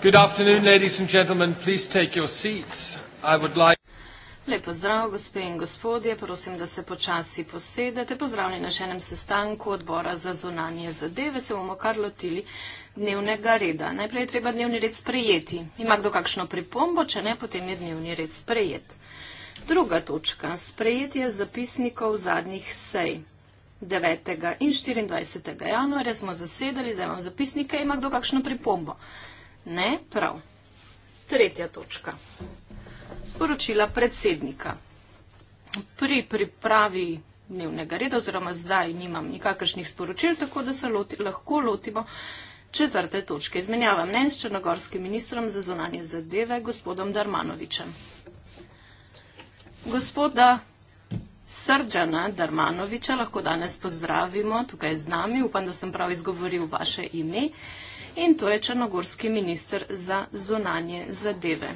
Good afternoon, ladies and gentlemen. Please take your seats. I would like. Lep pozdrav, gospe in gospodje, prosim, da se počasi posedete. Pozdravljeni na še enem sestanku odbora za zunanje zadeve. Se bomo kar lotili dnevnega reda. Najprej je treba dnevni red sprejeti. Ima kdo kakšno pripombo, če ne, potem je dnevni red sprejet. Druga točka. Sprejetje zapisnikov zadnjih sej. 9. in 24. januarja smo zasedali, zdaj imam zapisnike, ima kdo kakšno pripombo? Ne, prav. Tretja točka. Sporočila predsednika. Pri pripravi dnevnega reda oziroma zdaj nimam nikakršnih sporočil, tako da se loti, lahko lotimo četrte točke. Izmenjava mnen s črnogorskim ministrom za zonanje zadeve, gospodom Darmanovičem. Gospoda Srdžana Darmanoviča lahko danes pozdravimo tukaj z nami. Upam, da sem prav izgovoril vaše ime. In to je črnogorski minister za zunanje zadeve.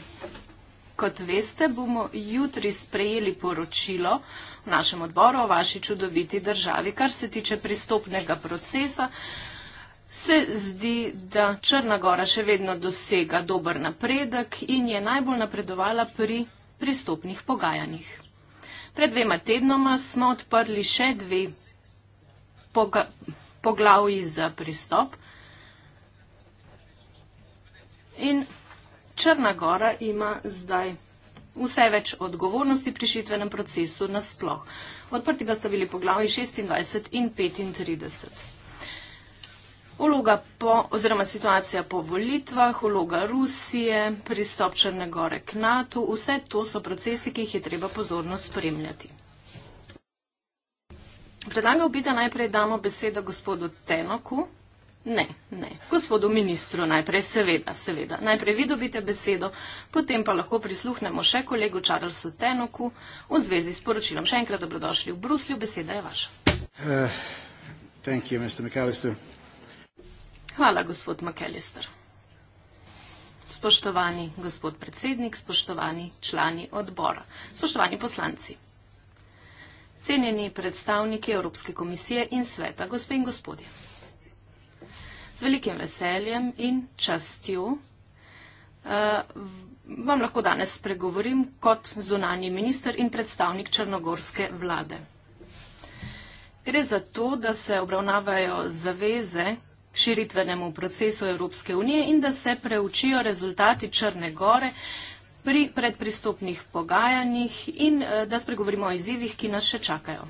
Kot veste, bomo jutri sprejeli poročilo v našem odboru o vaši čudoviti državi. Kar se tiče pristopnega procesa, se zdi, da Črna Gora še vedno dosega dober napredek in je najbolj napredovala pri pristopnih pogajanjih. Pred dvema tednoma smo odprli še dve poglavji za pristop. In Črna Gora ima zdaj vse več odgovornosti pri šitvenem procesu nasploh. Odprti ga sta bili poglavji 26 in 35. Uloga po, oziroma situacija po volitvah, uloga Rusije, pristop Črne gore k NATO, vse to so procesi, ki jih je treba pozorno spremljati. Predlagal bi, da najprej damo besedo gospodu Tenoku. Ne, ne. Gospodu ministru najprej, seveda, seveda. Najprej vi dobite besedo, potem pa lahko prisluhnemo še kolegu Charlesu Tenoku v zvezi s poročilom. Še enkrat dobrodošli v Bruslju, beseda je vaša. Uh, thank you, Mr. McAllister. Hvala, gospod McAllister. Spoštovani gospod predsednik, spoštovani člani odbora, spoštovani poslanci, cenjeni predstavniki Evropske komisije in sveta, gospe in gospodje. Z velikim veseljem in častjo uh, vam lahko danes spregovorim kot zunani minister in predstavnik črnogorske vlade. Gre za to, da se obravnavajo zaveze, širitvenemu procesu Evropske unije in da se preučijo rezultati Črne gore pri predpristopnih pogajanjih in eh, da spregovorimo o izzivih, ki nas še čakajo.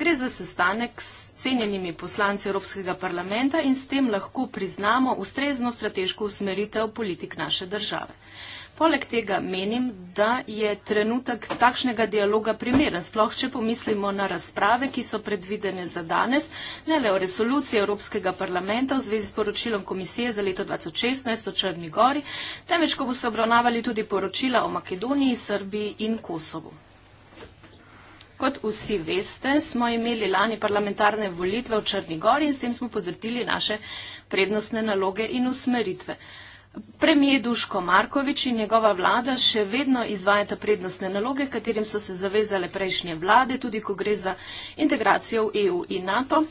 Gre za sestanek s cenjenimi poslanci Evropskega parlamenta in s tem lahko priznamo ustrezno strateško usmeritev politik naše države. Poleg tega menim, da je trenutek takšnega dialoga primeren, sploh če pomislimo na razprave, ki so predvidene za danes, ne le o resoluciji Evropskega parlamenta v zvezi s poročilom komisije za leto 2016 o Črni gori, temveč ko boste obravnavali tudi poročila o Makedoniji, Srbiji in Kosovu. Kot vsi veste, smo imeli lani parlamentarne volitve v Črni gori in s tem smo podrtili naše prednostne naloge in usmeritve. Premije Duško Markovič in njegova vlada še vedno izvajata prednostne naloge, katerim so se zavezale prejšnje vlade, tudi ko gre za integracijo v EU in NATO.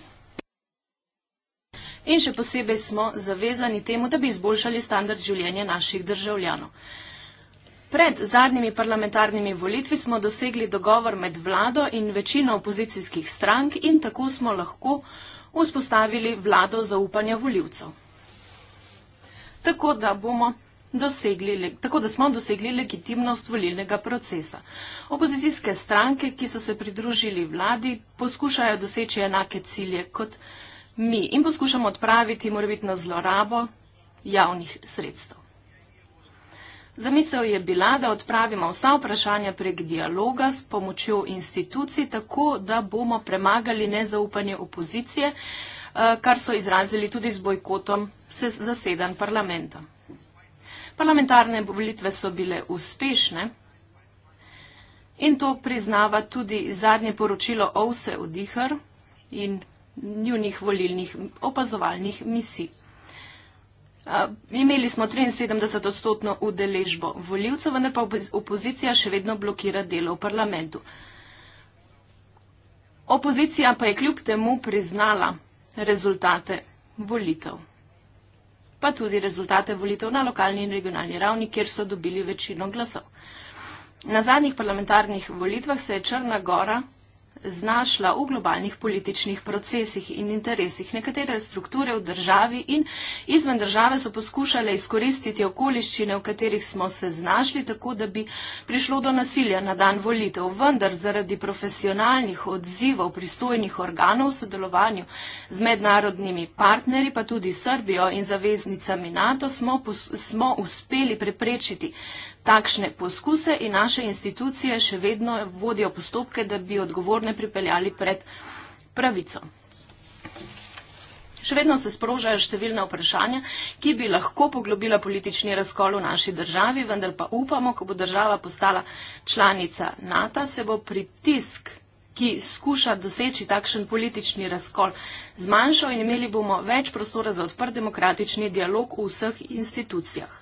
In še posebej smo zavezani temu, da bi izboljšali standard življenja naših državljanov. Pred zadnjimi parlamentarnimi volitvi smo dosegli dogovor med vlado in večino opozicijskih strank in tako smo lahko vzpostavili vlado zaupanja voljivcev tako da bomo dosegli, tako da smo dosegli legitimnost volilnega procesa. Opozicijske stranke, ki so se pridružili vladi, poskušajo doseči enake cilje kot mi in poskušamo odpraviti morbitno zlorabo javnih sredstev. Zamisel je bila, da odpravimo vsa vprašanja prek dialoga s pomočjo institucij, tako da bomo premagali nezaupanje opozicije, Eh, kar so izrazili tudi z bojkotom zasedan parlamenta. Parlamentarne volitve so bile uspešne in to priznava tudi zadnje poročilo OVSE Odihr in njunih volilnih opazovalnih misij. Eh, imeli smo 73 odstotno udeležbo voljivcev, vendar pa opozicija še vedno blokira delo v parlamentu. Opozicija pa je kljub temu priznala rezultate volitev. Pa tudi rezultate volitev na lokalni in regionalni ravni, kjer so dobili večino glasov. Na zadnjih parlamentarnih volitvah se je Črna Gora znašla v globalnih političnih procesih in interesih. Nekatere strukture v državi in izven države so poskušale izkoristiti okoliščine, v katerih smo se znašli, tako da bi prišlo do nasilja na dan volitev. Vendar zaradi profesionalnih odzivov pristojnih organov v sodelovanju z mednarodnimi partnerji, pa tudi Srbijo in zaveznicami NATO, smo, smo uspeli preprečiti takšne poskuse in naše institucije še vedno vodijo postopke, da bi odgovorne pripeljali pred pravico. Še vedno se sprožajo številne vprašanja, ki bi lahko poglobila politični razkol v naši državi, vendar pa upamo, ko bo država postala članica NATO, se bo pritisk, ki skuša doseči takšen politični razkol, zmanjšal in imeli bomo več prostora za odprt demokratični dialog v vseh institucijah.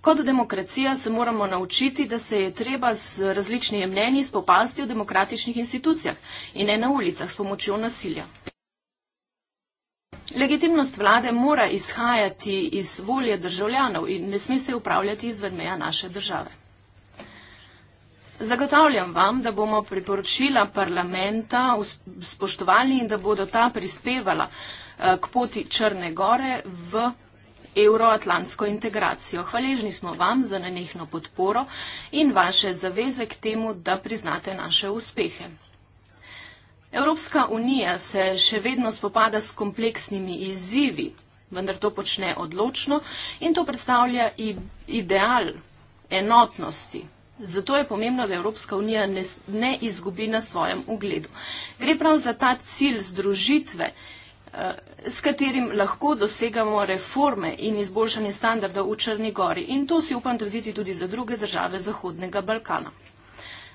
Kot demokracija se moramo naučiti, da se je treba z različnimi mnenji spopasti v demokratičnih institucijah in ne na ulicah s pomočjo nasilja. Legitimnost vlade mora izhajati iz volje državljanov in ne sme se upravljati izven meja naše države. Zagotavljam vam, da bomo priporočila parlamenta spoštovali in da bodo ta prispevala eh, k poti Črne gore v evroatlantsko integracijo. Hvaležni smo vam za nenehno podporo in vaše zaveze k temu, da priznate naše uspehe. Evropska unija se še vedno spopada s kompleksnimi izzivi, vendar to počne odločno in to predstavlja ideal enotnosti. Zato je pomembno, da Evropska unija ne, ne izgubi na svojem ugledu. Gre prav za ta cilj združitve, Eh, s katerim lahko dosegamo reforme in izboljšanje standarda v Črni gori. In to si upam trditi tudi za druge države Zahodnega Balkana.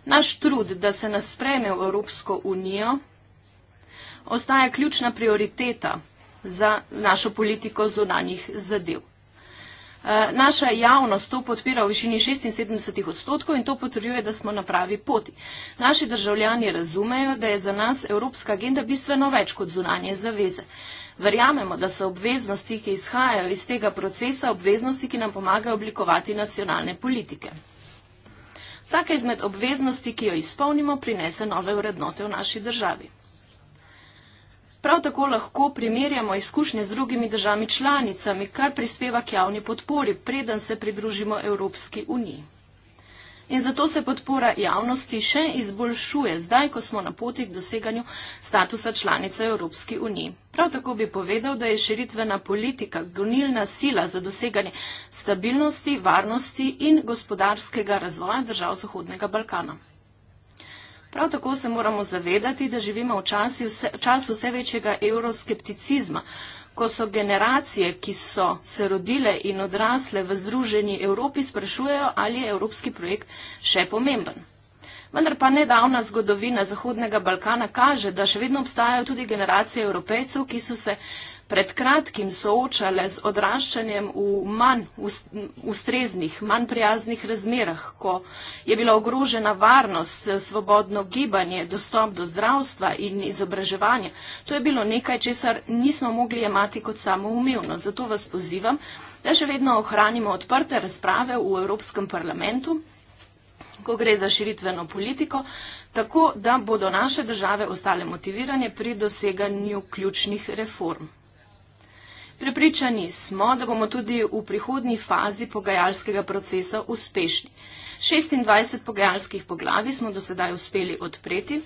Naš trud, da se nas spreme v Evropsko unijo, ostaja ključna prioriteta za našo politiko zunanjih zadev. Eh, naša javnost to podpira v višini 76 odstotkov in to potrjuje, da smo na pravi poti. Naši državljani razumejo, da je za nas evropska agenda bistveno več kot zunanje zaveze. Verjamemo, da so obveznosti, ki izhajajo iz tega procesa, obveznosti, ki nam pomagajo oblikovati nacionalne politike. Vsaka izmed obveznosti, ki jo izpolnimo, prinese nove vrednote v naši državi. Prav tako lahko primerjamo izkušnje z drugimi državami članicami, kar prispeva k javni podpori, preden se pridružimo Evropski uniji. In zato se podpora javnosti še izboljšuje, zdaj, ko smo na poti k doseganju statusa članice Evropske unije. Prav tako bi povedal, da je širitvena politika gonilna sila za doseganje stabilnosti, varnosti in gospodarskega razvoja držav Zahodnega Balkana. Prav tako se moramo zavedati, da živimo v času vse, čas vse večjega euroskepticizma, ko so generacije, ki so se rodile in odrasle v Združeni Evropi, sprašujejo, ali je evropski projekt še pomemben. Vendar pa nedavna zgodovina Zahodnega Balkana kaže, da še vedno obstajajo tudi generacije evropejcev, ki so se pred kratkim soočale z odraščanjem v manj ustreznih, manj prijaznih razmerah, ko je bila ogrožena varnost, svobodno gibanje, dostop do zdravstva in izobraževanja. To je bilo nekaj, česar nismo mogli jemati kot samoumevno. Zato vas pozivam, da še vedno ohranimo odprte razprave v Evropskem parlamentu ko gre za širitveno politiko, tako da bodo naše države ostale motivirane pri doseganju ključnih reform. Prepričani smo, da bomo tudi v prihodnji fazi pogajalskega procesa uspešni. 26 pogajalskih poglavi smo do sedaj uspeli odpreti.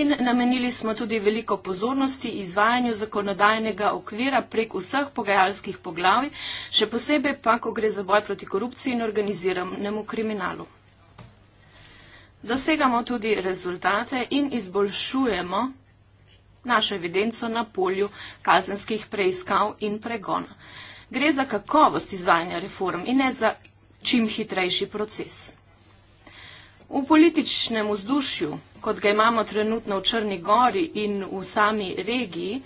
In namenili smo tudi veliko pozornosti izvajanju zakonodajnega okvira prek vseh pogajalskih poglavij, še posebej pa, ko gre za boj proti korupciji in organiziranemu kriminalu. Dosegamo tudi rezultate in izboljšujemo našo evidenco na polju kazenskih preiskav in pregona. Gre za kakovost izvajanja reform in ne za čim hitrejši proces. V političnem vzdušju, kot ga imamo trenutno v Črni gori in v sami regiji,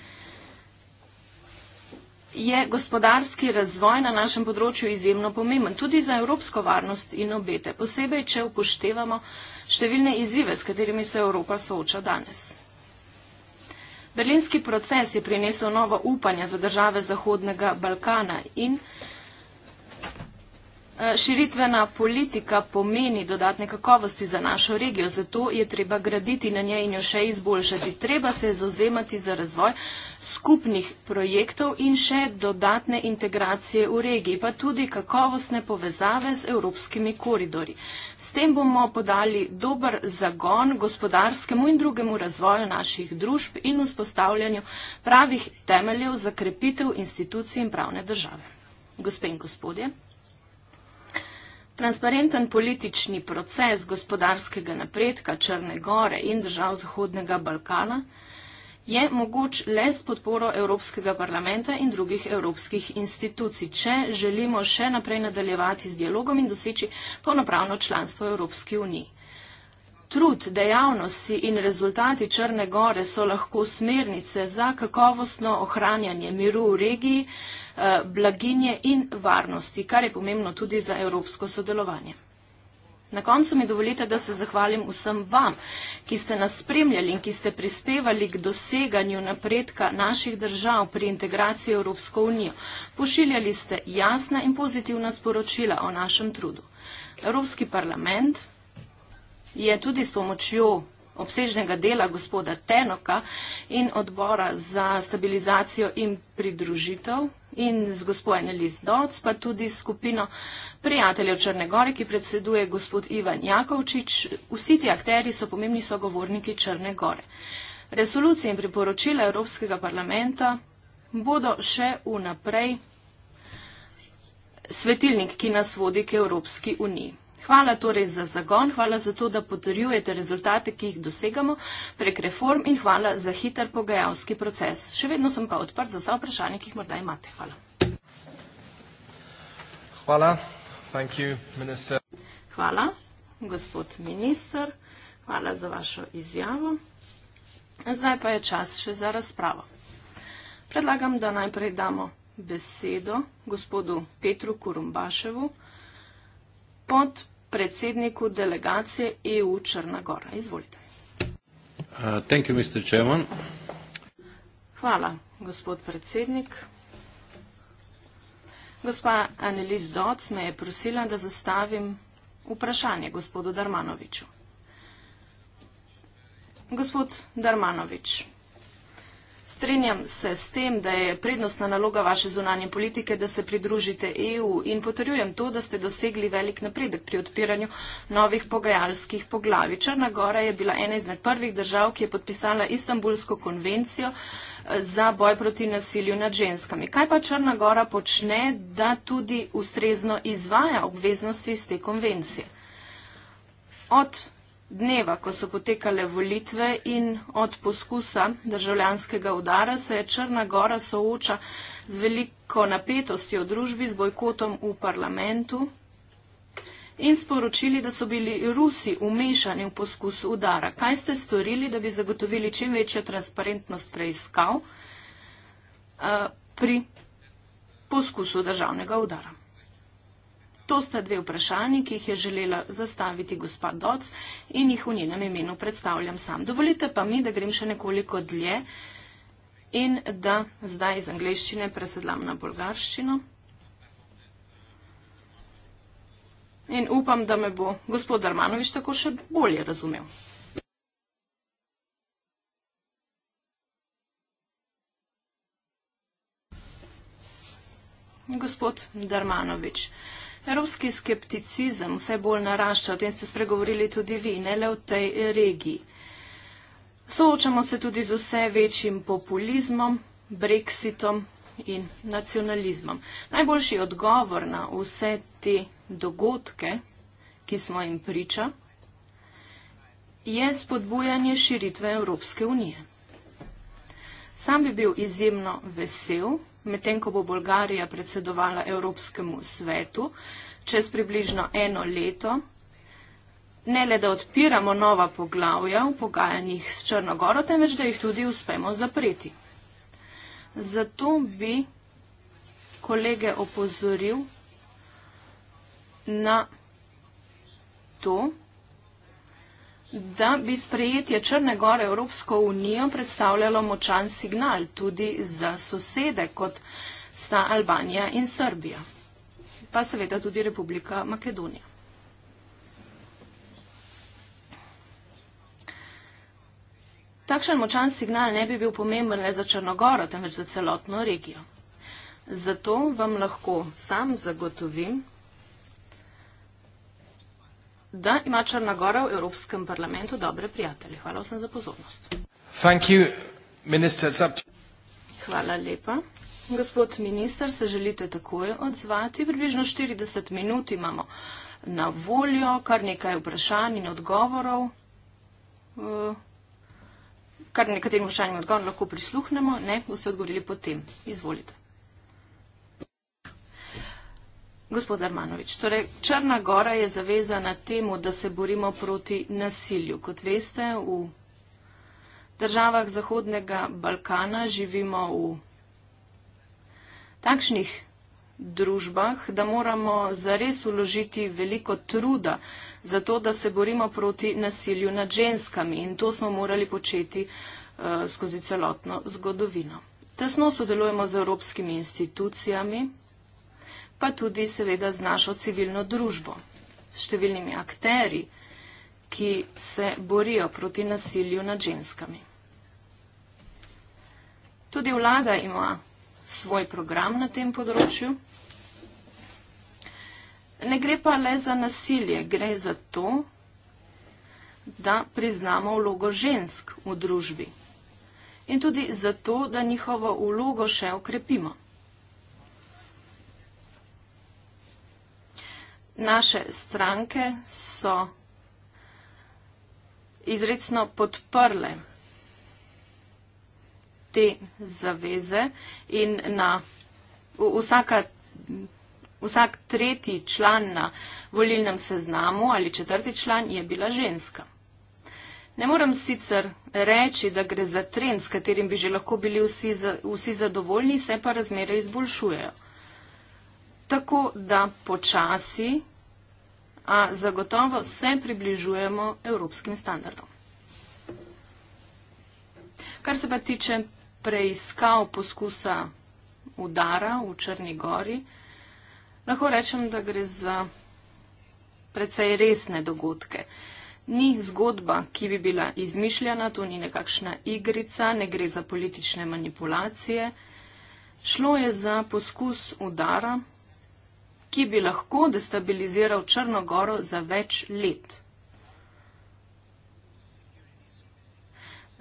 je gospodarski razvoj na našem področju izjemno pomemben, tudi za evropsko varnost in obete, posebej, če upoštevamo številne izzive, s katerimi se Evropa sooča danes. Berlinski proces je prinesel novo upanje za države Zahodnega Balkana in e, širitvena politika pomeni dodatne kakovosti za našo regijo. Zato je treba graditi na njej in jo še izboljšati. Treba se zauzemati za razvoj skupnih projektov in še dodatne integracije v regiji, pa tudi kakovostne povezave z evropskimi koridori. S tem bomo podali dober zagon gospodarskemu in drugemu razvoju naših družb in vzpostavljanju pravih temeljev za krepitev institucij in pravne države. Gospe in gospodje, transparenten politični proces gospodarskega napredka Črne gore in držav Zahodnega Balkana je mogoč le s podporo Evropskega parlamenta in drugih evropskih institucij, če želimo še naprej nadaljevati z dialogom in doseči polnopravno članstvo Evropske unije. Trud, dejavnosti in rezultati Črne gore so lahko smernice za kakovostno ohranjanje miru v regiji, eh, blaginje in varnosti, kar je pomembno tudi za evropsko sodelovanje. Na koncu mi dovolite, da se zahvalim vsem vam, ki ste nas spremljali in ki ste prispevali k doseganju napredka naših držav pri integraciji Evropsko unijo. Pošiljali ste jasna in pozitivna sporočila o našem trudu. Evropski parlament je tudi s pomočjo obsežnega dela gospoda Tenoka in odbora za stabilizacijo in pridružitev in z gospod Annelies Doc, pa tudi skupino prijateljev Črne Gore, ki predseduje gospod Ivan Jakovčič. Vsi ti akteri so pomembni sogovorniki Črne Gore. Resolucije in priporočila Evropskega parlamenta bodo še vnaprej svetilnik, ki nas vodi k Evropski uniji. Hvala torej za zagon, hvala za to, da potrjujete rezultate, ki jih dosegamo prek reform in hvala za hiter pogajalski proces. Še vedno sem pa odprt za vsa vprašanja, ki jih morda imate. Hvala. Hvala. Thank you, minister. Hvala, gospod minister. Hvala za vašo izjavo. Zdaj pa je čas še za razpravo. Predlagam, da najprej damo besedo gospodu Petru Kurumbaševu pod predsedniku delegacije EU Črna Gora. Izvolite. Uh, thank you, Mr. Chairman. Hvala, gospod predsednik. Gospa Annelies Doc me je prosila, da zastavim vprašanje gospodu Darmanoviču. Gospod Darmanovič, Strenjam se s tem, da je prednostna naloga vaše zunanje politike, da se pridružite EU in potrjujem to, da ste dosegli velik napredek pri odpiranju novih pogajalskih poglavi. Črna Gora je bila ena izmed prvih držav, ki je podpisala Istanbulsko konvencijo eh, za boj proti nasilju nad ženskami. Kaj pa Črna Gora počne, da tudi ustrezno izvaja obveznosti iz te konvencije? Od dneva, ko so potekale volitve in od poskusa državljanskega udara se je Črna Gora sooča z veliko napetosti v družbi, z bojkotom v parlamentu in sporočili, da so bili Rusi umešani v poskus udara. Kaj ste storili, da bi zagotovili čim večjo transparentnost preiskav uh, pri poskusu državnega udara? To sta dve vprašanji, ki jih je želela zastaviti gospa Doc in jih v njenem imenu predstavljam sam. Dovolite pa mi, da grem še nekoliko dlje in da zdaj iz angleščine presedlam na bolgarščino. In upam, da me bo gospod Darmanovič tako še bolje razumel. Gospod Darmanovič. Evropski skepticizem vse bolj narašča, o tem ste spregovorili tudi vi, ne le v tej regiji. Soočamo se tudi z vse večjim populizmom, brexitom in nacionalizmom. Najboljši odgovor na vse te dogodke, ki smo jim priča, je spodbujanje širitve Evropske unije. Sam bi bil izjemno vesel, medtem ko bo Bolgarija predsedovala Evropskemu svetu čez približno eno leto. Ne le, da odpiramo nova poglavja v pogajanjih s Črnogoro, temveč da jih tudi uspemo zapreti. Zato bi kolege opozoril na to, da bi sprejetje Črne gore Evropsko unijo predstavljalo močan signal tudi za sosede, kot sta Albanija in Srbija, pa seveda tudi Republika Makedonija. Takšen močan signal ne bi bil pomemben le za Črnogoro, temveč za celotno regijo. Zato vam lahko sam zagotovim, da ima Črna Gora v Evropskem parlamentu dobre prijatelje. Hvala vsem za pozornost. Hvala lepa. Gospod minister, se želite takoj odzvati? Približno 40 minut imamo na voljo, kar nekaj vprašanj in odgovorov. Eh, kar nekaterim vprašanjem odgovor lahko prisluhnemo, ne, boste odgovorili potem. Izvolite. Gospod Armanovič, torej Črna Gora je zavezana temu, da se borimo proti nasilju. Kot veste, v državah Zahodnega Balkana živimo v takšnih družbah, da moramo zares uložiti veliko truda za to, da se borimo proti nasilju nad ženskami in to smo morali početi uh, skozi celotno zgodovino. Tesno sodelujemo z evropskimi institucijami, pa tudi seveda z našo civilno družbo, s številnimi akteri, ki se borijo proti nasilju nad ženskami. Tudi vlada ima svoj program na tem področju. Ne gre pa le za nasilje, gre za to, da priznamo vlogo žensk v družbi in tudi za to, da njihovo vlogo še okrepimo. naše stranke so izredno podprle te zaveze in na vsaka, vsak tretji član na volilnem seznamu ali četrti član je bila ženska. Ne moram sicer reči, da gre za trend, s katerim bi že lahko bili vsi, za, vsi zadovoljni, se pa razmere izboljšujejo. Tako da počasi a zagotovo se približujemo evropskim standardom. Kar se pa tiče preiskav poskusa udara v Črni gori, lahko rečem, da gre za precej resne dogodke. Ni zgodba, ki bi bila izmišljena, to ni nekakšna igrica, ne gre za politične manipulacije. Šlo je za poskus udara ki bi lahko destabiliziral Črnogoro za več let.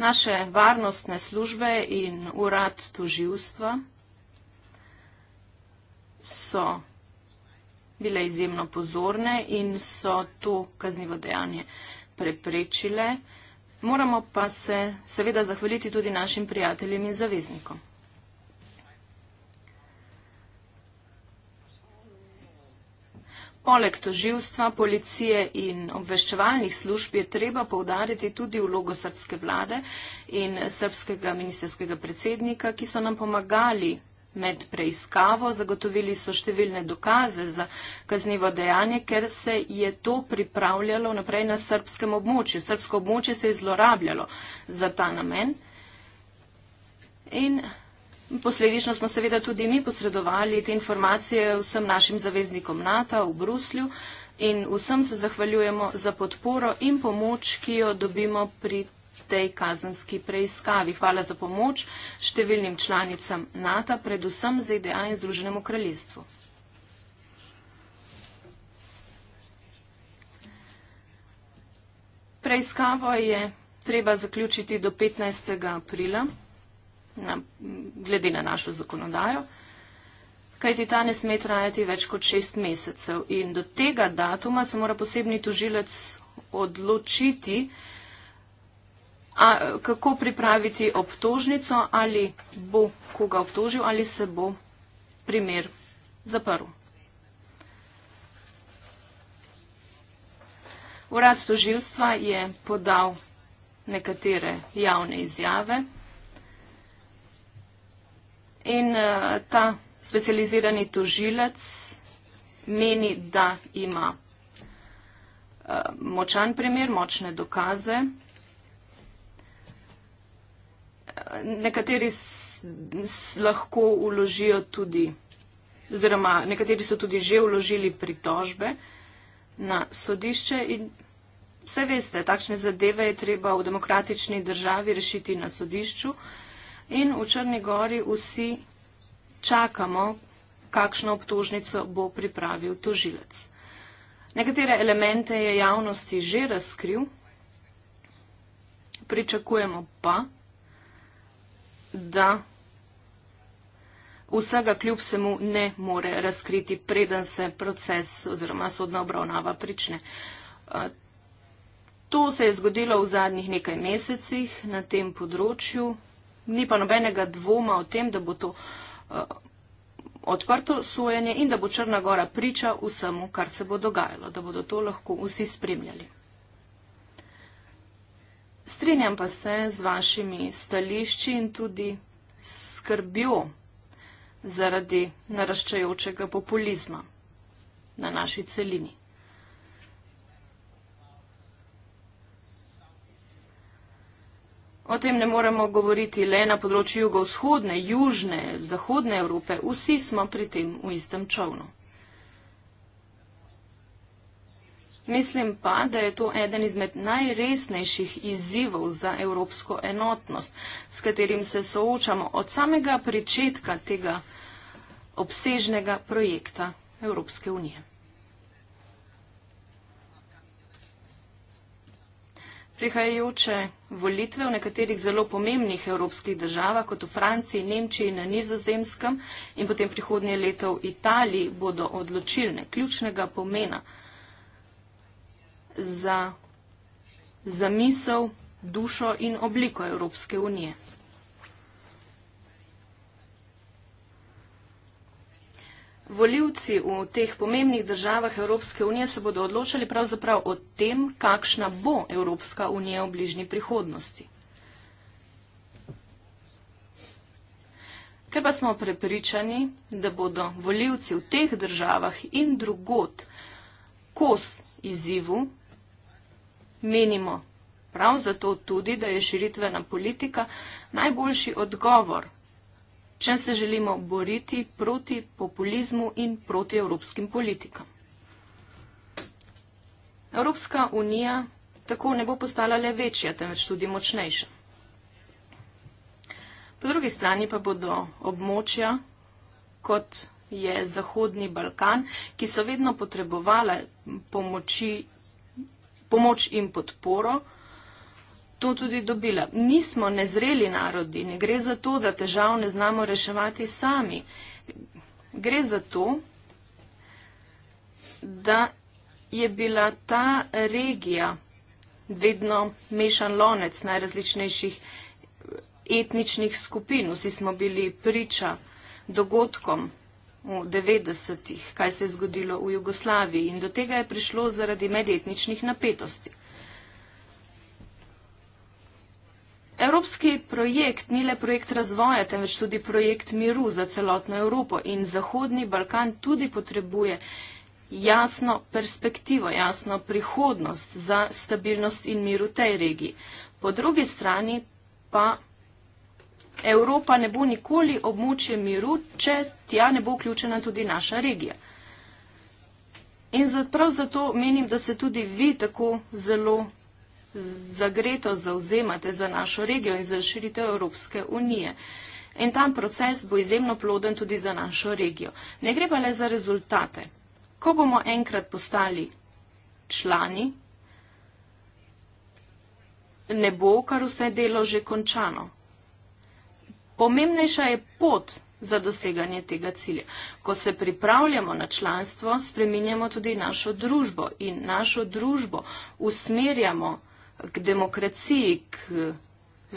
Naše varnostne službe in urad toživstva so bile izjemno pozorne in so to kaznivo dejanje preprečile. Moramo pa se seveda zahvaliti tudi našim prijateljem in zaveznikom. Poleg toživstva, policije in obveščevalnih služb je treba povdariti tudi vlogo srpske vlade in srpskega ministerskega predsednika, ki so nam pomagali med preiskavo, zagotovili so številne dokaze za kaznivo dejanje, ker se je to pripravljalo naprej na srpskem območju. Srpsko območje se je zlorabljalo za ta namen. In Posledično smo seveda tudi mi posredovali te informacije vsem našim zaveznikom NATO v Bruslju in vsem se zahvaljujemo za podporo in pomoč, ki jo dobimo pri tej kazenski preiskavi. Hvala za pomoč številnim članicam NATO, predvsem ZDA in Združenemu kraljestvu. Preiskavo je treba zaključiti do 15. aprila na, glede na našo zakonodajo, kajti ta ne sme trajati več kot šest mesecev. In do tega datuma se mora posebni tužilec odločiti, a, kako pripraviti obtožnico, ali bo koga obtožil, ali se bo primer zaprl. Urad tožilstva je podal nekatere javne izjave. In uh, ta specializirani tožilec meni, da ima uh, močan primer, močne dokaze. Eh, nekateri lahko uložijo tudi, oziroma nekateri so tudi že uložili pritožbe na sodišče in vse veste, takšne zadeve je treba v demokratični državi rešiti na sodišču. Uh, in v Črni gori vsi čakamo, kakšno obtožnico bo pripravil tožilec. Nekatere elemente je javnosti že razkril, pričakujemo pa, da vsega kljub se mu ne more razkriti, preden se proces oziroma sodna obravnava prične. To se je zgodilo v zadnjih nekaj mesecih na tem področju ni pa nobenega dvoma o tem, da bo to uh, odprto sojenje in da bo Črna Gora priča vsemu, kar se bo dogajalo, da bodo to lahko vsi spremljali. Strinjam pa se z vašimi stališči in tudi skrbjo zaradi naraščajočega populizma na naši celini. O tem ne moremo govoriti le na področju jugovzhodne, južne, zahodne Evrope. Vsi smo pri tem v istem čovnu. Mislim pa, da je to eden izmed najresnejših izzivov za evropsko enotnost, s katerim se soočamo od samega pričetka tega obsežnega projekta Evropske unije. Prihajajoče volitve v nekaterih zelo pomembnih evropskih državah, kot v Franciji, Nemčiji, na nizozemskem in potem prihodnje leto v Italiji, bodo odločilne, ključnega pomena za zamisel, dušo in obliko Evropske unije. Voljivci v teh pomembnih državah Evropske unije se bodo odločali pravzaprav o tem, kakšna bo Evropska unija v bližnji prihodnosti. Ker pa smo prepričani, da bodo voljivci v teh državah in drugot kos izzivu, menimo prav zato tudi, da je širitvena politika najboljši odgovor če se želimo boriti proti populizmu in proti evropskim politikam. Evropska unija tako ne bo postala le večja, temveč tudi močnejša. Po drugi strani pa bodo območja, kot je Zahodni Balkan, ki so vedno potrebovala pomoči, pomoč in podporo, to tudi dobila. Nismo nezreli narodi, ne gre za to, da težav ne znamo reševati sami. Gre za to, da je bila ta regija vedno mešan lonec najrazličnejših etničnih skupin. Vsi smo bili priča dogodkom v 90-ih, kaj se je zgodilo v Jugoslaviji in do tega je prišlo zaradi medetničnih napetosti. Evropski projekt ni le projekt razvoja, temveč tudi projekt miru za celotno Evropo in Zahodni Balkan tudi potrebuje jasno perspektivo, jasno prihodnost za stabilnost in mir v tej regiji. Po drugi strani pa Evropa ne bo nikoli območje miru, če tja ne bo vključena tudi naša regija. In prav zato menim, da se tudi vi tako zelo zagreto zauzemate za našo regijo in za širitev Evropske unije. In ta proces bo izjemno ploden tudi za našo regijo. Ne gre pa le za rezultate. Ko bomo enkrat postali člani, ne bo kar vse delo že končano. Pomembnejša je pot za doseganje tega cilja. Ko se pripravljamo na članstvo, spreminjamo tudi našo družbo in našo družbo usmerjamo k demokraciji, k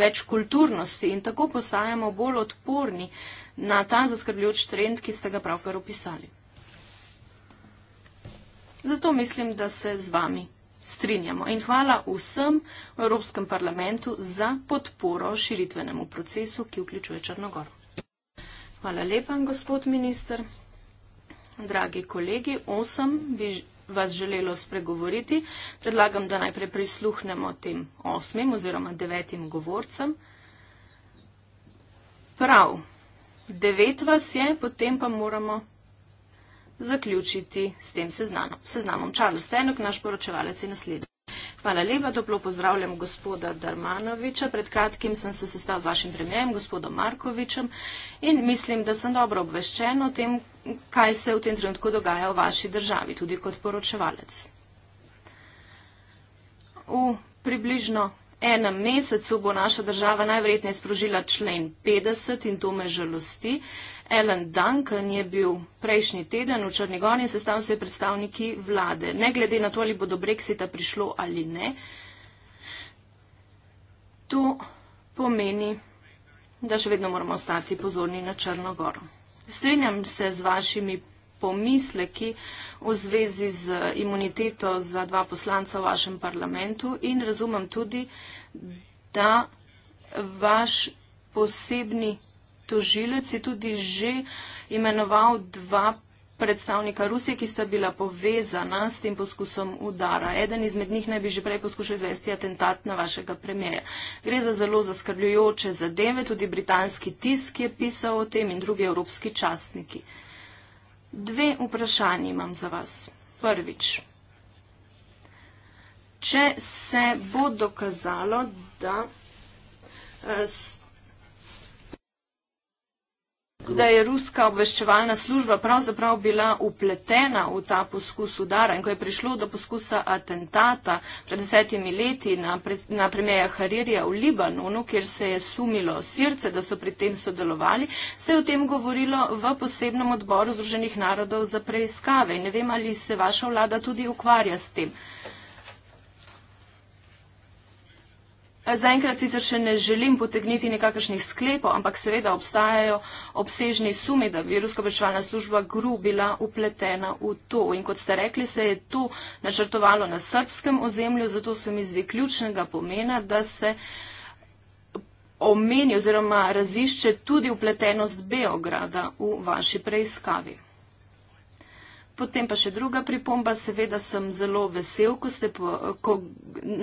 več kulturnosti in tako postajamo bolj odporni na ta zaskrbljujoč trend, ki ste ga pravkar opisali. Zato mislim, da se z vami strinjamo in hvala vsem v Evropskem parlamentu za podporo širitvenemu procesu, ki vključuje Črnogoro. Hvala lepa, gospod minister. Dragi kolegi, osem bi vas želelo spregovoriti. Predlagam, da najprej prisluhnemo tem osmim oziroma devetim govorcem. Prav, devet vas je, potem pa moramo zaključiti s tem seznamom. Seznamom Charles Stenok, naš poročevalec je naslednji. Hvala lepa, toplo pozdravljam gospoda Darmanoviča. Pred kratkim sem se sestal z vašim premijem, gospodom Markovičem, in mislim, da sem dobro obveščen o tem, kaj se v tem trenutku dogaja v vaši državi, tudi kot poročevalec. V približno enem mesecu bo naša država najverjetneje sprožila člen 50 in to me žalosti. Ellen Duncan je bil prejšnji teden v Črnigoni in sestavljal se predstavniki vlade. Ne glede na to, ali bo do Brexita prišlo ali ne, to pomeni, da še vedno moramo ostati pozorni na Črnogoro. Strenjam se z vašimi pomisleki v zvezi z imuniteto za dva poslanca v vašem parlamentu in razumem tudi, da vaš posebni tožilec je tudi že imenoval dva predstavnika Rusije, ki sta bila povezana s tem poskusom udara. Eden izmed njih naj bi že prej poskušal izvesti atentat na vašega premijeja. Gre za zelo zaskrbljujoče zadeve, tudi britanski tisk je pisal o tem in drugi evropski časniki. Uh, Dve vprašanji imam za vas. Prvič. Če se bo dokazalo, da eh, da je ruska obveščevalna služba pravzaprav bila upletena v ta poskus udara in ko je prišlo do poskusa atentata pred desetimi leti na, pre, na premijeja Haririja v Libanonu, kjer se je sumilo srce, da so pri tem sodelovali, se je o tem govorilo v posebnem odboru Združenih narodov za preiskave. In ne vem, ali se vaša vlada tudi ukvarja s tem. Zaenkrat sicer še ne želim potegniti nekakšnih sklepov, ampak seveda obstajajo obsežni sumi, da bi Rusko obveščevalna služba GRU bila upletena v to. In kot ste rekli, se je to načrtovalo na srpskem ozemlju, zato se mi zdi ključnega pomena, da se omeni oziroma razišče tudi upletenost Beograda v vaši preiskavi. Potem pa še druga pripomba, seveda sem zelo vesel, ko, po, ko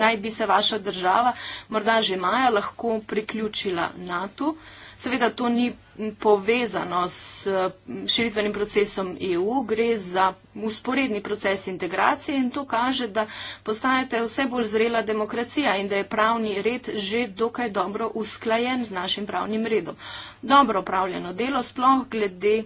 naj bi se vaša država, morda že maja, lahko priključila NATO. Seveda to ni povezano s širitvenim procesom EU, gre za usporedni proces integracije in to kaže, da postajate vse bolj zrela demokracija in da je pravni red že dokaj dobro usklajen z našim pravnim redom. Dobro upravljeno delo, sploh glede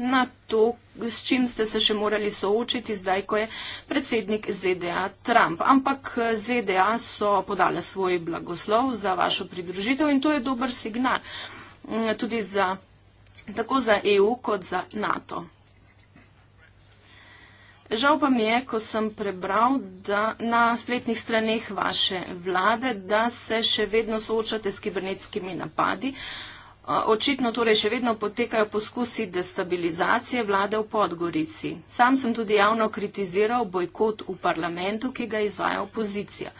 na to, s čim ste se še morali soočiti zdaj, ko je predsednik ZDA Trump. Ampak eh, ZDA so podale svoj blagoslov za vašo pridružitev in to je dober signal mm, tudi za, tako za EU kot za NATO. Žal pa mi je, ko sem prebral da, na spletnih straneh vaše vlade, da se še vedno soočate s kibernetskimi napadi. Uh, Očitno torej še vedno potekajo poskusi destabilizacije vlade v Podgorici. Sam sem tudi javno kritiziral bojkot v parlamentu, ki ga izvaja opozicija.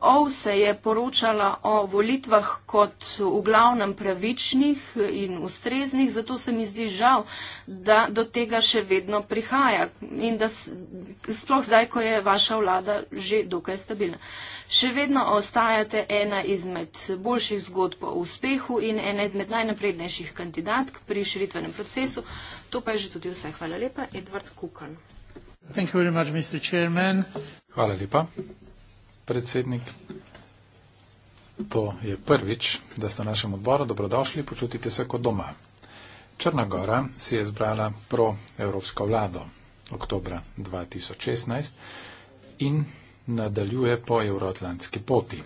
OVSE je poročala o volitvah kot v glavnem pravičnih in ustreznih, zato se mi zdi žal, da do tega še vedno prihaja in da sploh zdaj, ko je vaša vlada že dokaj stabilna. Še vedno ostajate ena izmed boljših zgodb o uspehu in ena izmed najnaprednejših kandidatk pri širitvenem procesu. To pa je že tudi vse. Hvala lepa. Edvard Kukan. Thank you very much, Mr. Chairman. Hvala lepa predsednik. To je prvič, da ste v našem odboru dobrodošli, počutite se kot doma. Črna Gora si je zbrala proevropsko vlado oktobra 2016 in nadaljuje po evroatlantski poti.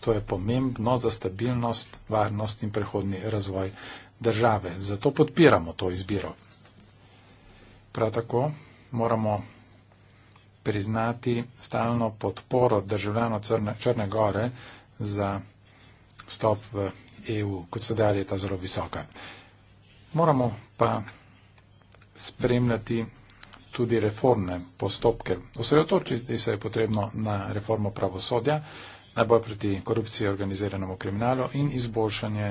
To je pomembno za stabilnost, varnost in prehodni razvoj države. Zato podpiramo to izbiro. Prav tako moramo priznati stalno podporo državljanov Črne, Črne Gore za vstop v EU, kot se da je ta zelo visoka. Moramo pa spremljati tudi reformne postopke. Osredotočiti se je potrebno na reformo pravosodja, najbolj proti korupciji, organiziranemu kriminalu in izboljšanje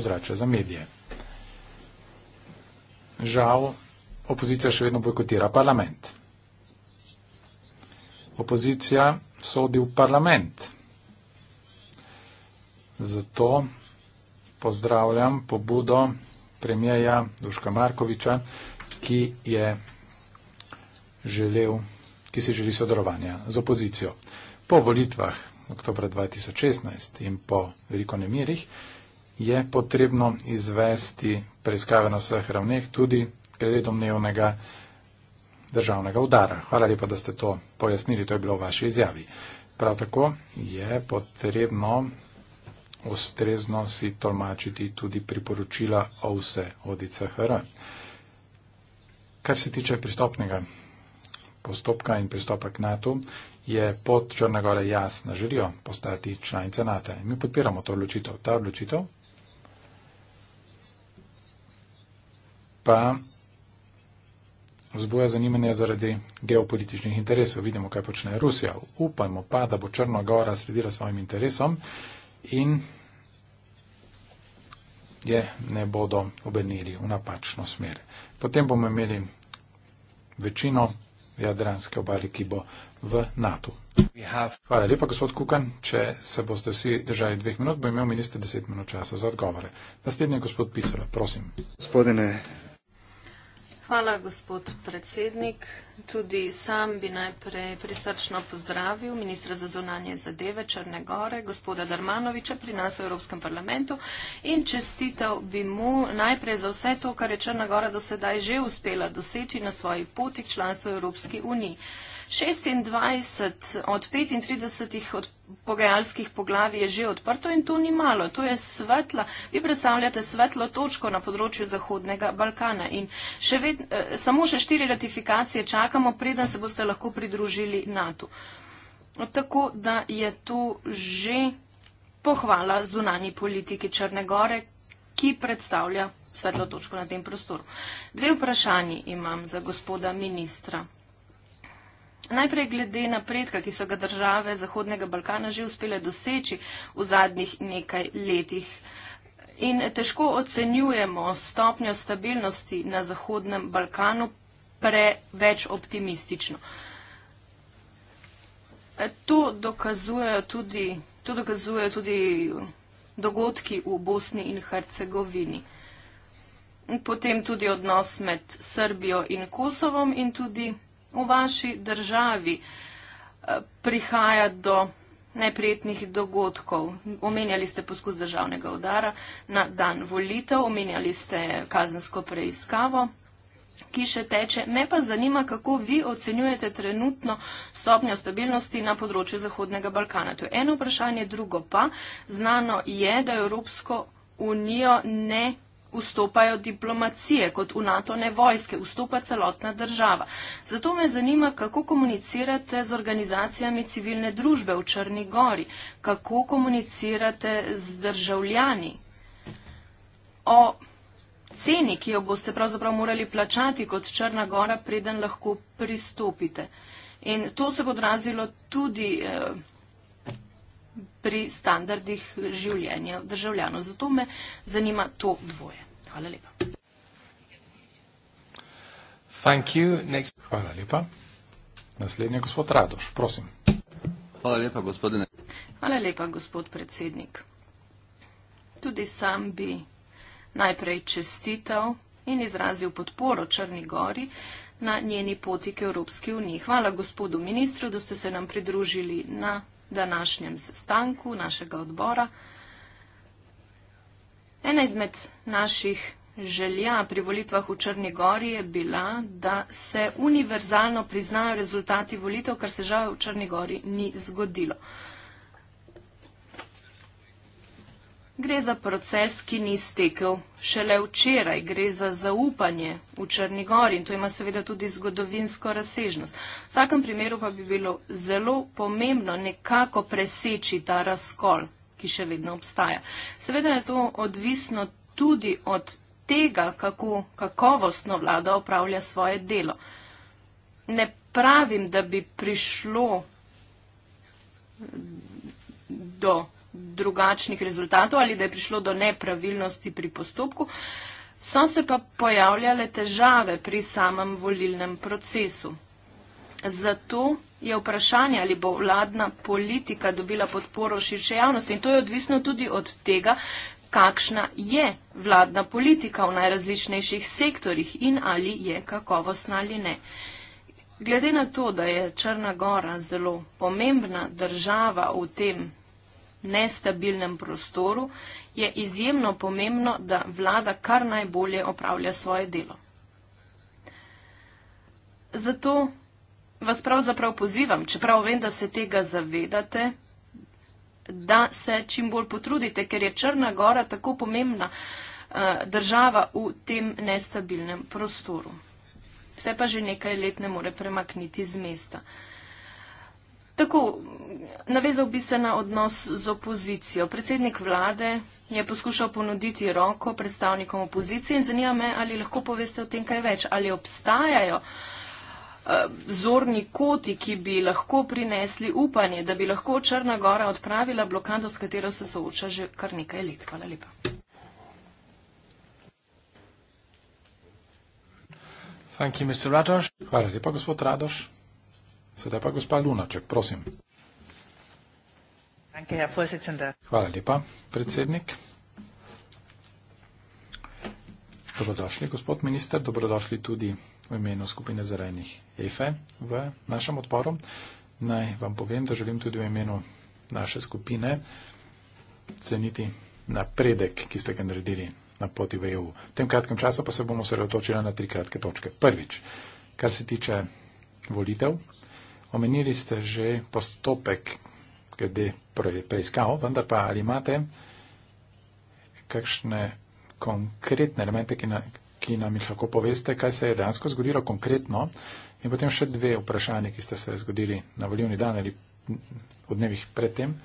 ozračja za medije. Žal, opozicija še vedno bojkotira parlament opozicija sodi v parlament. Zato pozdravljam pobudo premijeja Duška Markoviča, ki je želel, ki si želi sodelovanja z opozicijo. Po volitvah oktober 2016 in po veliko nemirih je potrebno izvesti preiskave na vseh ravneh, tudi glede domnevnega državnega udara. Hvala lepa, da ste to pojasnili, to je bilo v vaši izjavi. Prav tako je potrebno ustrezno si tolmačiti tudi priporočila OVSE od ICHR. Kar se tiče pristopnega postopka in pristopa k NATO, je pot Črnagore jasna, želijo postati članice NATO. Mi podpiramo to odločitev. Ta odločitev pa vzbuja zanimanje zaradi geopolitičnih interesov. Vidimo, kaj počne Rusija. Upajmo pa, da bo Črna Gora sledila svojim interesom in je ne bodo obenili v napačno smer. Potem bomo imeli večino Jadranske obale, ki bo v NATO. Hvala lepa, gospod Kukan. Če se boste vsi držali dveh minut, bo imel minister deset minut časa za odgovore. Naslednji je gospod Picola, prosim. Gospodine Hvala, gospod predsednik. Tudi sam bi najprej prisrčno pozdravil ministra za zvonanje zadeve Črne Gore, gospoda Darmanoviča pri nas v Evropskem parlamentu in čestitev bi mu najprej za vse to, kar je Črna Gora do sedaj že uspela doseči na svoji poti k članstvu Evropski uniji. 26 od 35 od pogajalskih poglavij je že odprto in to ni malo. To je svetla, vi predstavljate svetlo točko na področju Zahodnega Balkana in še ved, eh, samo še štiri ratifikacije čakamo, preden se boste lahko pridružili NATO. Tako da je to že pohvala zunanji politiki Črne Gore, ki predstavlja svetlo točko na tem prostoru. Dve vprašanji imam za gospoda ministra. Najprej glede napredka, ki so ga države Zahodnega Balkana že uspele doseči v zadnjih nekaj letih. In težko ocenjujemo stopnjo stabilnosti na Zahodnem Balkanu preveč optimistično. To dokazujejo tudi, to dokazujejo tudi dogodki v Bosni in Hercegovini. Potem tudi odnos med Srbijo in Kosovom in tudi v vaši državi eh, prihaja do neprijetnih dogodkov. Omenjali ste poskus državnega udara na dan volitev, omenjali ste kazensko preiskavo, ki še teče. Me pa zanima, kako vi ocenjujete trenutno stopnjo stabilnosti na področju Zahodnega Balkana. To je eno vprašanje, drugo pa. Znano je, da Evropsko unijo ne vstopajo diplomacije, kot v NATO ne vojske, vstopa celotna država. Zato me zanima, kako komunicirate z organizacijami civilne družbe v Črni Gori, kako komunicirate z državljani o ceni, ki jo boste pravzaprav morali plačati kot Črna Gora, preden lahko pristopite. In to se bo odrazilo tudi eh, pri standardih življenja državljanov. Zato me zanima to dvoje. Hvala lepa. Thank you. Next. Hvala lepa. Naslednji je gospod Radoš, prosim. Hvala lepa, gospodine. Hvala lepa, gospod predsednik. Tudi sam bi najprej čestital in izrazil podporo Črni Gori na njeni poti k Evropski uniji. Hvala gospodu ministru, da ste se nam pridružili na današnjem sestanku našega odbora. Ena izmed naših želja pri volitvah v Črni Gori je bila, da se univerzalno priznajo rezultati volitev, kar se žal v Črni Gori ni zgodilo. Gre za proces, ki ni stekel šele včeraj, gre za zaupanje v Črni Gori in to ima seveda tudi zgodovinsko razsežnost. V vsakem primeru pa bi bilo zelo pomembno nekako preseči ta razkol ki še vedno obstaja. Seveda je to odvisno tudi od tega, kako kakovostno vlada opravlja svoje delo. Ne pravim, da bi prišlo do drugačnih rezultatov ali da je prišlo do nepravilnosti pri postopku. So se pa pojavljale težave pri samem volilnem procesu. Zato je vprašanje, ali bo vladna politika dobila podporo širše javnosti. In to je odvisno tudi od tega, kakšna je vladna politika v najrazličnejših sektorjih in ali je kakovostna ali ne. Glede na to, da je Črna Gora zelo pomembna država v tem nestabilnem prostoru, je izjemno pomembno, da vlada kar najbolje opravlja svoje delo. Zato vas pravzaprav pozivam, čeprav vem, da se tega zavedate, da se čim bolj potrudite, ker je Črna Gora tako pomembna eh, država v tem nestabilnem prostoru. Se pa že nekaj let ne more premakniti z mesta. Tako, navezal bi se na odnos z opozicijo. Predsednik vlade je poskušal ponuditi roko predstavnikom opozicije in zanima me, ali lahko poveste o tem kaj več, ali obstajajo uh, Eh, zorni koti, ki bi lahko prinesli upanje, da bi lahko Črna Gora odpravila blokado, s katero se sooča že kar nekaj let. Hvala lepa. Thank you, Mr. Radoš. Hvala lepa, gospod Radoš. Sedaj pa gospa Lunaček, prosim. Hvala lepa, predsednik. Dobrodošli, gospod minister, dobrodošli tudi v imenu skupine zelenih EFE v našem odporu. Naj vam povem, da želim tudi v imenu naše skupine ceniti napredek, ki ste ga naredili na poti v EU. V tem kratkem času pa se bomo sredotočili na tri kratke točke. Prvič, kar se tiče volitev, omenili ste že postopek glede preiskav, vendar pa ali imate kakšne konkretne elemente, ki na, ki nam jih lahko poveste, kaj se je dejansko zgodilo konkretno. In potem še dve vprašanje, ki ste se zgodili na volivni dan ali v dnevih predtem.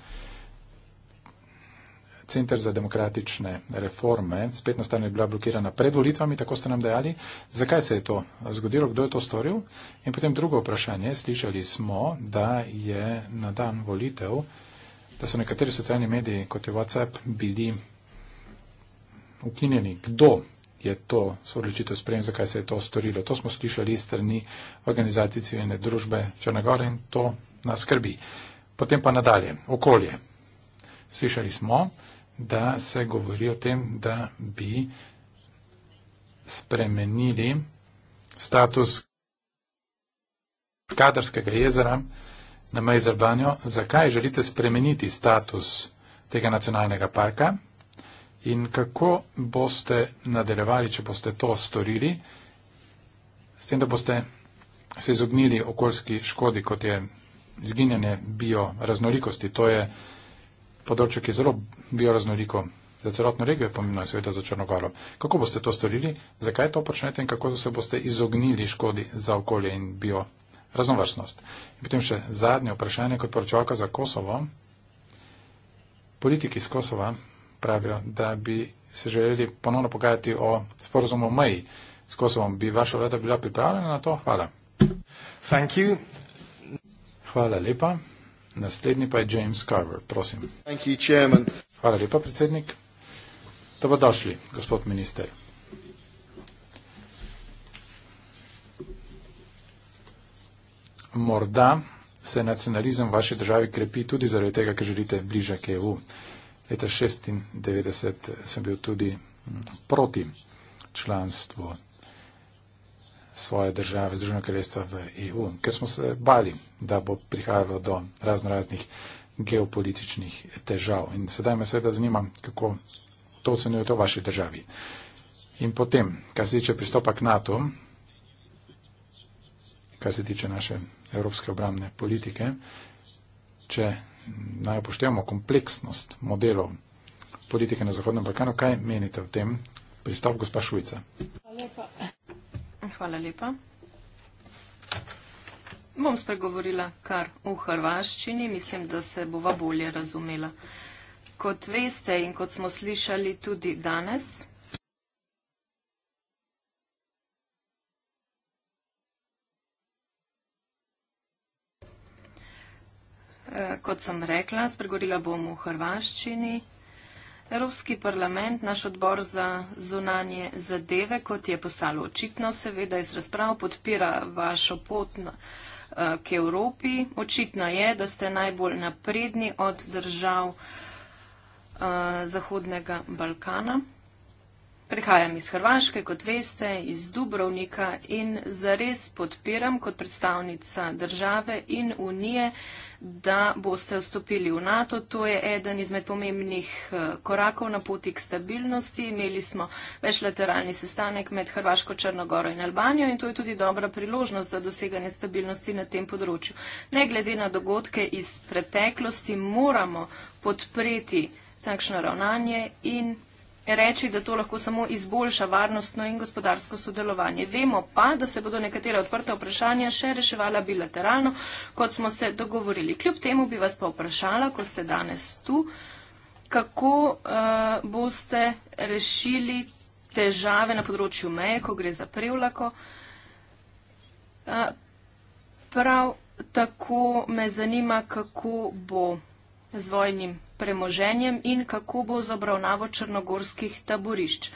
Center za demokratične reforme, spetna stran je bila blokirana pred volitvami, tako ste nam dejali. Zakaj se je to zgodilo, kdo je to storil? In potem drugo vprašanje, slišali smo, da je na dan volitev, da so nekateri socialni mediji, kot je WhatsApp, bili ukinjeni. Kdo je to odločitev sprejem, zakaj se je to storilo. To smo slišali strani organizacij civilne družbe Črnagore in to nas skrbi. Potem pa nadalje, okolje. Slišali smo, da se govori o tem, da bi spremenili status kadarskega jezera na meji z Albanijo. Zakaj želite spremeniti status tega nacionalnega parka? In kako boste nadaljevali, če boste to storili, s tem, da boste se izognili okoljski škodi, kot je izginjanje bioraznolikosti. To je področje, ki je zelo bioraznoliko. Za celotno regijo je pomembno, seveda za Črnogoro. Kako boste to storili, zakaj to počnete in kako se boste izognili škodi za okolje in bioraznovrstnost. In potem še zadnje vprašanje kot poročevalka za Kosovo. Politiki iz Kosova pravijo, da bi se želeli ponovno pogajati o sporozumu meji s Kosovom. Bi vaša vlada bila pripravljena na to? Hvala. Thank you. Hvala lepa. Naslednji pa je James Carver, prosim. Thank you, chairman. Hvala lepa, predsednik. Dobrodošli, gospod minister. Morda se nacionalizem v vaši državi krepi tudi zaradi tega, ker želite bliže k EU leta 96 sem bil tudi mm, proti članstvu svoje države, Združenega kraljestva v EU, ker smo se bali, da bo prihajalo do raznoraznih geopolitičnih težav. In sedaj me seveda zanima, kako to ocenjujete v vaši državi. In potem, kar se tiče pristopa k NATO, kar se tiče naše evropske obramne politike, če naj upoštevamo kompleksnost modelov politike na Zahodnem Balkanu. Kaj menite o tem? Pristop gospa Švica. Hvala lepa. Bom spregovorila kar v hrvaščini, mislim, da se bova bolje razumela. Kot veste in kot smo slišali tudi danes, Eh, kot sem rekla, spregovorila bom v hrvaščini. Evropski parlament, naš odbor za zunanje zadeve, kot je postalo očitno, seveda iz razprav podpira vašo pot eh, k Evropi. Očitno je, da ste najbolj napredni od držav eh, Zahodnega Balkana. Prihajam iz Hrvaške, kot veste, iz Dubrovnika in zares podpiram kot predstavnica države in unije, da boste vstopili v NATO. To je eden izmed pomembnih eh, korakov na poti k stabilnosti. Imeli smo večlateralni sestanek med Hrvaško, Črnogoro in Albanijo in to je tudi dobra priložnost za doseganje stabilnosti na tem področju. Ne glede na dogodke iz preteklosti moramo podpreti takšno ravnanje in reči, da to lahko samo izboljša varnostno in gospodarsko sodelovanje. Vemo pa, da se bodo nekatera odprta vprašanja še reševala bilateralno, kot smo se dogovorili. Kljub temu bi vas pa vprašala, ko ste danes tu, kako uh, boste rešili težave na področju meje, ko gre za prevlako. Uh, prav tako me zanima, kako bo z vojnim premoženjem in kako bo z obravnavo črnogorskih taborišč.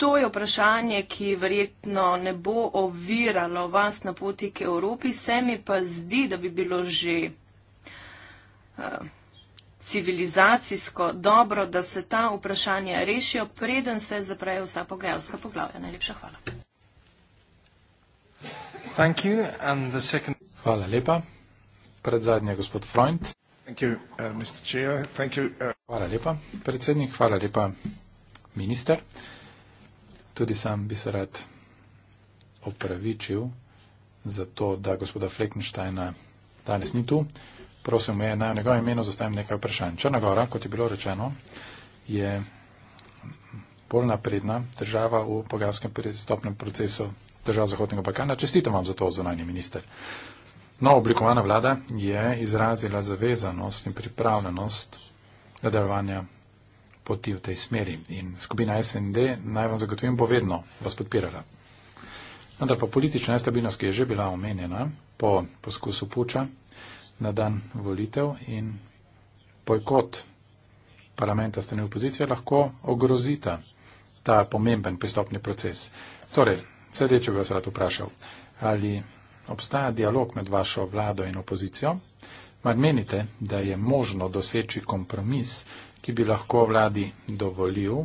To je vprašanje, ki verjetno ne bo oviralo vas na poti k Evropi, se mi pa zdi, da bi bilo že uh, civilizacijsko dobro, da se ta vprašanja rešijo, preden se zaprejo vsa pogajalska poglavja. Najlepša hvala. Hvala lepa. Pred zadnje, gospod Freund. Uh, uh, Hvala lepa, predsednik. Hvala lepa, minister. Tudi sam bi se rad opravičil za to, da gospoda Fleckensteina danes ni tu. Prosim me, naj v njegovem imenu zastavim nekaj vprašanj. Črna Gora, kot je bilo rečeno, je bolj napredna država v pogajalskem pristopnem procesu držav Zahodnega Balkana. Čestitam vam za to, zunanje minister. Uh, Nova oblikovana vlada je izrazila zavezanost in pripravljenost nadaljevanja poti v tej smeri in skupina SND, naj vam zagotovim, bo vedno vas podpirala. Vendar pa politična nestabilnost, ki je že bila omenjena po poskusu puča na dan volitev in bojkot parlamenta strani opozicije, lahko ogrozita ta pomemben pristopni proces. Torej, sedaj, če bi vas rad vprašal, ali obstaja dialog med vašo vlado in opozicijo? Mar menite, da je možno doseči kompromis, ki bi lahko vladi dovolil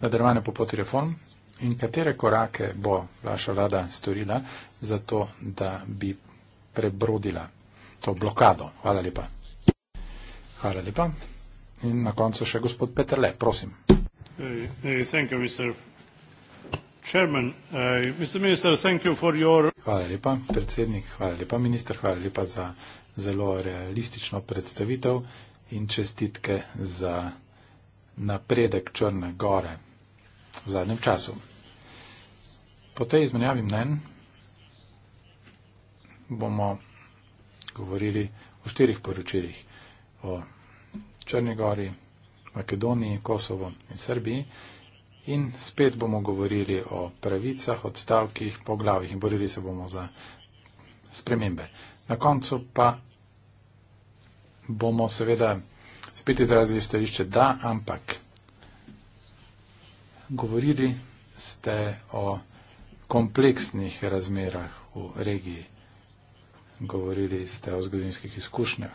nadaljevanje po poti reform? In katere korake bo vaša vlada storila za to, da bi prebrodila to blokado? Hvala lepa. Hvala lepa. In na koncu še gospod Peterle, prosim. Hey, hey, thank you, Mr. Chairman, uh, minister, your... Hvala lepa, predsednik, hvala lepa, minister, hvala lepa za zelo realistično predstavitev in čestitke za napredek Črne gore v zadnjem času. Po tej izmenjavi mnen bomo govorili o štirih poročilih o Črni gori, Makedoniji, Kosovo in Srbiji in spet bomo govorili o pravicah, odstavkih, poglavjih in borili se bomo za spremembe. Na koncu pa bomo seveda spet izrazili stališče da, ampak govorili ste o kompleksnih razmerah v regiji, govorili ste o zgodovinskih izkušnjah.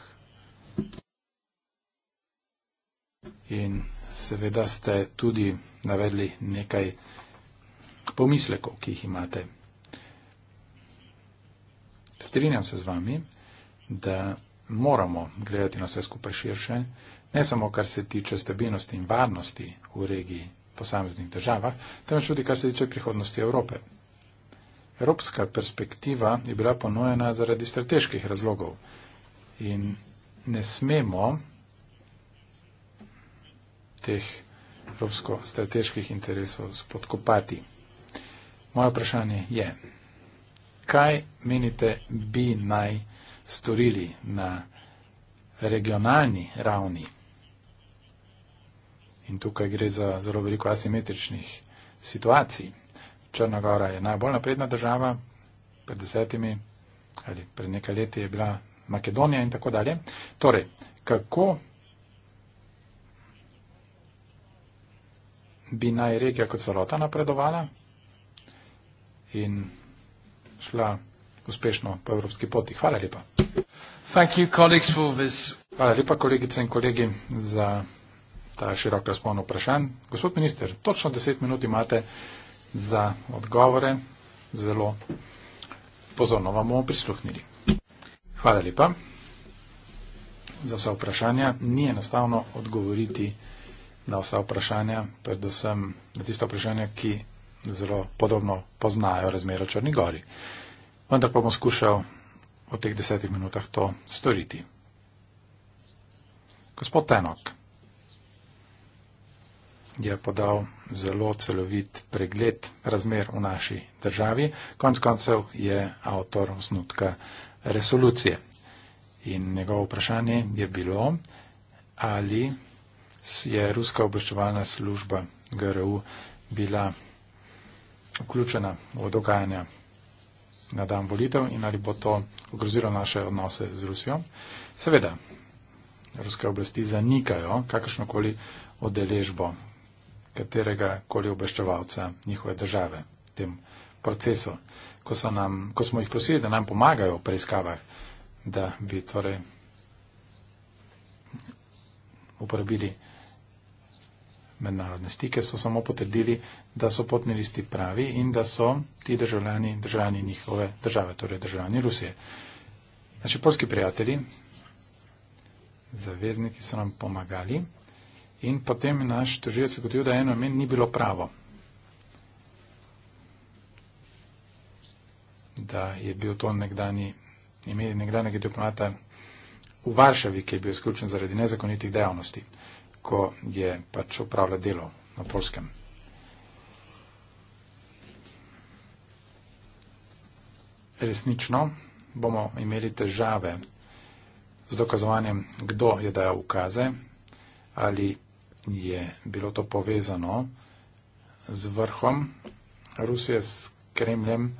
In seveda ste tudi navedli nekaj pomislekov, ki jih imate. Strinjam se z vami, da moramo gledati na vse skupaj širše, ne samo kar se tiče stabilnosti in varnosti v regiji posameznih državah, temveč tudi kar se tiče prihodnosti Evrope. Evropska perspektiva je bila ponujena zaradi strateških razlogov in ne smemo teh evropsko-strateških interesov spodkopati. Moje vprašanje je, kaj menite bi naj storili na regionalni ravni? In tukaj gre za zelo veliko asimetričnih situacij. Črna Gora je najbolj napredna država, pred desetimi ali pred nekaj leti je bila Makedonija in tako dalje. Torej, kako bi naj regija kot celota napredovala in šla uspešno po evropski poti. Hvala lepa. Hvala lepa, kolegice in kolegi, za ta širok razpon vprašanj. Gospod minister, točno deset minut imate za odgovore. Zelo pozorno vam bomo prisluhnili. Hvala lepa za vsa vprašanja. Ni enostavno odgovoriti na vsa vprašanja, predvsem na tisto vprašanje, ki zelo podobno poznajo razmero Črni Gori. Vendar pa bom skušal v teh desetih minutah to storiti. Gospod Tenok je podal zelo celovit pregled razmer v naši državi. Konec koncev je avtor osnutka resolucije. In njegovo vprašanje je bilo, ali je ruska obveščevalna služba GRU bila vključena v dogajanja na dan volitev in ali bo to ogrozilo naše odnose z Rusijo. Seveda, ruske oblasti zanikajo kakršnokoli odeležbo katerega koli obveščevalca njihove države v tem procesu. Ko, nam, ko smo jih prosili, da nam pomagajo v preiskavah, da bi torej uporabili mednarodne stike, so samo potrdili, da so potni listi pravi in da so ti državljani državljani njihove države, torej državljani Rusije. Naši polski prijatelji, zavezniki so nam pomagali in potem naš tožilec ugotovil, da eno imen ni bilo pravo. Da je bil to nekdani, imeli nekdanjega diplomata v Varšavi, ki je bil izključen zaradi nezakonitih dejavnosti ko je pač opravlja delo na polskem. Resnično bomo imeli težave z dokazovanjem, kdo je dajal ukaze, ali je bilo to povezano z vrhom Rusije, s Kremljem,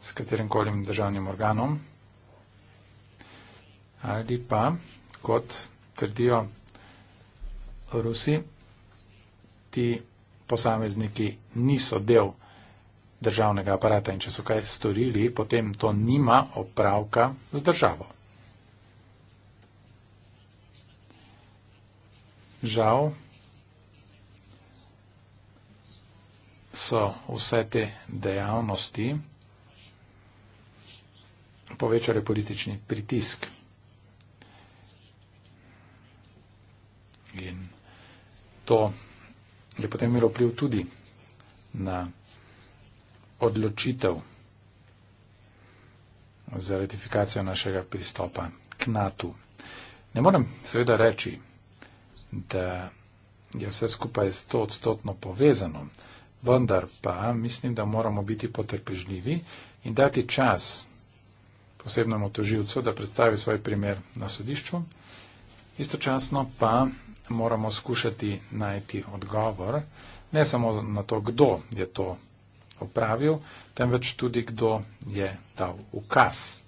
s katerim kolim državnim organom, ali pa, kot trdijo Rusi, ti posamezniki niso del državnega aparata in če so kaj storili, potem to nima opravka z državo. Žal so vse te dejavnosti povečale politični pritisk. In to je potem imelo vpliv tudi na odločitev za ratifikacijo našega pristopa k NATO. Ne morem seveda reči, da je vse skupaj sto odstotno povezano, vendar pa mislim, da moramo biti potrpežljivi in dati čas posebnemu toživcu, da predstavi svoj primer na sodišču, istočasno pa moramo skušati najti odgovor, ne samo na to, kdo je to opravil, temveč tudi, kdo je dal ukaz.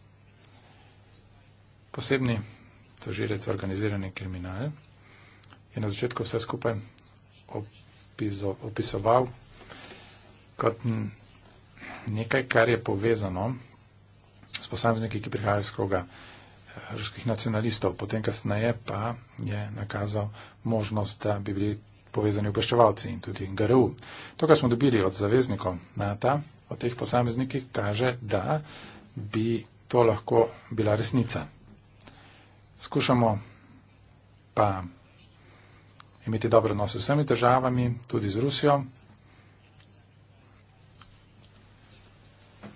Posebni tožilec organizirani kriminal je na začetku vse skupaj opizo, opisoval kot nekaj, kar je povezano s posamezniki, ki prihajajo iz koga ruskih nacionalistov. Potem kasneje pa je nakazal možnost, da bi bili povezani obveščevalci in tudi GRU. To, kar smo dobili od zaveznikov NATO, od teh posameznikih, kaže, da bi to lahko bila resnica. Skušamo pa imeti dobre odnose s vsemi državami, tudi z Rusijo.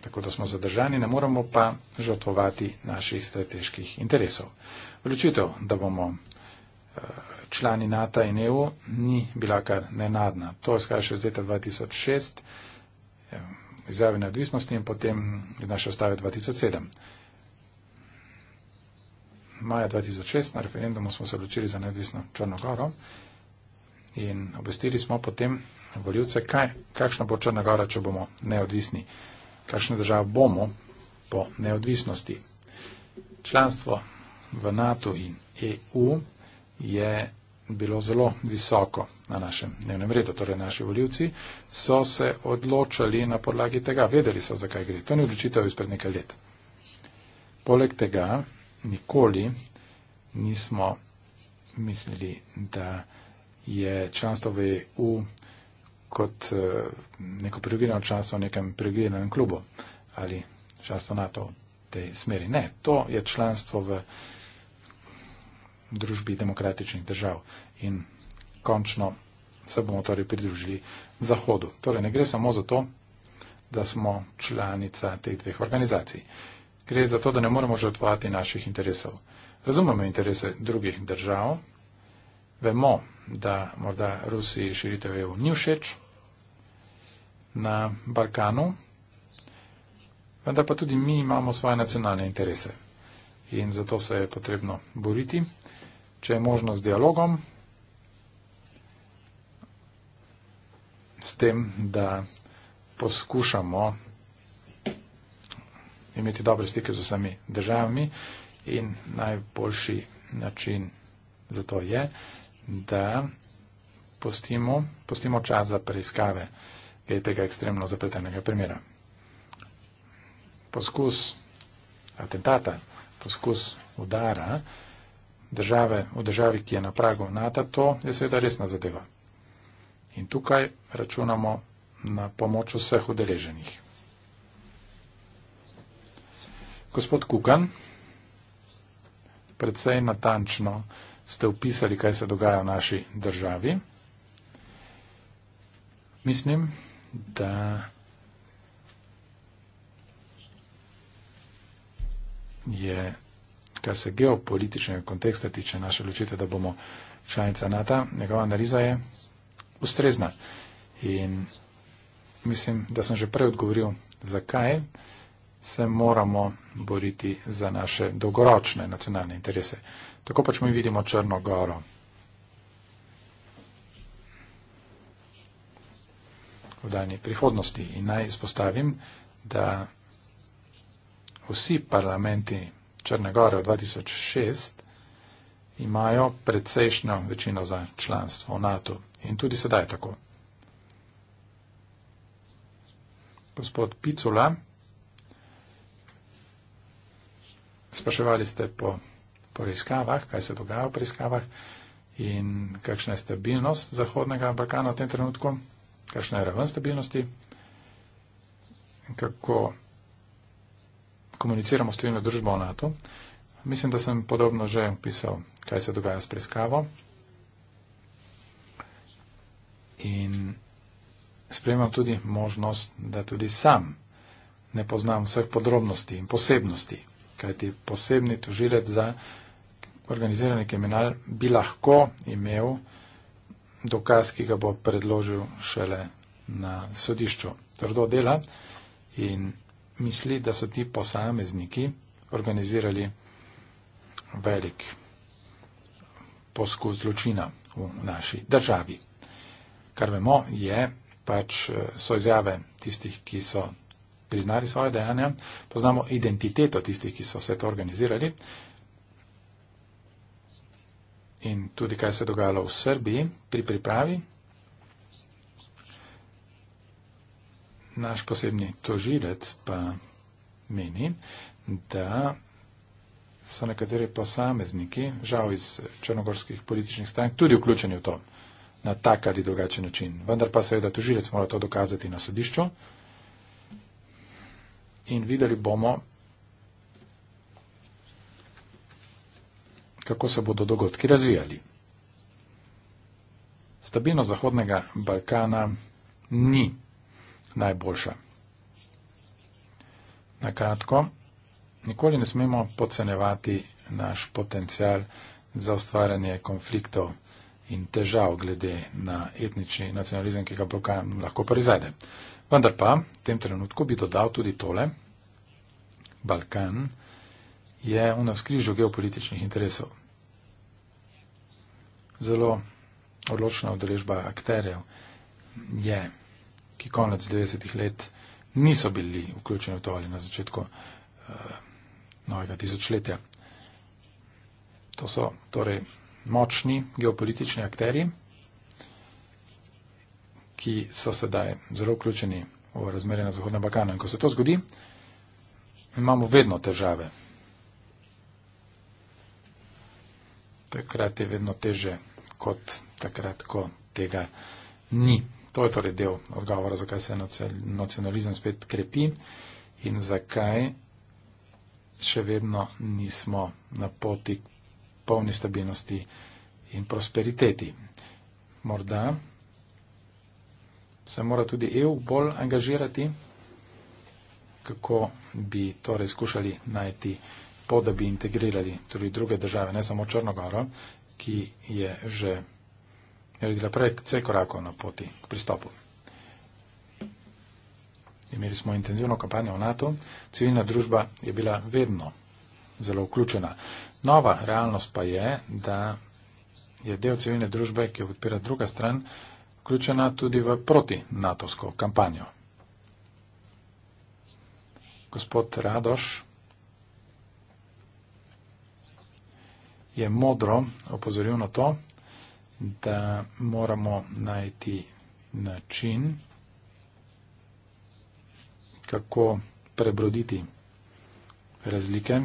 tako da smo zadržani, ne moremo pa žrtvovati naših strateških interesov. Vločitev, da bomo eh, člani NATO in EU, ni bila kar nenadna. To skaja še iz leta 2006, eh, izjave neodvisnosti in potem iz naše ostave 2007. Maja 2006 na referendumu smo se odločili za neodvisno Črnogoro in obvestili smo potem voljivce, kakšna bo Črnogora, če bomo neodvisni kakšna država bomo po neodvisnosti. Članstvo v NATO in EU je bilo zelo visoko na našem dnevnem redu. Torej, naši voljivci so se odločali na podlagi tega, vedeli so, zakaj gre. To ni odločitev izpred nekaj let. Poleg tega nikoli nismo mislili, da je članstvo v EU kot eh, neko predvideno članstvo v nekem predvidenem klubu ali članstvo NATO v tej smeri. Ne, to je članstvo v družbi demokratičnih držav in končno se bomo torej pridružili Zahodu. Torej ne gre samo za to, da smo članica teh dveh organizacij. Gre za to, da ne moremo žrtvovati naših interesov. Razumemo interese drugih držav, vemo, da morda Rusiji širitev EU ni všeč na Balkanu, vendar pa tudi mi imamo svoje nacionalne interese in zato se je potrebno boriti, če je možno s dialogom, s tem, da poskušamo imeti dobre stike z vsemi državami in najboljši način za to je, da pustimo, pustimo čas za preiskave tega ekstremno zapletenega primera. Poskus atentata, poskus udara države v državi, ki je na pragu NATO, to je seveda resna zadeva. In tukaj računamo na pomoč vseh udeleženih. Gospod Kukan, predvsej natančno, ste opisali, kaj se dogaja v naši državi. Mislim, da je, kar se geopolitičnega konteksta tiče naše ločitve, da bomo članica NATO, njegova analiza je ustrezna. In mislim, da sem že prej odgovoril, zakaj se moramo boriti za naše dolgoročne nacionalne interese. Tako pač mi vidimo Črno goro. V daljni prihodnosti in naj izpostavim, da vsi parlamenti Črne gore v 2006 imajo predsejšnjo večino za članstvo v NATO in tudi sedaj tako. Gospod Picula, spraševali ste po preiskavah, kaj se dogaja v preiskavah in kakšna je stabilnost Zahodnega Balkana v tem trenutku, kakšna je raven stabilnosti, kako komuniciramo s civilno družbo v NATO. Mislim, da sem podobno že opisal, kaj se dogaja s preiskavo. In spremljam tudi možnost, da tudi sam ne poznam vseh podrobnosti in posebnosti, kajti posebni tužilec za organizirani kriminal bi lahko imel dokaz, ki ga bo predložil šele na sodišču. Trdo dela in misli, da so ti posamezniki organizirali velik poskus zločina v naši državi. Kar vemo je, pač eh, so izjave tistih, ki so priznali svoje dejanja, poznamo identiteto tistih, ki so vse to organizirali in tudi kaj se je dogajalo v Srbiji pri pripravi. Naš posebni tožilec pa meni, da so nekateri posamezniki, žal iz črnogorskih političnih strank, tudi vključeni v to na tak ali drugačen način. Vendar pa seveda tožilec mora to dokazati na sodišču. In videli bomo, kako se bodo dogodki razvijali. Stabilnost Zahodnega Balkana ni najboljša. Na kratko, nikoli ne smemo podcenevati naš potencial za ustvarjanje konfliktov in težav glede na etnični nacionalizem, ki ga Balkan lahko prizade. Vendar pa, v tem trenutku bi dodal tudi tole. Balkan je v navskrižju geopolitičnih interesov. Zelo odločna odrežba akterjev je, ki konec 90-ih let niso bili vključeni v to ali na začetku uh, novega tisočletja. To so torej močni geopolitični akteri, ki so sedaj zelo vključeni v razmerje na Zahodnem Balkanu. In ko se to zgodi, imamo vedno težave takrat je vedno teže kot takrat, ko tega ni. To je torej del odgovora, zakaj se nacionalizem spet krepi in zakaj še vedno nismo na poti k polni stabilnosti in prosperiteti. Morda se mora tudi EU bolj angažirati, kako bi torej skušali najti po da bi integrirali tudi druge države, ne samo Črnogoro, ki je že naredila prek vse korakov na poti k pristopu. Imeli smo intenzivno kampanjo v NATO, civilna družba je bila vedno zelo vključena. Nova realnost pa je, da je del civilne družbe, ki jo podpira druga stran, vključena tudi v proti-NATO-sko kampanjo. Gospod Radoš, je modro opozoril na to, da moramo najti način, kako prebroditi razlike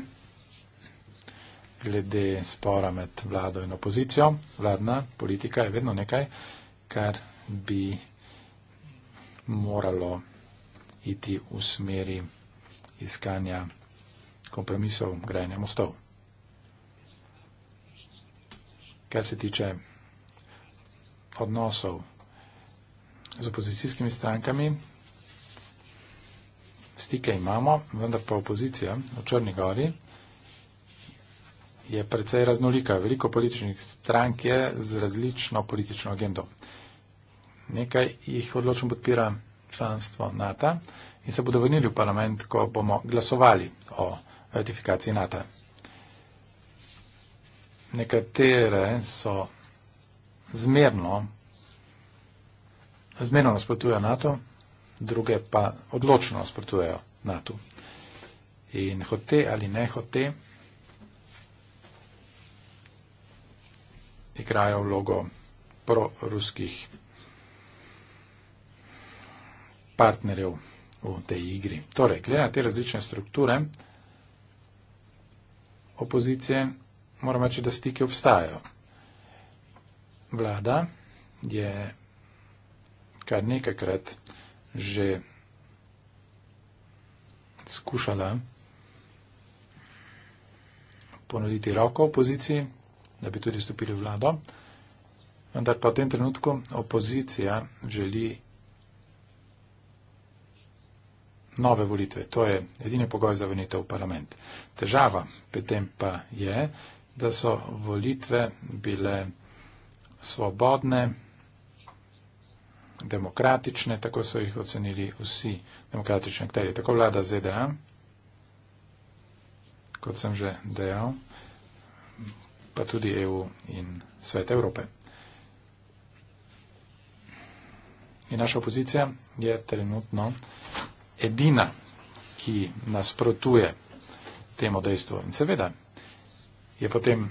glede spora med vlado in opozicijo. Vladna politika je vedno nekaj, kar bi moralo iti v smeri iskanja kompromisov, grajanja mostov kar se tiče odnosov z opozicijskimi strankami. Stike imamo, vendar pa opozicija v Črni gori je precej raznolika. Veliko političnih strank je z različno politično agendo. Nekaj jih odločno podpira članstvo NATO in se bodo vrnili v parlament, ko bomo glasovali o ratifikaciji NATO nekatere so zmerno, zmerno nasprotujejo NATO, druge pa odločno nasprotujejo NATO. In hote ali ne hote igrajo vlogo proruskih partnerjev v tej igri. Torej, glede na te različne strukture opozicije, moram reči, da stike obstajajo. Vlada je kar nekajkrat že skušala ponuditi roko opoziciji, da bi tudi stopili v vlado, vendar pa v tem trenutku opozicija želi nove volitve. To je edini pogoj za vrnitev v parlament. Težava pri tem pa je, da so volitve bile svobodne, demokratične, tako so jih ocenili vsi demokratični akterji, tako vlada ZDA, kot sem že dejal, pa tudi EU in svet Evrope. In naša opozicija je trenutno edina, ki nasprotuje temu dejstvu. In seveda, je potem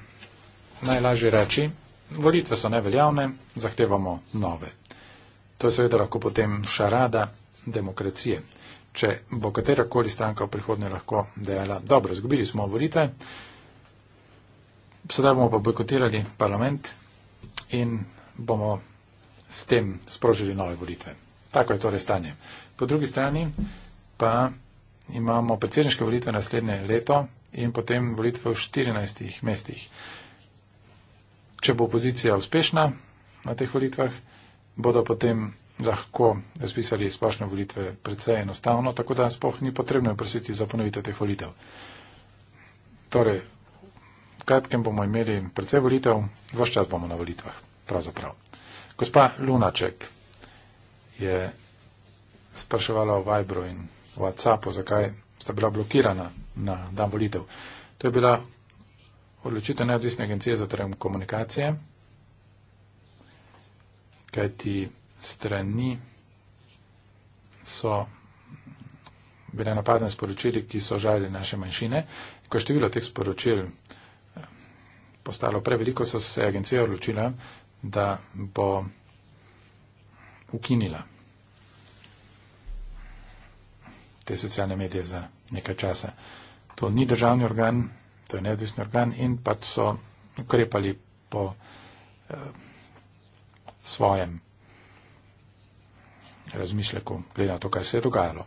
najlažje reči, volitve so neveljavne, zahtevamo nove. To je seveda lahko potem šarada demokracije. Če bo katerakoli stranka v prihodnje lahko dejala, dobro, zgubili smo volitve, sedaj bomo pa bojkotirali parlament in bomo s tem sprožili nove volitve. Tako je torej stanje. Po drugi strani pa imamo predsedniške volitve naslednje leto, in potem volitve v 14 mestih. Če bo opozicija uspešna na teh volitvah, bodo potem lahko razpisali splošne volitve predvsej enostavno, tako da spoh ni potrebno prositi za ponovitev teh volitev. Torej, v kratkem bomo imeli predvsej volitev, vse čas bomo na volitvah, pravzaprav. Gospa Lunaček je spraševala o Vajbru in o WhatsAppu, zakaj sta bila blokirana na dan volitev. To je bila odločitev neodvisne agencije za trem komunikacije, kajti strani so bile napadne sporočili, ki so žalili naše manjšine. Ko je število teh sporočil eh, postalo preveliko, so se agencija odločila, da bo ukinila te socialne medije za nekaj časa. To ni državni organ, to je neodvisni organ in pač so ukrepali po eh, svojem razmišljaku, glede na to, kaj se je dogajalo.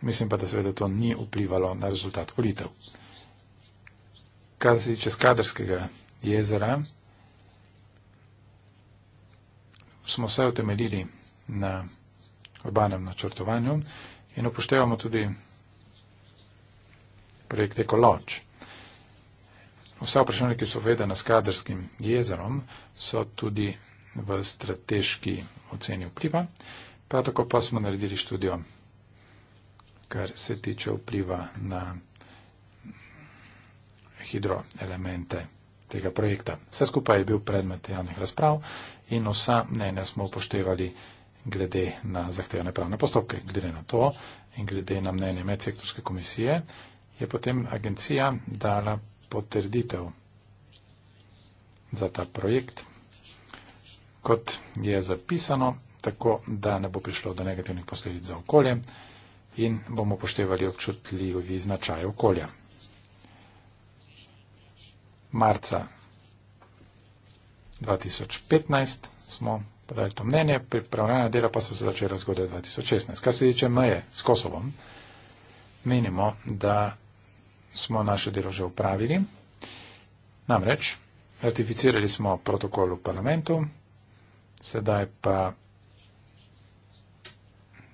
Mislim pa, da seveda to ni vplivalo na rezultat volitev. Kar se tiče skadrskega jezera, smo se utemeljili na urbanem načrtovanju in upoštevamo tudi projekt Ekoloč. Vsa vprašanja, ki so vedena s kadrskim jezerom, so tudi v strateški oceni vpliva. Prav tako pa smo naredili študijo, kar se tiče vpliva na hidroelemente tega projekta. Vse skupaj je bil predmet javnih razprav in vsa mnenja smo upoštevali glede na zahtevane pravne postopke, glede na to in glede na mnenje medsektorske komisije, je potem agencija dala potrditev za ta projekt, kot je zapisano, tako da ne bo prišlo do negativnih posledic za okolje in bomo poštevali občutljivi značaj okolja. Marca 2015 smo podali to mnenje, pripravljanja dela pa so se začela zgodaj 2016. Kar se tiče meje s Kosovom, menimo, da smo naše delo že upravili. Namreč, ratificirali smo protokol v parlamentu, sedaj pa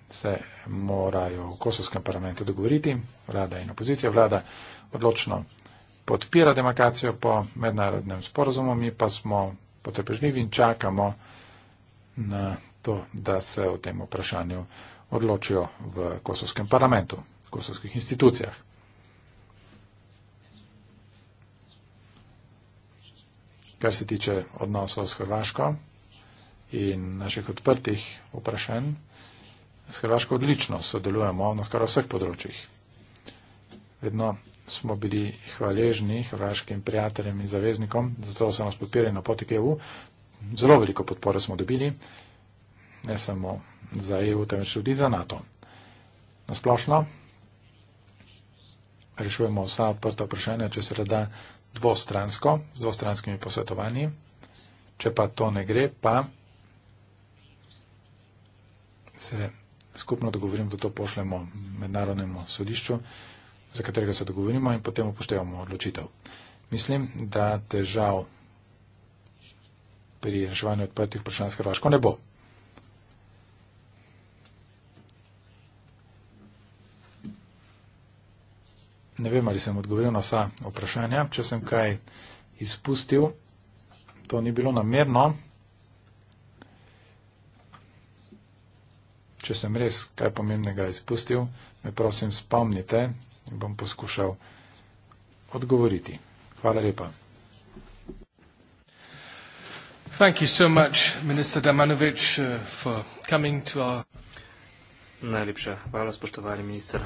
se morajo v kosovskem parlamentu dogovoriti, vlada in opozicija. Vlada odločno podpira demarkacijo po mednarodnem sporozumu, mi pa smo potrpežljivi in čakamo, na to, da se o tem vprašanju odločijo v kosovskem parlamentu, v kosovskih institucijah. Kar se tiče odnosov s Hrvaško in naših odprtih vprašanj, s Hrvaško odlično sodelujemo na skoraj vseh področjih. Vedno smo bili hvaležni hrvaškim prijateljem in zaveznikom, zato so nas podpirali na poti k EU zelo veliko podporo smo dobili, ne samo za EU, temveč tudi za NATO. Nasplošno rešujemo vsa odprta vprašanja, če se da dvostransko, z dvostranskimi posvetovanji. Če pa to ne gre, pa se skupno dogovorimo, da to pošljemo mednarodnemu sodišču, za katerega se dogovorimo in potem upoštevamo odločitev. Mislim, da težav pri reševanju odprtih vprašanj s Hrvaško ne bo. Ne vem, ali sem odgovoril na vsa vprašanja. Če sem kaj izpustil, to ni bilo namerno. Če sem res kaj pomembnega izpustil, me prosim spomnite in bom poskušal odgovoriti. Hvala lepa. Thank you so much, Minister Damanovic, uh, for coming to our... Najlepša hvala, spoštovani minister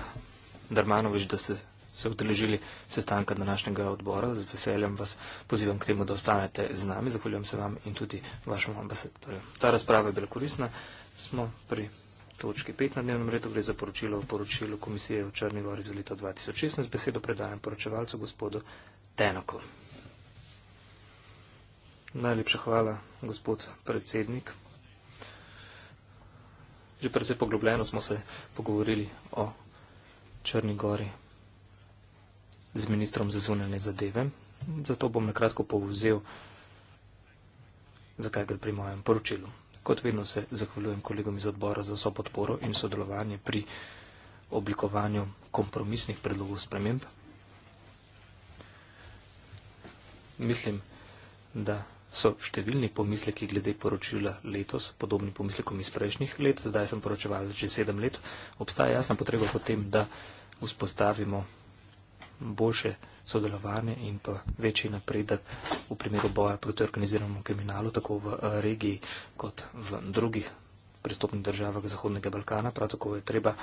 Darmanovič, da ste se odeležili sestanka današnjega odbora. Z veseljem vas pozivam k temu, da ostanete z nami. Zahvaljujem se vam in tudi vašemu ambasadorju. Ta razprava je bila korisna. Smo pri točki 5 na dnevnem redu. Gre za poročilo o poročilu Komisije v Črni gori za leto 2016. Besedo predajam poročevalcu gospodu Tenoku. Najlepša hvala, gospod predsednik. Že predvsej poglobljeno smo se pogovorili o Črni Gori z ministrom za zunanje zadeve. Zato bom na kratko povzel, zakaj gre pri mojem poročilu. Kot vedno se zahvaljujem kolegom iz odbora za vso podporo in sodelovanje pri oblikovanju kompromisnih predlogov sprememb. Mislim, da so številni pomisleki glede poročila letos, podobni pomislekom iz prejšnjih let, zdaj sem poročeval že sedem let, obstaja jasna potreba po tem, da vzpostavimo boljše sodelovanje in pa večji napredek v primeru boja proti organiziranemu kriminalu, tako v eh, regiji kot v drugih pristopnih državah Zahodnega Balkana. Prav tako je treba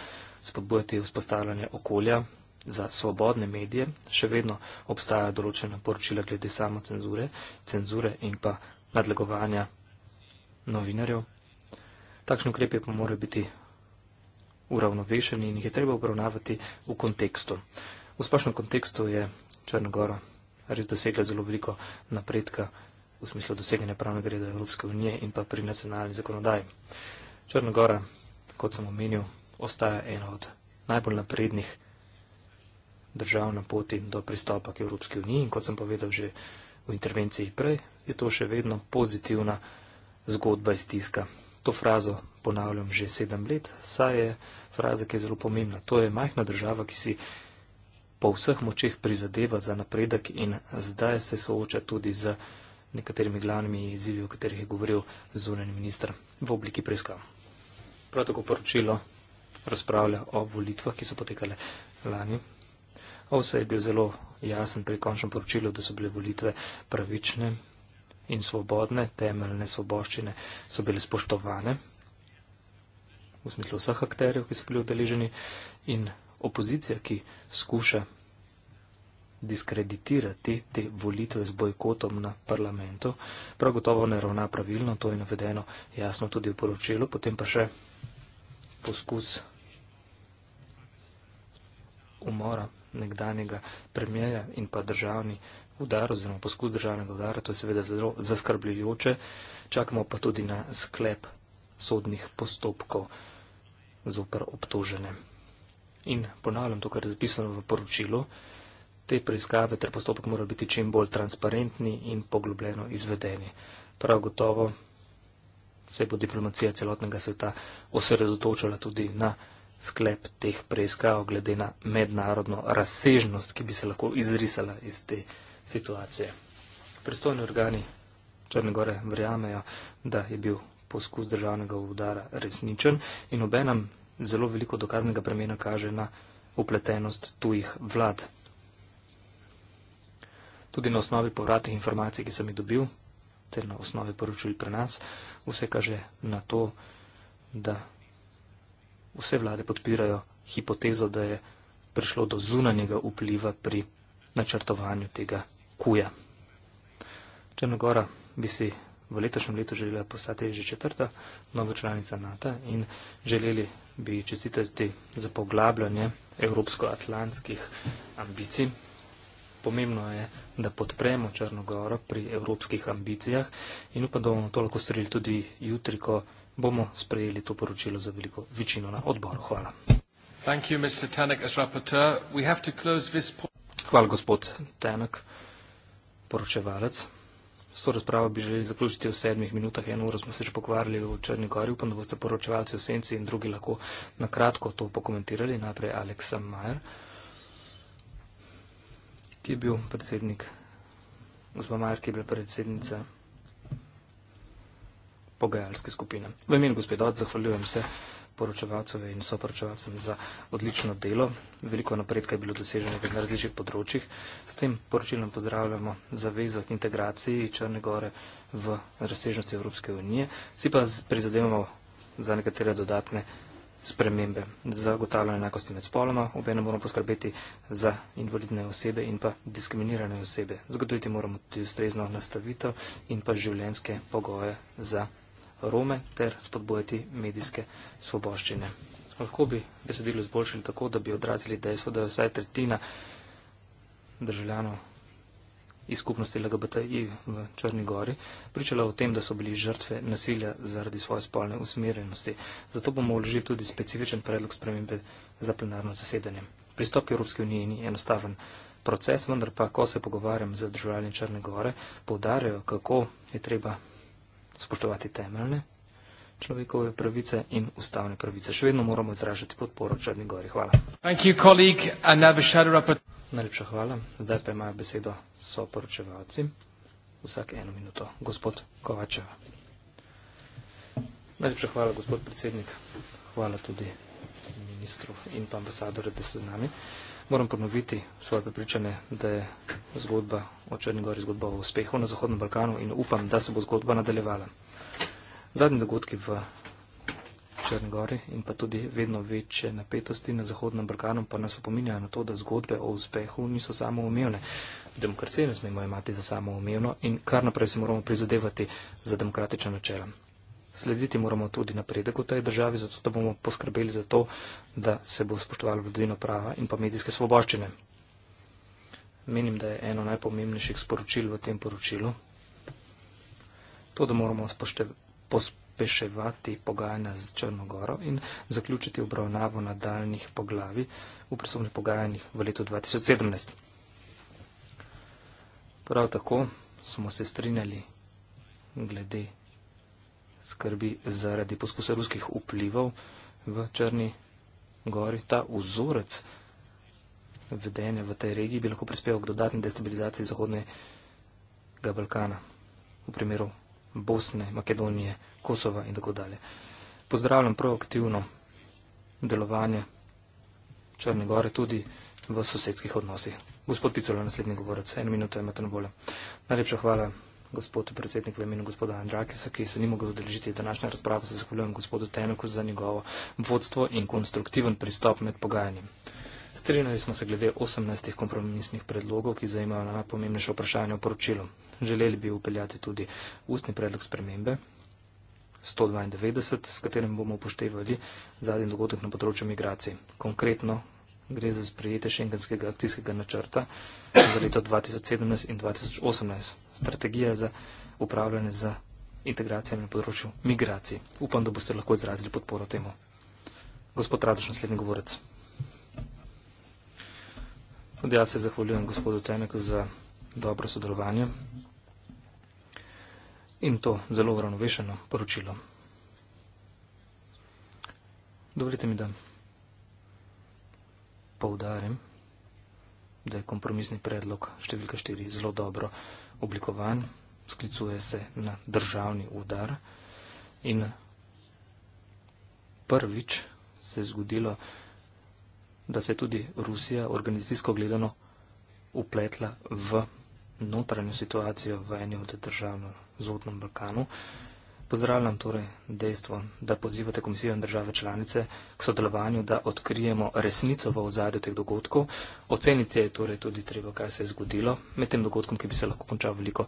spodbujati vzpostavljanje okolja za svobodne medije, še vedno obstajajo določene poročila glede samocenzure, cenzure in pa nadlegovanja novinarjev. Takšni ukrepi pa morajo biti uravnovešeni in jih je treba obravnavati v kontekstu. V splošnem kontekstu je Črnogora res dosegla zelo veliko napredka v smislu doseganja pravnega reda Evropske unije in pa pri nacionalni zakonodaji. Črnogora, kot sem omenil, ostaja ena od najbolj naprednih držav na poti do pristopa k Evropski uniji in kot sem povedal že v intervenciji prej, je to še vedno pozitivna zgodba iz tiska. To frazo ponavljam že sedem let, saj je fraza, ki je zelo pomembna. To je majhna država, ki si po vseh močeh prizadeva za napredek in zdaj se sooča tudi z nekaterimi glavnimi izzivi, o katerih je govoril zunani minister v obliki preiskav. Prav tako poročilo razpravlja o volitvah, ki so potekale lani Ovsej je bil zelo jasen pri končnem poročilu, da so bile volitve pravične in svobodne, temeljne svoboščine so bile spoštovane v smislu vseh akterjev, ki so bili udeleženi in opozicija, ki skuša diskreditirati te volitve z bojkotom na parlamentu, prav gotovo ne ravna pravilno, to je navedeno jasno tudi v poročilu, potem pa še poskus umora nekdanjega premjeja in pa državni udar oziroma poskus državnega udara. To je seveda zelo zaskrbljujoče. Čakamo pa tudi na sklep sodnih postopkov zoper obtožene. In ponavljam to, kar je zapisano v poročilu. Te preiskave ter postopek mora biti čim bolj transparentni in poglobljeno izvedeni. Prav gotovo se bo diplomacija celotnega sveta osredotočala tudi na sklep teh preiskav, glede na mednarodno razsežnost, ki bi se lahko izrisala iz te situacije. Pristojni organi Črne Gore verjamejo, da je bil poskus državnega udara resničen in obenem zelo veliko dokaznega premena kaže na upletenost tujih vlad. Tudi na osnovi povratih informacij, ki sem jih dobil, ter na osnovi poročil pri nas, vse kaže na to, da vse vlade podpirajo hipotezo, da je prišlo do zunanjega vpliva pri načrtovanju tega kuja. Črna Gora bi si v letošnjem letu želela postati že četrta nova članica NATO in želeli bi čestitati za poglabljanje evropsko-atlantskih ambicij. Pomembno je, da podpremo Črno Goro pri evropskih ambicijah in upam, da bomo to lahko storili tudi jutri, ko bomo sprejeli to poročilo za veliko večino na odboru. Hvala. Hvala, gospod Tenek, poročevalec. So razpravo bi želeli zaključiti v sedmih minutah, eno uro smo se že pokvarjali v Črni gori, upam, da boste poročevalci v Senci in drugi lahko nakratko to pokomentirali. Najprej Aleksa Majer, ki je bil predsednik, gospod Majer, ki je bila predsednica. Mm pogajalske skupine. V imenu gospodot zahvaljujem se poročevalcev in soporočevalcem za odlično delo. Veliko napredka je bilo doseženo na različnih področjih. S tem poročilom pozdravljamo zavezo k integraciji Črne gore v razsežnosti Evropske unije. Si pa prizadevamo za nekatere dodatne spremembe za gotavljanje enakosti med spoloma, obenem moramo poskrbeti za invalidne osebe in pa diskriminirane osebe. Zagotoviti moramo tudi ustrezno nastavitev in pa življenjske pogoje za Rome ter spodbojati medijske svoboščine. Lahko bi besedilo izboljšali tako, da bi odrazili dejstvo, da je vsaj tretjina državljanov iz skupnosti LGBTI v Črni Gori pričala o tem, da so bili žrtve nasilja zaradi svoje spolne usmerjenosti. Zato bomo vložili tudi specifičen predlog spremembe za plenarno zasedanje. Pristop k Evropski uniji ni enostaven proces, vendar pa, ko se pogovarjam z državljani Črne Gore, podarjajo, kako je treba spoštovati temeljne človekove pravice in ustavne pravice. Še vedno moramo izražati podporo Črni Gori. Hvala. Najlepša hvala. Zdaj pa imajo besedo soporočevalci. Vsak eno minuto. Gospod Kovačeva. Najlepša hvala, gospod predsednik. Hvala tudi ministrov in pa ambasadorjev, da ste z nami. Moram ponoviti svoje prepričanje, da je zgodba o Črnigori zgodba o uspehu na Zahodnem Balkanu in upam, da se bo zgodba nadaljevala. Zadnji dogodki v Črnigori in pa tudi vedno večje napetosti na Zahodnem Balkanu pa nas opominjajo na to, da zgodbe o uspehu niso samoumevne. Demokracije ne smemo imati za samoumevno in kar naprej se moramo prizadevati za demokratično načelo slediti moramo tudi napredek v tej državi, zato da bomo poskrbeli za to, da se bo spoštovalo vladavino prava in pa medijske svoboščine. Menim, da je eno najpomembnejših sporočil v tem poročilu to, da moramo pospeševati pogajanja z Črnogoro in zaključiti obravnavo nadaljnih poglavi v presobnih pogajanjih v letu 2017. Prav tako smo se strinjali glede skrbi zaradi poskusa ruskih vplivov v Črni gori. Ta vzorec vedenja v tej regiji bi lahko prispeval k dodatni destabilizaciji Zahodnega Balkana v primeru Bosne, Makedonije, Kosova in tako dalje. Pozdravljam proaktivno delovanje Črne gore tudi v sosedskih odnosih. Gospod Picolo, naslednji govorec, en minuto imate na voljo. Najlepša hvala gospod predsednik v imenu gospoda Andrakisa, ki se ni mogel odeležiti današnje razprave, se zahvaljujem gospodu Tenoku za njegovo vodstvo in konstruktiven pristop med pogajanjem. Strinjali smo se glede 18 kompromisnih predlogov, ki zajemajo na najpomembnejše vprašanje v poročilu. Želeli bi upeljati tudi ustni predlog spremembe 192, s katerim bomo upoštevali zadnji dogodek na področju migracij. Konkretno gre za sprejete šengenskega akcijskega načrta za leto 2017 in 2018. Strategija za upravljanje z integracijami na področju migracij. Upam, da boste lahko izrazili podporo temu. Gospod Radoš, naslednji govorec. Tudi jaz se zahvaljujem gospodu Teneku za dobro sodelovanje in to zelo uravnovešeno poročilo. Dovolite mi, da poudarim, da je kompromisni predlog številka 4 zelo dobro oblikovan, sklicuje se na državni udar in prvič se je zgodilo, da se je tudi Rusija organizacijsko gledano upletla v notranjo situacijo v eni od državno zhodnem Balkanu. Pozdravljam torej dejstvo, da pozivate komisijo in države članice k sodelovanju, da odkrijemo resnico v ozadju teh dogodkov. Oceniti je torej tudi treba, kaj se je zgodilo med tem dogodkom, ki bi se lahko končal veliko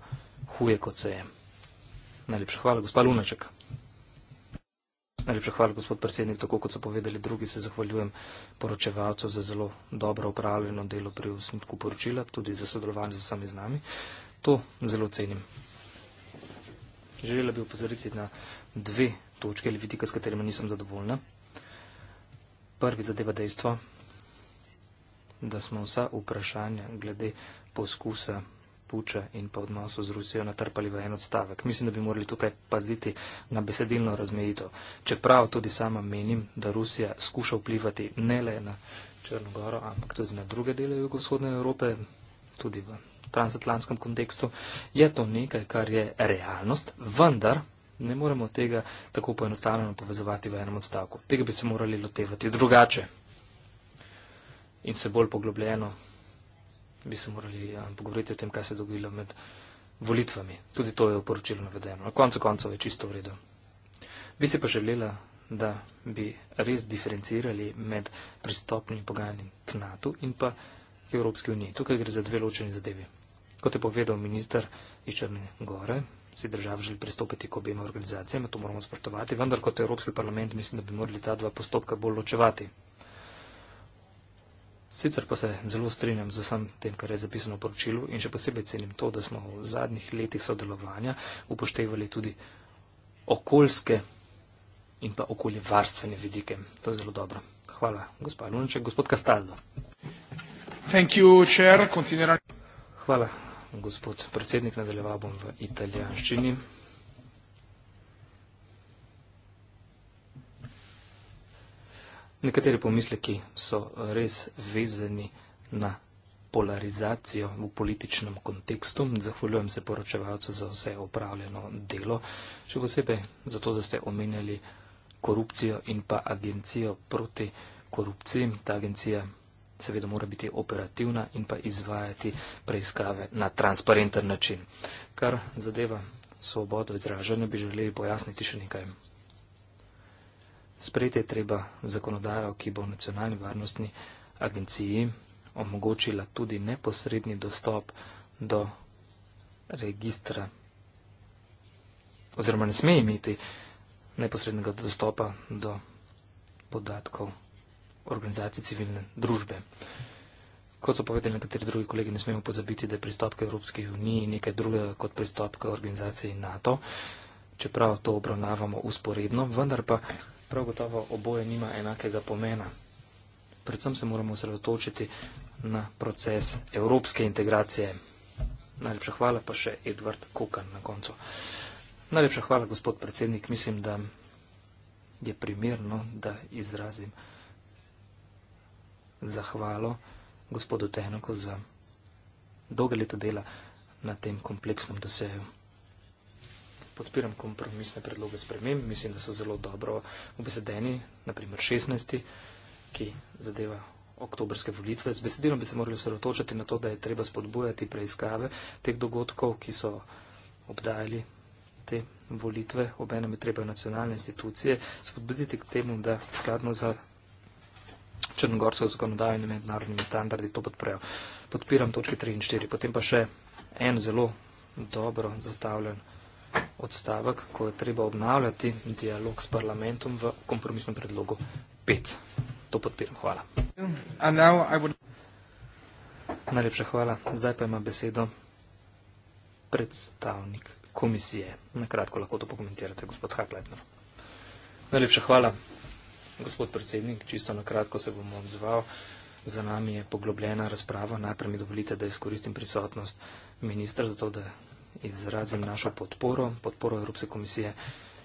huje, kot se je. Najlepša hvala, gospod Lunaček. Najlepša hvala, gospod predsednik. Tako kot so povedali drugi, se zahvaljujem poročevalcu za zelo dobro upravljeno delo pri usmitku poročila, tudi za sodelovanje z vsemi z nami. To zelo cenim. Želela bi upozoriti na dve točke ali vidika, s katerima nisem zadovoljna. Prvi zadeva dejstvo, da smo vsa vprašanja glede poskusa puča in pa odnosov z Rusijo natrpali v en odstavek. Mislim, da bi morali tukaj paziti na besedilno razmejito. Čeprav tudi sama menim, da Rusija skuša vplivati ne le na Črnogoro, ampak tudi na druge dele jugovzhodne Evrope, tudi v transatlantskem kontekstu, je to nekaj, kar je realnost, vendar ne moremo tega tako poenostavljeno povezovati v enem odstavku. Tega bi se morali lotevati drugače in se bolj poglobljeno bi se morali um, pogovoriti o tem, kaj se je dogajalo med volitvami. Tudi to je v poročilu navedeno. Na koncu koncev je čisto v redu. Bi si pa želela, da bi res diferencirali med pristopnim pogajanjem k NATO in pa k Evropski uniji. Tukaj gre za dve ločene zadeve. Kot je povedal minister iz Črne gore, si država želi pristopiti k obema organizacijama, to moramo spoštovati, vendar kot Evropski parlament mislim, da bi morali ta dva postopka bolj ločevati. Sicer pa se zelo strinjam z vsem tem, kar je zapisano v poročilu in še posebej cenim to, da smo v zadnjih letih sodelovanja upoštevali tudi okoljske in pa okoljevarstvene vidike. To je zelo dobro. Hvala, gospod Lunček. Gospod Kastaldo. Thank you, chair. Continuera. Hvala gospod predsednik, nadaljeval bom v italijanščini. Nekateri pomisleki so res vezani na polarizacijo v političnem kontekstu. Zahvaljujem se poročevalcu za vse opravljeno delo, še posebej za to, da ste omenjali korupcijo in pa agencijo proti korupciji. Ta agencija seveda mora biti operativna in pa izvajati preiskave na transparenten način. Kar zadeva svobodo izražanja, bi želeli pojasniti še nekaj. Sprejeti je treba zakonodajo, ki bo nacionalni varnostni agenciji omogočila tudi neposredni dostop do registra oziroma ne sme imeti neposrednega dostopa do podatkov organizacij civilne družbe. Kot so povedali nekateri drugi kolegi, ne smemo pozabiti, da je pristop k Evropski uniji nekaj drugega kot pristop k organizaciji NATO, čeprav to obravnavamo usporedno, vendar pa prav gotovo oboje nima enakega pomena. Predvsem se moramo osredotočiti na proces evropske integracije. Najlepša hvala pa še Edward Kukan na koncu. Najlepša hvala, gospod predsednik. Mislim, da je primerno, da izrazim zahvalo gospodu Tehnoku za dolga leta dela na tem kompleksnem doseju. Podpiram kompromisne predloge sprememb, mislim, da so zelo dobro obesedeni, naprimer 16., ki zadeva oktobrske volitve. Z besedilom bi se morali osredotočiti na to, da je treba spodbujati preiskave teh dogodkov, ki so obdajali te volitve. Obenem je treba nacionalne institucije spodbuditi k temu, da skladno za črngorsko zakonodajo in mednarodnimi standardi to podprejo. Podpiram točke 3 in 4. Potem pa še en zelo dobro zastavljen odstavek, ko je treba obnavljati dialog s parlamentom v kompromisnem predlogu 5. To podpiram. Hvala. Would... Najlepša hvala. Zdaj pa ima besedo predstavnik komisije. Nakratko lahko to pokomentirate, gospod Haklajtner. Najlepša hvala gospod predsednik, čisto na kratko se bom odzval. Za nami je poglobljena razprava. Najprej mi dovolite, da izkoristim prisotnost ministra za to, da izrazim našo podporo, podporo Evropske komisije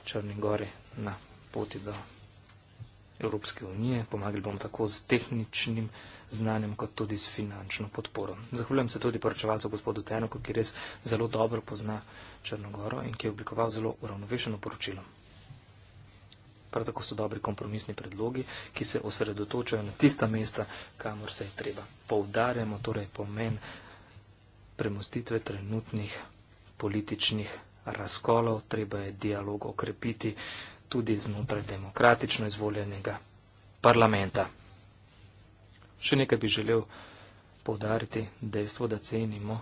Črne Gore na poti do Evropske unije. Pomagali bom tako z tehničnim znanjem, kot tudi z finančno podporo. Zahvaljujem se tudi poročevalcu gospodu Tenoku, ki res zelo dobro pozna Črnogoro in ki je oblikoval zelo uravnovešeno poročilo prav tako so dobri kompromisni predlogi, ki se osredotočajo na tista mesta, kamor se je treba. Poudarjamo torej pomen premustitve trenutnih političnih razkolov, treba je dialog okrepiti tudi znotraj demokratično izvoljenega parlamenta. Še nekaj bi želel poudariti dejstvo, da cenimo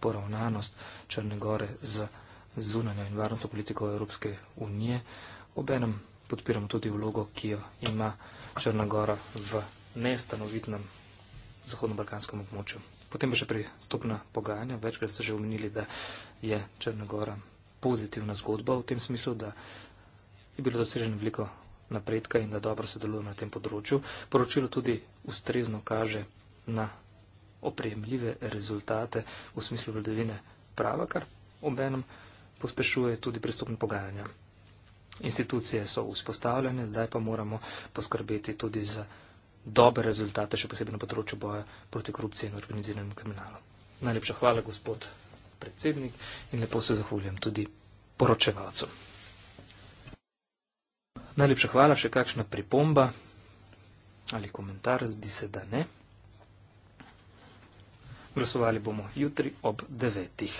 poravnanost Črnegore z zunanjo in varnostno politiko Evropske unije. Obenem podpiramo tudi vlogo, ki jo ima Črnagora v nestanovitnem zahodno-balkanskem območju. Potem pa še pri stopna pogajanja. Večkrat ste že omenili, da je Črnagora pozitivna zgodba v tem smislu, da je bilo doseženo veliko napredka in da dobro se deluje na tem področju. Poročilo tudi ustrezno kaže na opremljive rezultate v smislu vladavine prava, kar obenem pospešuje tudi pristopne pogajanja. Institucije so vzpostavljene, zdaj pa moramo poskrbeti tudi za dobre rezultate, še posebej na področju boja proti korupciji in organiziranemu kriminalu. Najlepša hvala, gospod predsednik, in lepo se zahvaljujem tudi poročevalcu. Najlepša hvala, še kakšna pripomba ali komentar, zdi se, da ne. Glasovali bomo jutri ob devetih.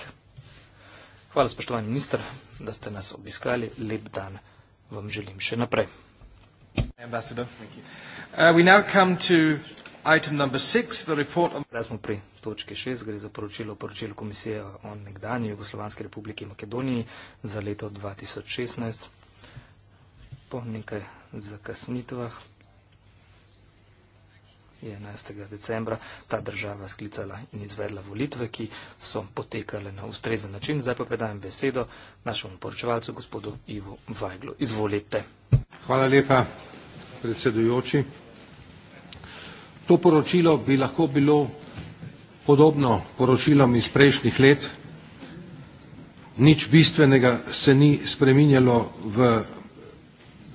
Hvala, spoštovani minister, da ste nas obiskali. Lep dan vam želim še naprej. Uh, Zdaj smo pri točki šest, gre za poročilo poročil Komisije o nekdani Jugoslovanski republiki Makedoniji za leto 2016. Po nekaj zakasnitvah je 11. decembra ta država sklicala in izvedla volitve, ki so potekale na ustrezen način. Zdaj pa predajem besedo našemu poročevalcu, gospodu Ivo Vajglu. Izvolite. Hvala lepa, predsedujoči. To poročilo bi lahko bilo podobno poročilom iz prejšnjih let. Nič bistvenega se ni spreminjalo v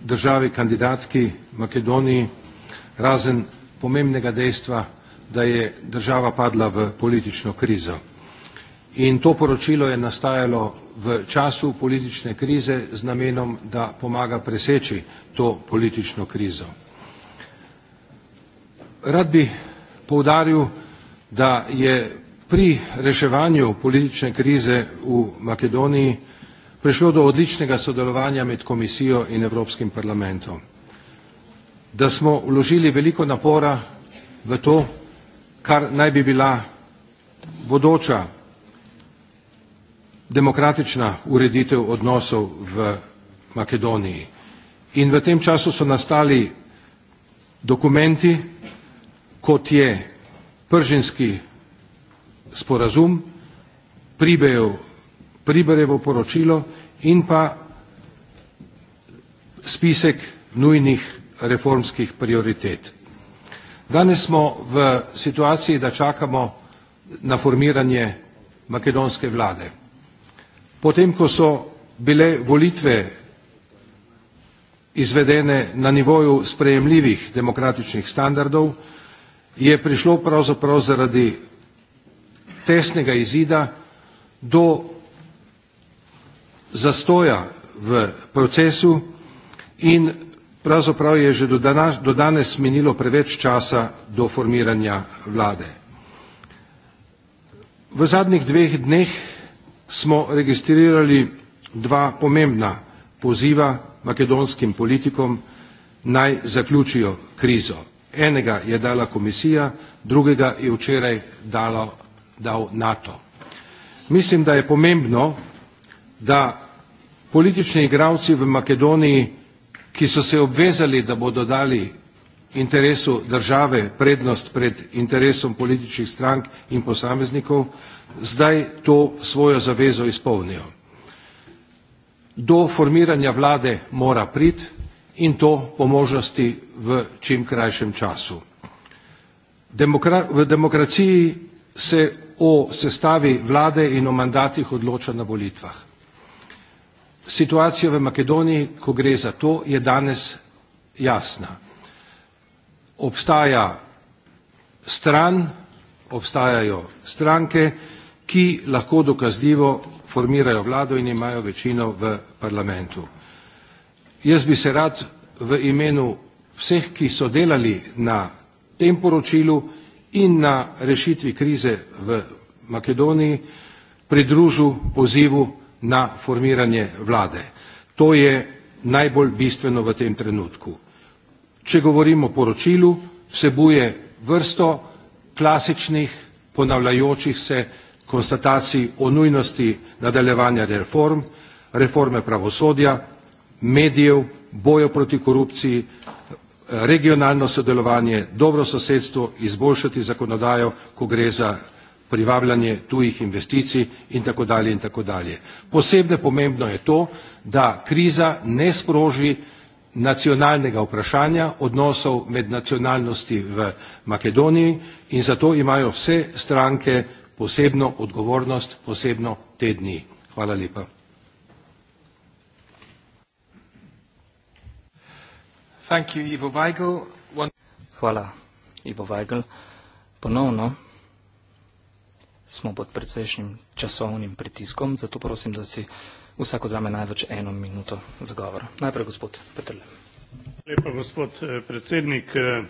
državi kandidatki Makedoniji, razen pomembnega dejstva, da je država padla v politično krizo. In to poročilo je nastajalo v času politične krize z namenom, da pomaga preseči to politično krizo. Rad bi poudaril, da je pri reševanju politične krize v Makedoniji prišlo do odličnega sodelovanja med komisijo in Evropskim parlamentom da smo vložili veliko napora v to, kar naj bi bila bodoča demokratična ureditev odnosov v Makedoniji. In v tem času so nastali dokumenti, kot je pržinski sporazum, pribejev, priberevo poročilo in pa spisek nujnih reformskih prioritet. Danes smo v situaciji, da čakamo na formiranje makedonske vlade. Potem, ko so bile volitve izvedene na nivoju sprejemljivih demokratičnih standardov, je prišlo pravzaprav zaradi tesnega izida do zastoja v procesu in Pravzaprav je že do, danas, do danes minilo preveč časa do formiranja vlade. V zadnjih dveh dneh smo registrirali dva pomembna poziva makedonskim politikom naj zaključijo krizo. Enega je dala komisija, drugega je včeraj dalo, dal NATO. Mislim, da je pomembno, da politični igravci v Makedoniji ki so se obvezali, da bodo dali interesu države prednost pred interesom političnih strank in posameznikov, zdaj to svojo zavezo izpolnijo. Do formiranja vlade mora priti in to po možnosti v čim krajšem času. Demokra v demokraciji se o sestavi vlade in o mandatih odloča na volitvah situacija v Makedoniji, ko gre za to, je danes jasna. Obstaja stran, obstajajo stranke, ki lahko dokazljivo formirajo vlado in imajo večino v parlamentu. Jaz bi se rad v imenu vseh, ki so delali na tem poročilu in na rešitvi krize v Makedoniji, pridružil pozivu na formiranje vlade. To je najbolj bistveno v tem trenutku. Če govorimo o poročilu, vsebuje vrsto klasičnih ponavljajočih se konstataciji o nujnosti nadaljevanja reform, reforme pravosodja, medijev, bojo proti korupciji, regionalno sodelovanje, dobro sosedstvo, izboljšati zakonodajo, ko gre za privabljanje tujih investicij itd. itd. Posebno pomembno je to, da kriza ne sproži nacionalnega vprašanja odnosov med nacionalnosti v Makedoniji in zato imajo vse stranke posebno odgovornost, posebno te dni. Hvala lepa. Hvala, Ivo Vajgl. Ponovno smo pod precejšnjim časovnim pritiskom, zato prosim, da si vsak vzame največ eno minuto za govor. Najprej gospod Petrle. Lepa gospod eh, predsednik. Eh,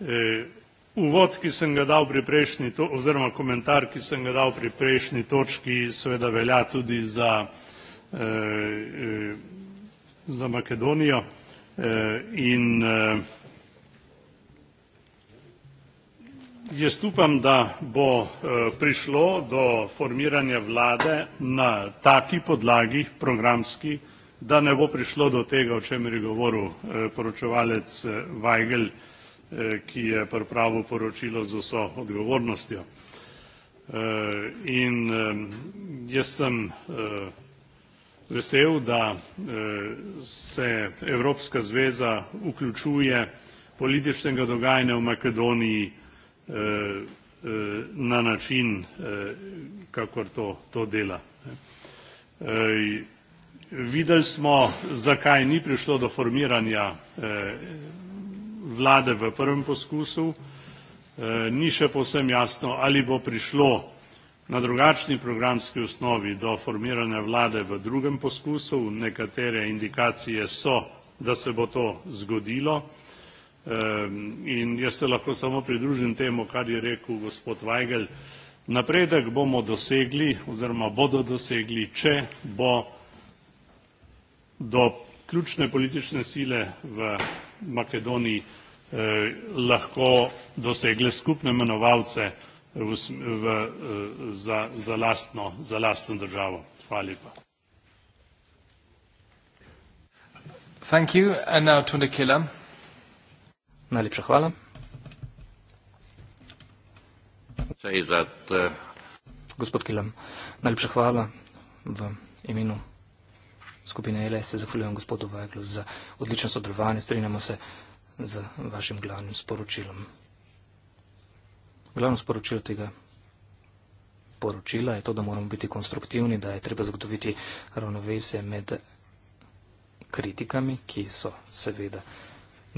eh, uvod, ki sem ga dal pri prejšnji, oziroma komentar, ki sem ga dal pri prejšnji točki, seveda velja tudi za, za Makedonijo in Jaz upam, da bo eh, prišlo do formiranja vlade na taki podlagi programski, da ne bo prišlo do tega, o čem je govoril eh, poročevalec eh, Weigel, ki je pripravil poročilo z vso odgovornostjo. In jaz sem vesel, da se Evropska zveza vključuje političnega dogajanja v Makedoniji, Eh, eh, na način, eh, kakor to, to dela. Videli smo, zakaj ni prišlo do formiranja vlade v prvem poskusu, ni še povsem jasno, ali bo prišlo na drugačni programski osnovi do formiranja vlade v drugem poskusu, nekatere indikacije so, da se bo to zgodilo, Ehm, in jaz se lahko samo pridružim temu, kar je rekel gospod Weigel. Napredek bomo dosegli oziroma bodo dosegli, če bo do ključne politične sile v Makedoniji eh, lahko dosegle skupne menovalce v, v, eh, za, za, lastno, za lastno državo. Hvala lepa. Thank you. And now to Nikila. Najlepša hvala. Gospod Kilem, najlepša hvala v imenu skupine LS. Se zahvaljujem gospodu Vajglu za odlično sodelovanje. Strinjamo se z vašim glavnim sporočilom. Glavno sporočilo tega poročila je to, da moramo biti konstruktivni, da je treba zagotoviti ravnovesje med kritikami, ki so seveda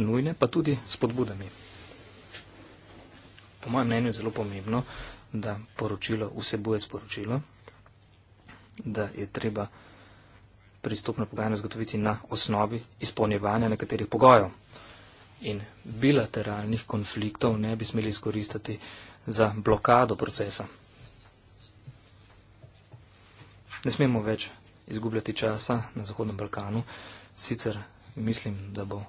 nujne, pa tudi s podbudami. Po mojem mnenju je zelo pomembno, da poročilo vsebuje sporočilo, da je treba pristopno pogajanje zagotoviti na osnovi izpolnjevanja nekaterih pogojev. In bilateralnih konfliktov ne bi smeli izkoristiti za blokado procesa. Ne smemo več izgubljati časa na Zahodnem Balkanu, sicer mislim, da bo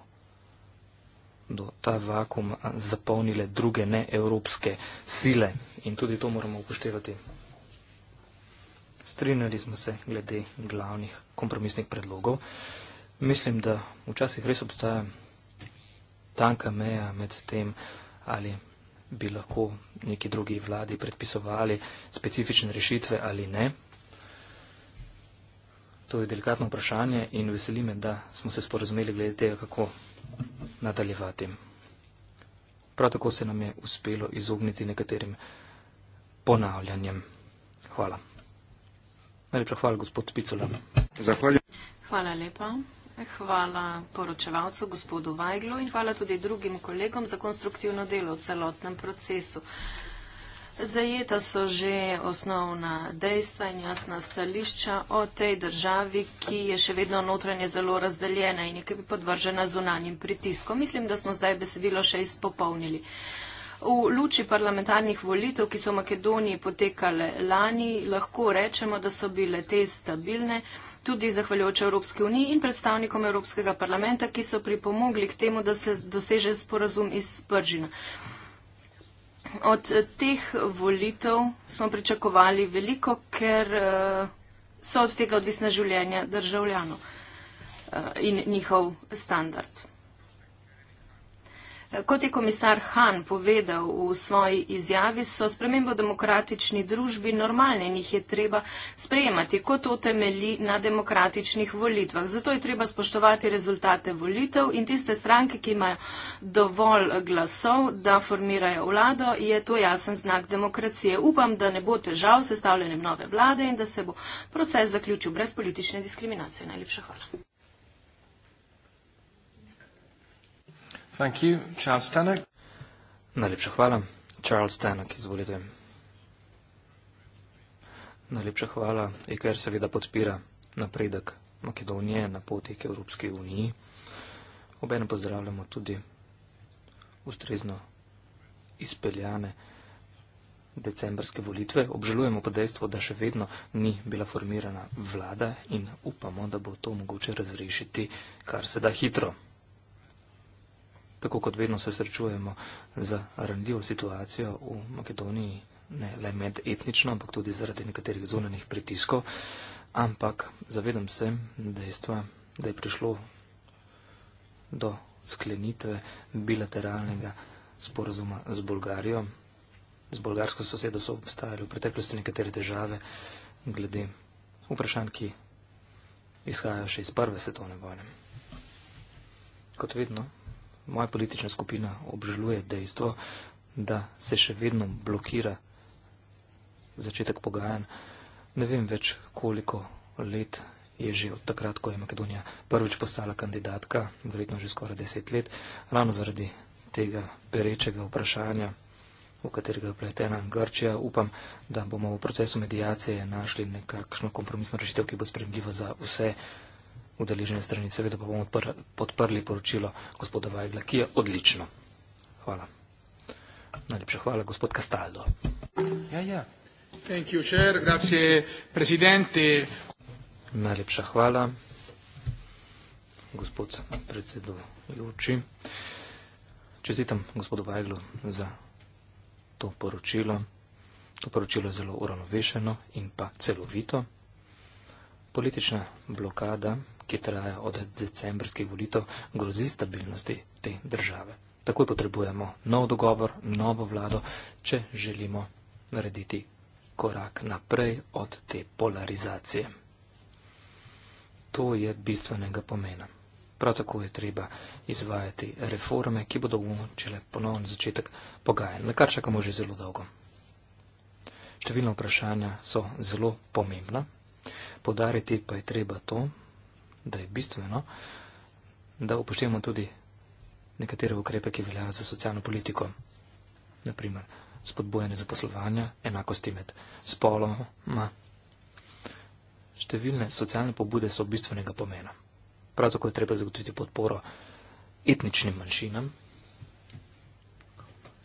bodo ta vakum zapolnile druge neevropske sile in tudi to moramo upoštevati. Strinjali smo se glede glavnih kompromisnih predlogov. Mislim, da včasih res obstaja tanka meja med tem, ali bi lahko neki drugi vladi predpisovali specifične rešitve ali ne. To je delikatno vprašanje in veseli me, da smo se sporazumeli glede tega, kako nadaljevati. Prav tako se nam je uspelo izogniti nekaterim ponavljanjem. Hvala. Najlepša hvala, gospod Picola. Zahvaljujem. Hvala lepa. Hvala poročevalcu, gospodu Vajglu in hvala tudi drugim kolegom za konstruktivno delo v celotnem procesu. Zajeta so že osnovna dejstva in jasna stališča o tej državi, ki je še vedno notranje zelo razdeljena in je kaj podvržena zunanjim pritiskom. Mislim, da smo zdaj besedilo še izpopolnili. V luči parlamentarnih volitev, ki so v Makedoniji potekale lani, lahko rečemo, da so bile te stabilne, tudi zahvaljujoč Evropske unije in predstavnikom Evropskega parlamenta, ki so pripomogli k temu, da se doseže sporazum iz Pržina od teh volitev smo pričakovali veliko, ker eh, so od tega odvisna življenja državljanov eh, in njihov standard. Kot je komisar Han povedal v svoji izjavi, so spremembo demokratični družbi normalne in jih je treba sprejemati, kot to temelji na demokratičnih volitvah. Zato je treba spoštovati rezultate volitev in tiste stranke, ki imajo dovolj glasov, da formirajo vlado, je to jasen znak demokracije. Upam, da ne bo težav s sestavljanjem nove vlade in da se bo proces zaključil brez politične diskriminacije. Najlepša hvala. Thank you. Charles Stanek. Najlepša hvala. Charles Stanek, izvolite. Najlepša hvala. EKR seveda podpira napredek Makedonije na poti k Evropski uniji. Obenem pozdravljamo tudi ustrezno izpeljane decembrske volitve. Obžalujemo pa dejstvo, da še vedno ni bila formirana vlada in upamo, da bo to mogoče razrešiti kar se da hitro tako kot vedno se srečujemo z ranljivo situacijo v Makedoniji, ne le med etnično, ampak tudi zaradi nekaterih zunanih pritiskov, ampak zavedam se dejstva, da je prišlo do sklenitve bilateralnega sporazuma z Bolgarijo. Z bolgarsko sosedo so obstajali v preteklosti nekatere države glede vprašanj, ki izhajajo še iz prve svetovne vojne. Kot vedno, moja politična skupina obžaluje dejstvo, da se še vedno blokira začetek pogajanj. Ne vem več, koliko let je že od takrat, ko je Makedonija prvič postala kandidatka, verjetno že skoraj deset let, ravno zaradi tega perečega vprašanja, v katerega je pletena Grčija. Upam, da bomo v procesu medijacije našli nekakšno kompromisno rešitev, ki bo spremljiva za vse udeležene strani. Seveda pa bomo podprli poročilo gospoda Vajgla, ki je odlično. Hvala. Najlepša hvala, gospod Kastaldo. Ja, ja. Thank you, chair. Grazie, presidente. Najlepša hvala, gospod predsedujoči. Čestitam gospodu Vajglu za to poročilo. To poročilo je zelo uravnovešeno in pa celovito. Politična blokada, ki traja od decembrskih volitev, grozi stabilnosti te države. Takoj potrebujemo nov dogovor, novo vlado, če želimo narediti korak naprej od te polarizacije. To je bistvenega pomena. Prav tako je treba izvajati reforme, ki bodo umočile ponovno začetek pogajanj, na kar čakamo že zelo dolgo. Številna vprašanja so zelo pomembna. Podariti pa je treba to, da je bistveno, da upoštevamo tudi nekatere ukrepe, ki veljajo za socialno politiko. Naprimer, spodbojanje zaposlovanja, enakosti med spoloma. Številne socialne pobude so bistvenega pomena. Prav tako je treba zagotoviti podporo etničnim manjšinam,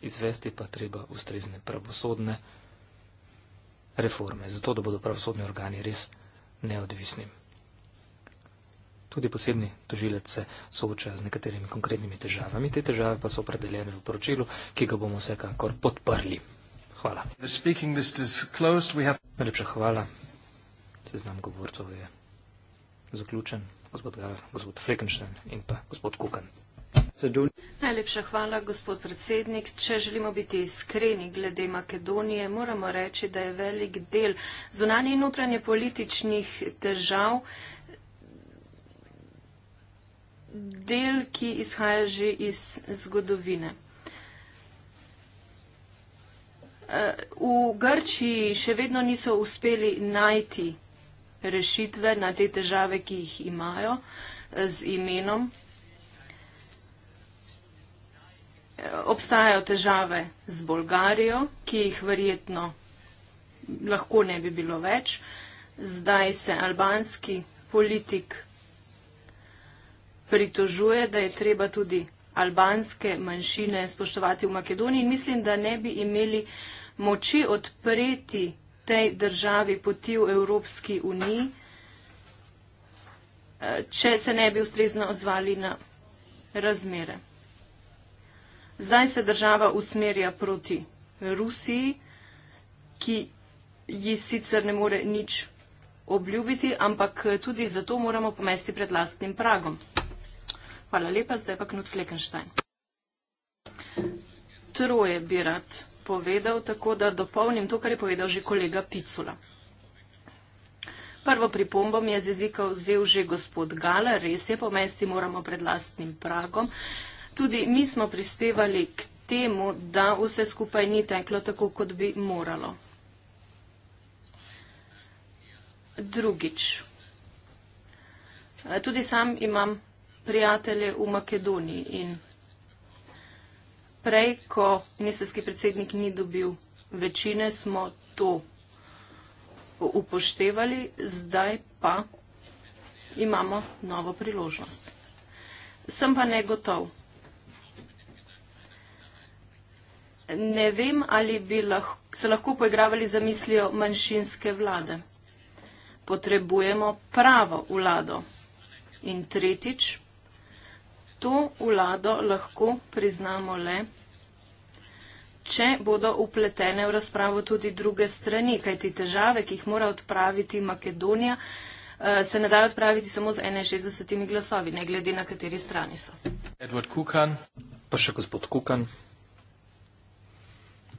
izvesti pa treba ustrezne pravosodne reforme, zato da bodo pravosodni organi res neodvisni. Tudi posebni tožilec se sooča z nekaterimi konkretnimi težavami. Te težave pa so opredeljene v poročilu, ki ga bomo vsekakor podprli. Hvala. Najlepša have... hvala. Seznam govorcov je zaključen. Gospod Gala, gospod Flekenšten in pa gospod Kukan. Najlepša hvala, gospod predsednik. Če želimo biti iskreni glede Makedonije, moramo reči, da je velik del zunanje in notranje političnih težav del, ki izhaja že iz zgodovine. E, v Grčiji še vedno niso uspeli najti rešitve na te težave, ki jih imajo e, z imenom. E, obstajajo težave z Bolgarijo, ki jih verjetno lahko ne bi bilo več. Zdaj se albanski politik pritožuje, da je treba tudi albanske manjšine spoštovati v Makedoniji. Mislim, da ne bi imeli moči odpreti tej državi poti v Evropski uniji, eh, če se ne bi ustrezno odzvali na razmere. Zdaj se država usmerja proti Rusiji, ki ji sicer ne more nič obljubiti, ampak tudi zato moramo pomesti pred lastnim pragom. Hvala lepa, zdaj pa Knut Fleckenstein. Troje bi rad povedal, tako da dopolnim to, kar je povedal že kolega Picula. Prvo pripombo mi je z jezika vzel že gospod Gala, res je, pomesti moramo pred lastnim pragom. Tudi mi smo prispevali k temu, da vse skupaj ni teklo tako, kot bi moralo. Drugič. Tudi sam imam prijatelje v Makedoniji. In prej, ko ministerski predsednik ni dobil večine, smo to upoštevali, zdaj pa imamo novo priložnost. Sem pa negotov. Ne vem, ali bi lahko, se lahko poigravali za mislijo manjšinske vlade. Potrebujemo pravo vlado. In tretjič, To vlado lahko priznamo le, če bodo upletene v razpravo tudi druge strani, kajti težave, ki jih mora odpraviti Makedonija, eh, se ne dajo odpraviti samo z 61 glasovi, ne glede na kateri strani so. Edward Kukan. Pa še gospod Kukan.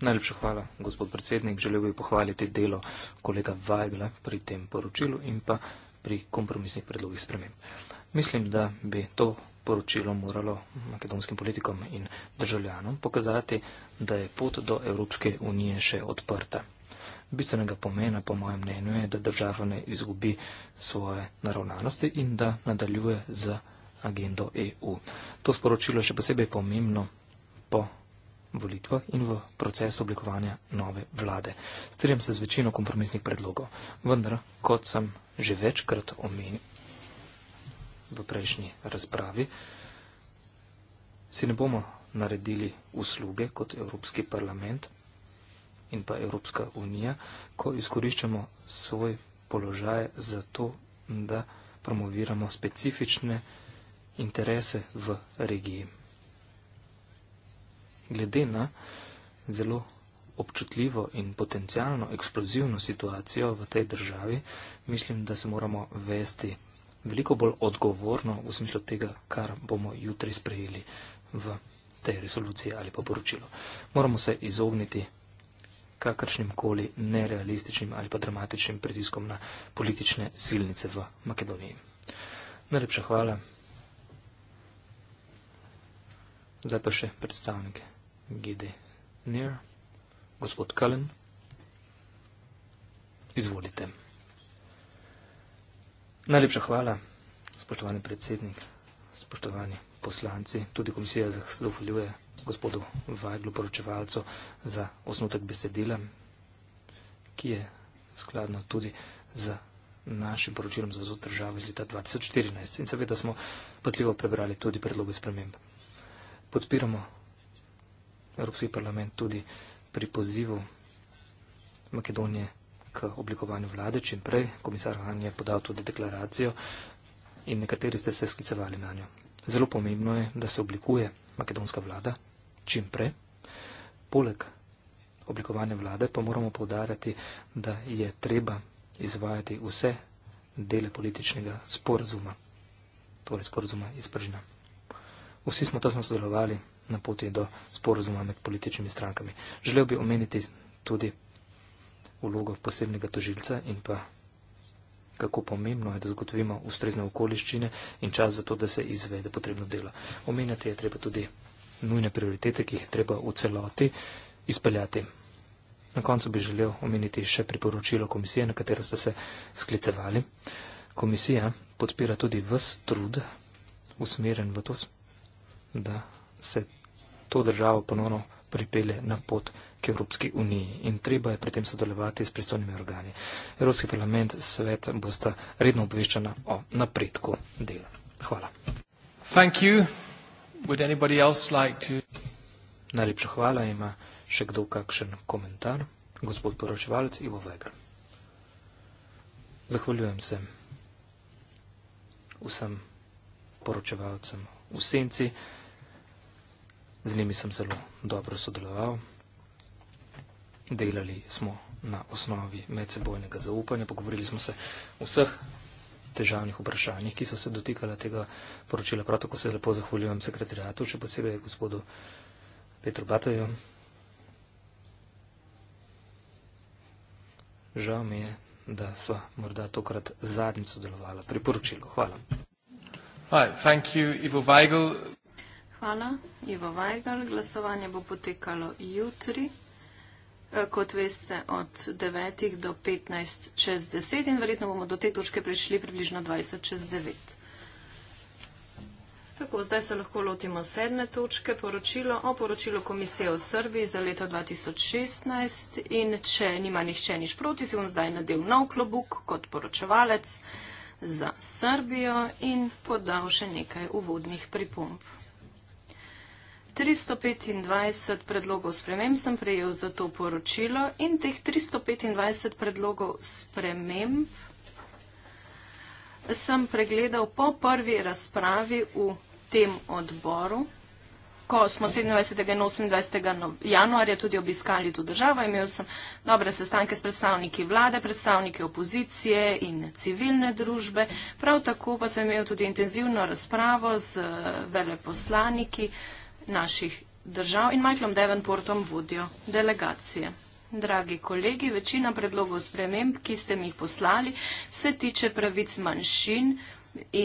Najlepša hvala, gospod predsednik. Želel bi pohvaliti delo kolega Vajgla pri tem poročilu in pa pri kompromisnih predlogih sprememb. Mislim, da bi to poročilo moralo makedonskim politikom in državljanom pokazati, da je pot do Evropske unije še odprta. Bistvenega pomena, po mojem mnenju, je, da država ne izgubi svoje naravnanosti in da nadaljuje z agendo EU. To sporočilo še posebej je pomembno po volitvah in v procesu oblikovanja nove vlade. Strijem se z večino kompromisnih predlogov, vendar, kot sem že večkrat omenil, v prejšnji razpravi, si ne bomo naredili usluge kot Evropski parlament in pa Evropska unija, ko izkoriščamo svoj položaj za to, da promoviramo specifične interese v regiji. Glede na zelo občutljivo in potencijalno eksplozivno situacijo v tej državi, mislim, da se moramo vesti veliko bolj odgovorno v smislu tega, kar bomo jutri sprejeli v tej resoluciji ali pa poročilo. Moramo se izogniti kakršnim koli nerealističnim ali pa dramatičnim pritiskom na politične silnice v Makedoniji. Najlepša hvala. Zdaj pa še predstavnik GD Nir, gospod Kalen. Izvolite. Najlepša hvala, spoštovani predsednik, spoštovani poslanci, tudi komisija zahvaljuje gospodu Vajglu, poročevalcu, za osnutek besedila, ki je skladno tudi z našim poročilom za zot državo iz leta 2014. In seveda smo pozitivno prebrali tudi predloge sprememb. Podpiramo Evropski parlament tudi pri pozivu Makedonije k oblikovanju vlade čim prej. Komisar Han je podal tudi deklaracijo in nekateri ste se sklicevali na njo. Zelo pomembno je, da se oblikuje makedonska vlada čim prej. Poleg oblikovanja vlade pa moramo povdarjati, da je treba izvajati vse dele političnega sporazuma, torej sporazuma iz Pržina. Vsi smo tesno sodelovali na poti do sporazuma med političnimi strankami. Želel bi omeniti tudi vlogo posebnega tožilca in pa kako pomembno je, da zagotovimo ustrezne okoliščine in čas za to, da se izvede potrebno delo. Omenjati je treba tudi nujne prioritete, ki jih je treba v celoti izpeljati. Na koncu bi želel omeniti še priporočilo komisije, na katero ste se sklicevali. Komisija podpira tudi vs trud, usmeren v to, da se to državo ponovno pripelje na pot k Evropski uniji in treba je pri tem sodelovati s pristojnimi organi. Evropski parlament, svet bosta redno obveščena o napredku dela. Hvala. Like to... Najlepša hvala. Ima še kdo kakšen komentar? Gospod poročevalec Ivo Vegr. Zahvaljujem se vsem poročevalcem v senci. Z njimi sem zelo dobro sodeloval delali smo na osnovi medsebojnega zaupanja, pogovorili smo se o vseh težavnih vprašanjih, ki so se dotikala tega poročila. Prav tako se lepo zahvaljujem sekretarjatu, še posebej gospodu Petru Batoju. Žal mi je, da sva morda tokrat zadnji sodelovala pri poročilu. Hvala. Hi, thank you, Ivo Weigl. Hvala, Ivo Weigl. Glasovanje bo potekalo jutri. Eh, kot veste, od 9 do 15 čez 10 in verjetno bomo do te točke prišli približno 20 čez 9. Tako, zdaj se lahko lotimo sedme točke, poročilo o poročilu Komisije o Srbiji za leto 2016 in če nima nihče nič proti, si bom zdaj nadel nov klobuk kot poročevalec za Srbijo in podal še nekaj uvodnih pripomb. 325 predlogov sprememb sem prejel za to poročilo in teh 325 predlogov sprememb sem pregledal po prvi razpravi v tem odboru, ko smo 27. in 28. No-, januarja tudi obiskali tu državo. Imel sem dobre sestanke s predstavniki vlade, predstavniki opozicije in civilne družbe. Prav tako pa sem imel tudi intenzivno razpravo z veleposlaniki naših držav in Michaelom Davenportom vodijo delegacije. Dragi kolegi, večina predlogov sprememb, ki ste mi jih poslali, se tiče pravic manjšin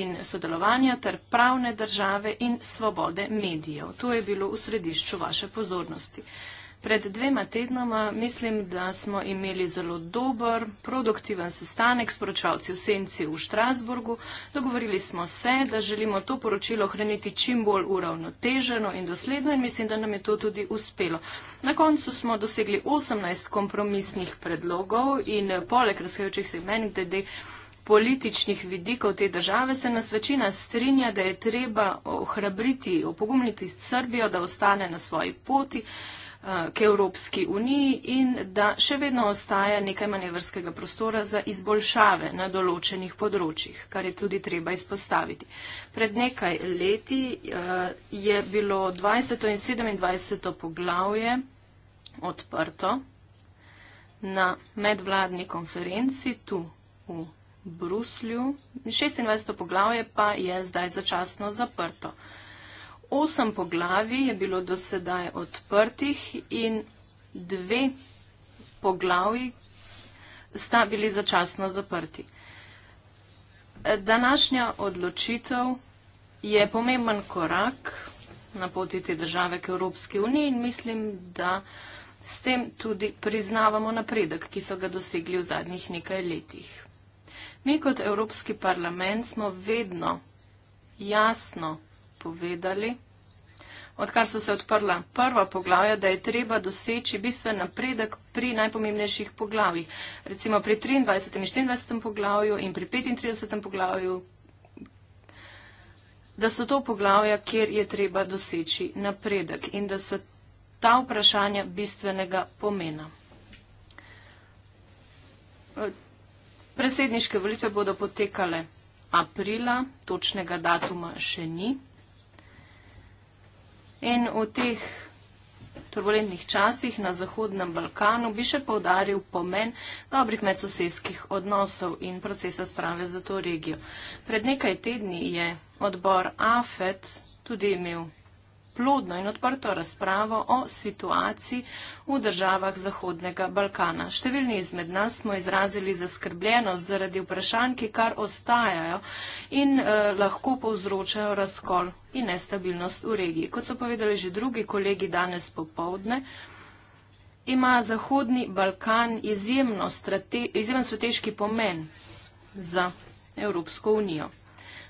in sodelovanja ter pravne države in svobode medijev. To je bilo v središču vaše pozornosti. Pred dvema tednoma mislim, da smo imeli zelo dober, produktiven sestanek s poročevalci v Senci v Štrasburgu. Dogovorili smo se, da želimo to poročilo hraniti čim bolj uravnoteženo in dosledno in mislim, da nam je to tudi uspelo. Na koncu smo dosegli 18 kompromisnih predlogov in poleg razhajajočih se meni, da je političnih vidikov te države se nas večina strinja, da je treba ohrabriti, opogumniti Srbijo, da ostane na svoji poti. Eh, k Evropski uniji in da še vedno ostaja nekaj manevrskega prostora za izboljšave na določenih področjih, kar je tudi treba izpostaviti. Pred nekaj leti eh, je bilo 20. in 27. poglavje odprto na medvladni konferenci tu v Bruslju. 26. poglavje pa je zdaj začasno zaprto osem poglavi je bilo do sedaj odprtih in dve poglavi sta bili začasno zaprti. Današnja odločitev je pomemben korak na poti te države k Evropski uniji in mislim, da s tem tudi priznavamo napredek, ki so ga dosegli v zadnjih nekaj letih. Mi kot Evropski parlament smo vedno jasno povedali. Odkar so se odprla prva poglavja, da je treba doseči bistven napredek pri najpomembnejših poglavjih. Recimo pri 23. in 24. poglavju in pri 35. poglavju, da so to poglavja, kjer je treba doseči napredek in da so ta vprašanja bistvenega pomena. Presedniške volitve bodo potekale aprila, točnega datuma še ni. In v teh turbulentnih časih na Zahodnem Balkanu bi še povdaril pomen dobrih medsosedskih odnosov in procesa sprave za to regijo. Pred nekaj tedni je odbor AFET tudi imel plodno in odprto razpravo o situaciji v državah Zahodnega Balkana. Številni izmed nas smo izrazili zaskrbljenost zaradi vprašanj, ki kar ostajajo in eh, lahko povzročajo razkol in nestabilnost v regiji. Kot so povedali že drugi kolegi danes popovdne, ima Zahodni Balkan izjemno strate, izjemen strateški pomen za Evropsko unijo.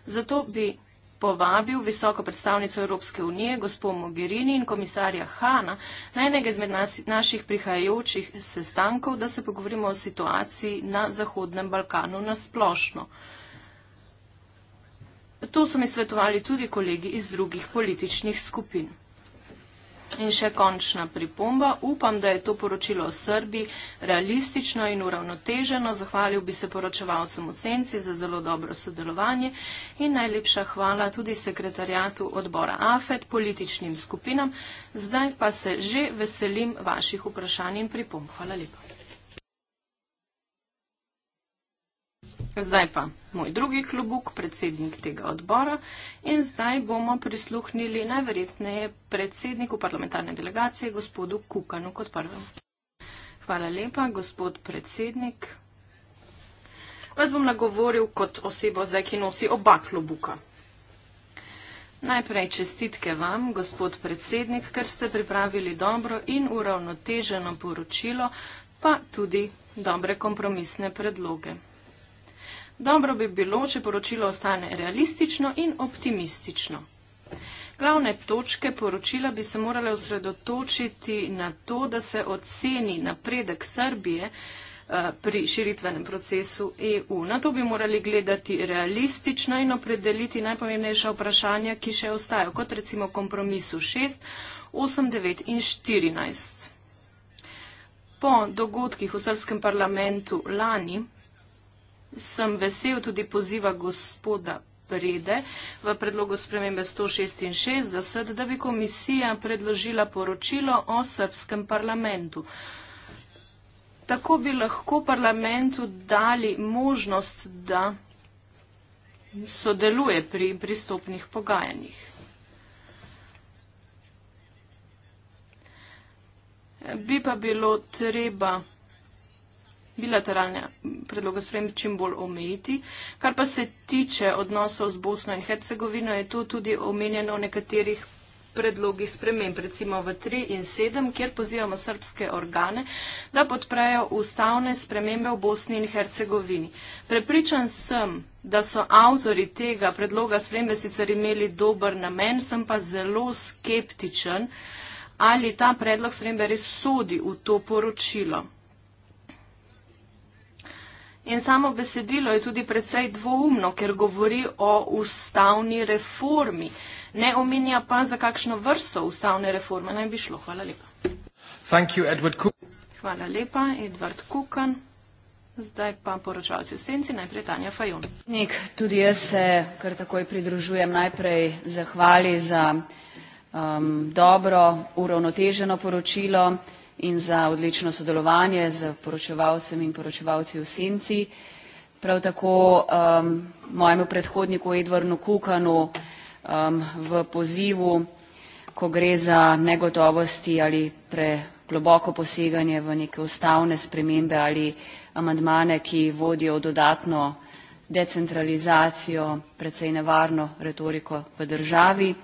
Zato bi povabil visoko predstavnico Evropske unije, gospod Mogherini in komisarja Hana, na enega izmed nas, naših prihajajočih sestankov, da se pogovorimo o situaciji na Zahodnem Balkanu nasplošno. To so mi svetovali tudi kolegi iz drugih političnih skupin. In še končna pripomba. Upam, da je to poročilo o Srbiji realistično in uravnoteženo. Zahvalil bi se poročevalcem v Senci za zelo dobro sodelovanje in najlepša hvala tudi sekretarjatu odbora AFED, političnim skupinam. Zdaj pa se že veselim vaših vprašanj in pripomb. Hvala lepa. Zdaj pa moj drugi klubuk, predsednik tega odbora in zdaj bomo prisluhnili najverjetneje predsedniku parlamentarne delegacije, gospodu Kukanu kot prvem. Hvala lepa, gospod predsednik. Vas bom nagovoril kot osebo zdaj, ki nosi oba klubuka. Najprej čestitke vam, gospod predsednik, ker ste pripravili dobro in uravnoteženo poročilo, pa tudi dobre kompromisne predloge. Dobro bi bilo, če poročilo ostane realistično in optimistično. Glavne točke poročila bi se morale osredotočiti na to, da se oceni napredek Srbije eh, pri širitvenem procesu EU. Na to bi morali gledati realistično in opredeliti najpomembnejša vprašanja, ki še ostajo, kot recimo kompromisu 6, 8, 9 in 14. Po dogodkih v srpskem parlamentu lani sem vesel tudi poziva gospoda Brede v predlogu spremembe 166, da bi komisija predložila poročilo o srpskem parlamentu. Tako bi lahko parlamentu dali možnost, da sodeluje pri pristopnih pogajanjih. Bi pa bilo treba bilateralne predloge sprem čim bolj omejiti. Kar pa se tiče odnosov z Bosno in Hercegovino, je to tudi omenjeno v nekaterih predlogih sprememb, recimo v 3 in 7, kjer pozivamo srpske organe, da podprejo ustavne spremembe v Bosni in Hercegovini. Prepričan sem, da so avtori tega predloga spremembe sicer imeli dober namen, sem pa zelo skeptičen, ali ta predlog spremembe res sodi v to poročilo. In samo besedilo je tudi predvsej dvoumno, ker govori o ustavni reformi. Ne omenja pa, za kakšno vrsto ustavne reforme naj bi šlo. Hvala lepa. You, Hvala lepa, Edward Kukan. Zdaj pa poročavci v senci, najprej Tanja Fajon. Nik, tudi jaz se kar takoj pridružujem najprej zahvali za um, dobro uravnoteženo poročilo in za odlično sodelovanje z poročevalcem in poročevalci v senci. Prav tako um, mojemu predhodniku Edvardu Kukanu um, v pozivu, ko gre za negotovosti ali pregloboko poseganje v neke ustavne spremembe ali amandmane, ki vodijo dodatno decentralizacijo, precej nevarno retoriko v državi.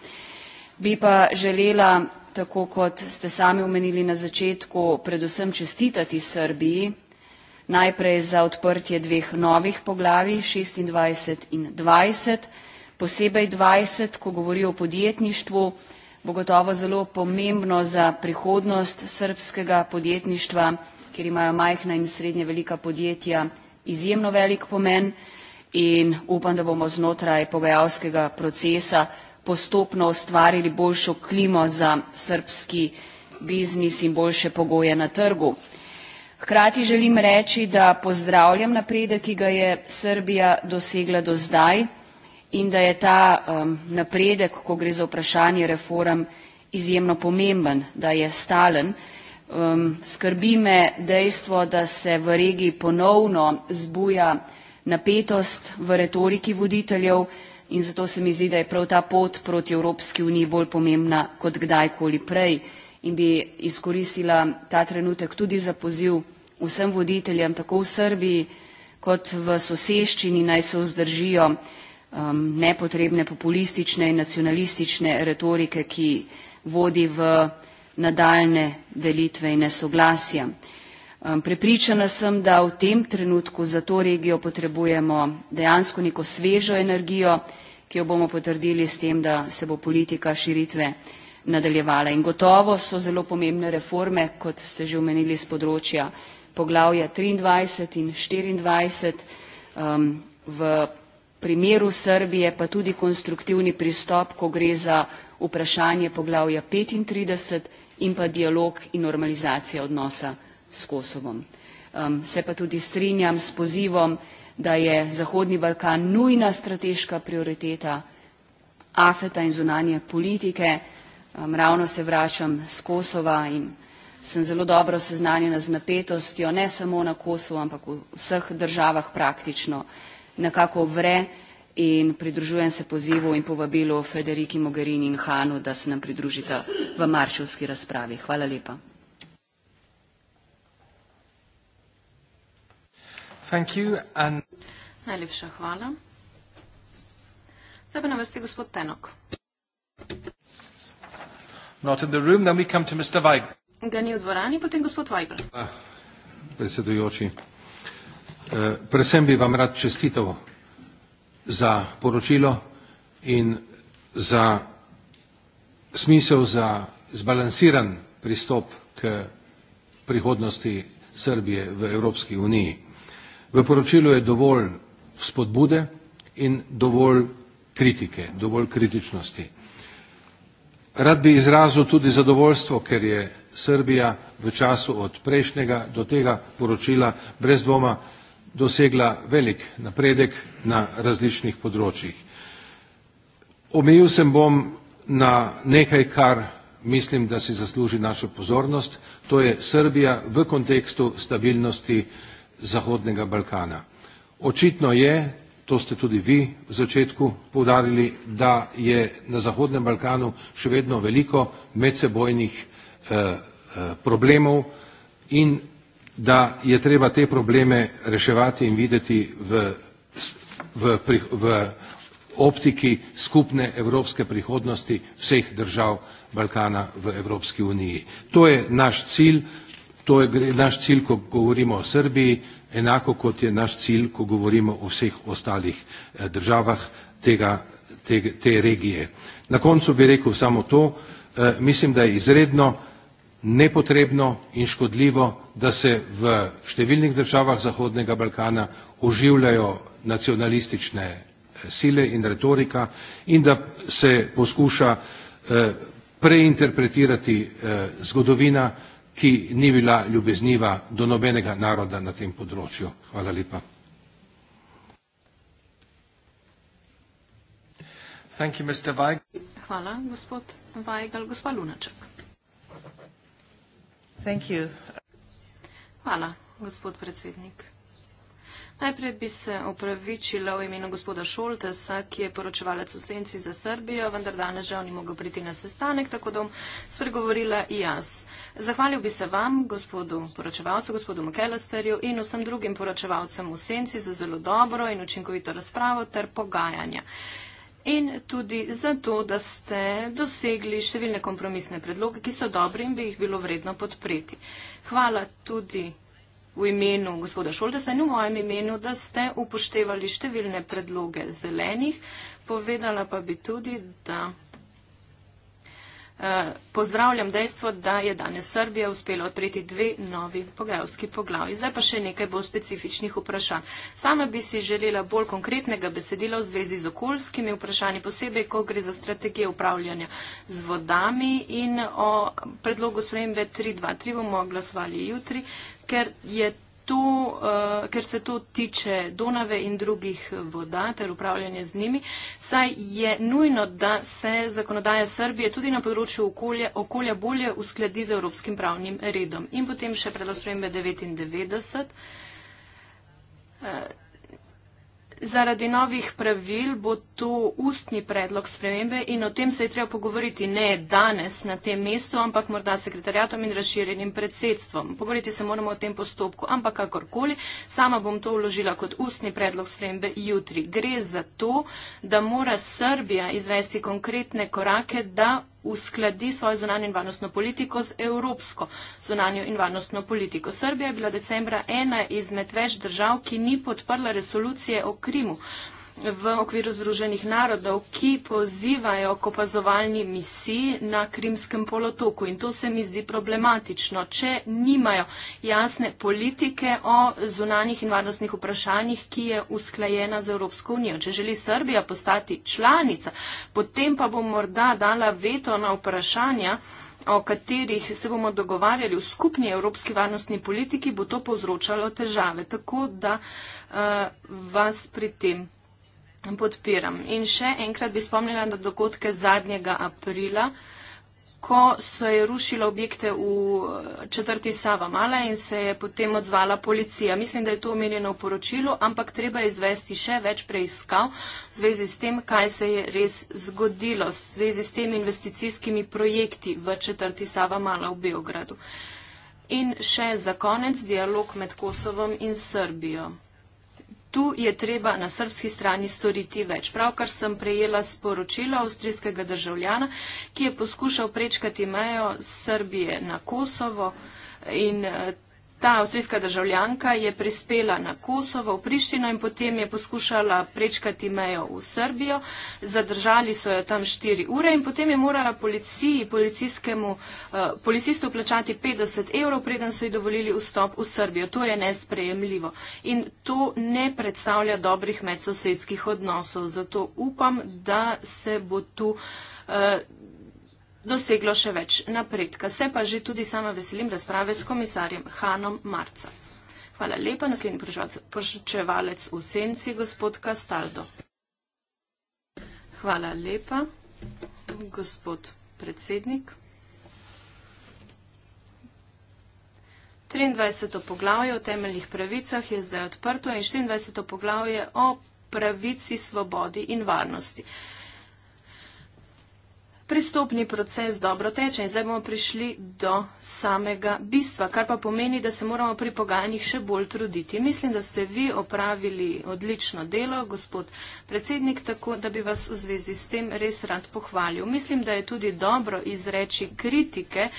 Bi pa želela tako kot ste sami omenili na začetku, predvsem čestitati Srbiji, najprej za odprtje dveh novih poglavi, 26 in 20, posebej 20, ko govori o podjetništvu, bo gotovo zelo pomembno za prihodnost srbskega podjetništva, kjer imajo majhna in srednje velika podjetja izjemno velik pomen in upam, da bomo znotraj pogajalskega procesa postopno ustvarili boljšo klimo za srpski biznis in boljše pogoje na trgu. Hkrati želim reči, da pozdravljam napredek, ki ga je Srbija dosegla do zdaj in da je ta um, napredek, ko gre za vprašanje reform, izjemno pomemben, da je stalen. Um, skrbi me dejstvo, da se v regiji ponovno zbuja napetost v retoriki voditeljev, in zato se mi zdi, da je prav ta pot proti Evropski uniji bolj pomembna kot kdajkoli prej in bi izkoristila ta trenutek tudi za poziv vsem voditeljem, tako v Srbiji kot v soseščini, naj se vzdržijo um, nepotrebne populistične in nacionalistične retorike, ki vodi v nadaljne delitve in nesoglasja prepričana sem da v tem trenutku za to regijo potrebujemo dejansko neko svežo energijo ki jo bomo potrdili s tem da se bo politika širitve nadaljevala in gotovo so zelo pomembne reforme kot ste že omenili s področja poglavja triindvajset in štiriindvajset um, v primeru srbije pa tudi konstruktivni pristop ko gre za vprašanje poglavja petintrideset in pa dialog in normalizacija odnosa s Kosovom. Se pa tudi strinjam s pozivom, da je Zahodni Balkan nujna strateška prioriteta AFETA in zunanje politike. Ravno se vračam z Kosova in sem zelo dobro seznanjena z napetostjo, ne samo na Kosovo, ampak v vseh državah praktično nekako vre in pridružujem se pozivu in povabilu Federiki Mogherini in Hanu, da se nam pridružita v marčevski razpravi. Hvala lepa. Thank you and... Najlepša hvala. Zdaj pa na vrsti gospod Tenok. Not in the room, then we come to Mr. Weigl. Ga ni v dvorani, potem gospod Weigl. Uh, predsedujoči, uh, predvsem bi vam rad čestitev za poročilo in za smisel za zbalansiran pristop k prihodnosti Srbije v Evropski uniji. V poročilu je dovolj spodbude in dovolj kritike, dovolj kritičnosti. Rad bi izrazil tudi zadovoljstvo, ker je Srbija v času od prejšnjega do tega poročila brez dvoma dosegla velik napredek na različnih področjih. Omejil sem bom na nekaj, kar mislim, da si zasluži našo pozornost, to je Srbija v kontekstu stabilnosti Zahodnega Balkana. Očitno je, to ste tudi vi v začetku poudarili, da je na Zahodnem Balkanu še vedno veliko medsebojnih eh, eh problemov in da je treba te probleme reševati in videti v, v, v optiki skupne evropske prihodnosti vseh držav Balkana v Evropski uniji. To je naš cilj, to je naš cilj, ko govorimo o Srbiji, enako kot je naš cilj, ko govorimo o vseh ostalih eh, državah tega, te, te regije. Na koncu bi rekel samo to, eh, mislim, da je izredno nepotrebno in škodljivo, da se v številnih državah Zahodnega Balkana oživljajo nacionalistične eh, sile in retorika in da se poskuša preinterpretirati zgodovina, ki ni bila ljubezniva do nobenega naroda na tem področju. Hvala lepa. Thank you, Mr. Hvala, gospod Vajgal. Gospa Lunaček. Thank you. Hvala, gospod predsednik. Najprej bi se opravičila v imenu gospoda Šoltesa, ki je poročevalec v senci za Srbijo, vendar danes žal ni mogel priti na sestanek, tako da bom spregovorila jaz. Zahvalil bi se vam, gospodu poročevalcu, gospodu Mekelesterju in vsem drugim poročevalcem v senci za zelo dobro in učinkovito razpravo ter pogajanja. In tudi zato, da ste dosegli številne kompromisne predloge, ki so dobri in bi jih bilo vredno podpreti. Hvala tudi v imenu gospoda Šoldesa in v mojem imenu, da ste upoštevali številne predloge zelenih. Povedala pa bi tudi, da pozdravljam dejstvo, da je danes Srbija uspela odpreti dve novi pogajalski poglavi. Zdaj pa še nekaj bolj specifičnih vprašanj. Sama bi si želela bolj konkretnega besedila v zvezi z okoljskimi vprašanji, posebej, ko gre za strategije upravljanja z vodami in o predlogu spremembe 3.2.3 bomo glasovali jutri, ker je to, uh, ker se to tiče Donave in drugih eh, voda ter upravljanje z njimi, saj je nujno, da se zakonodaja Srbije tudi na področju okolja, okolja bolje uskladi z evropskim pravnim redom. In potem še predlog spremembe 99. Uh, eh, Zaradi novih pravil bo to ustni predlog spremembe in o tem se je treba pogovoriti ne danes na tem mestu, ampak morda s sekretarjatom in razširjenim predsedstvom. Pogovoriti se moramo o tem postopku, ampak kakorkoli, sama bom to uložila kot ustni predlog spremembe jutri. Gre za to, da mora Srbija izvesti konkretne korake, da uskladi svojo zunanjo in varnostno politiko z evropsko zunanjo in varnostno politiko. Srbija je bila decembra ena izmed več držav, ki ni podprla resolucije o Krimu v okviru Združenih narodov, ki pozivajo k opazovalni misiji na Krimskem polotoku. In to se mi zdi problematično. Če nimajo jasne politike o zunanjih in varnostnih vprašanjih, ki je usklajena z Evropsko unijo, če želi Srbija postati članica, potem pa bo morda dala veto na vprašanja o katerih se bomo dogovarjali v skupni evropski varnostni politiki, bo to povzročalo težave. Tako da uh, vas pri tem podpiram. In še enkrat bi spomnila na dogodke zadnjega aprila, ko so je rušila objekte v eh, četrti Sava Mala in se je potem odzvala policija. Mislim, da je to omenjeno v poročilu, ampak treba izvesti še več preiskav v zvezi s tem, kaj se je res zgodilo v zvezi s tem investicijskimi projekti v četrti Sava Mala v Beogradu. In še za konec dialog med Kosovom in Srbijo. Tu je treba na srbski strani storiti več. Pravkar sem prejela sporočilo avstrijskega državljana, ki je poskušal prečkati mejo Srbije na Kosovo in eh, Ta avstrijska državljanka je prispela na Kosovo v Prištino in potem je poskušala prečkati mejo v Srbijo. Zadržali so jo tam 4 ure in potem je morala policiji, policijskemu, eh, policistu plačati 50 evrov, preden so ji dovolili vstop v Srbijo. To je nesprejemljivo in to ne predstavlja dobrih medsosedskih odnosov. Zato upam, da se bo tu eh, doseglo še več napredka. Se pa že tudi sama veselim razprave s komisarjem Hanom Marca. Hvala lepa, naslednji poročevalec v senci, gospod Kastaldo. Hvala lepa, gospod predsednik. 23. poglavje o temeljnih pravicah je zdaj odprto in 24. poglavje o pravici, svobodi in varnosti pristopni proces dobro teče in zdaj bomo prišli do samega bistva, kar pa pomeni, da se moramo pri pogajanjih še bolj truditi. Mislim, da ste vi opravili odlično delo, gospod predsednik, tako da bi vas v zvezi s tem res rad pohvalil. Mislim, da je tudi dobro izreči kritike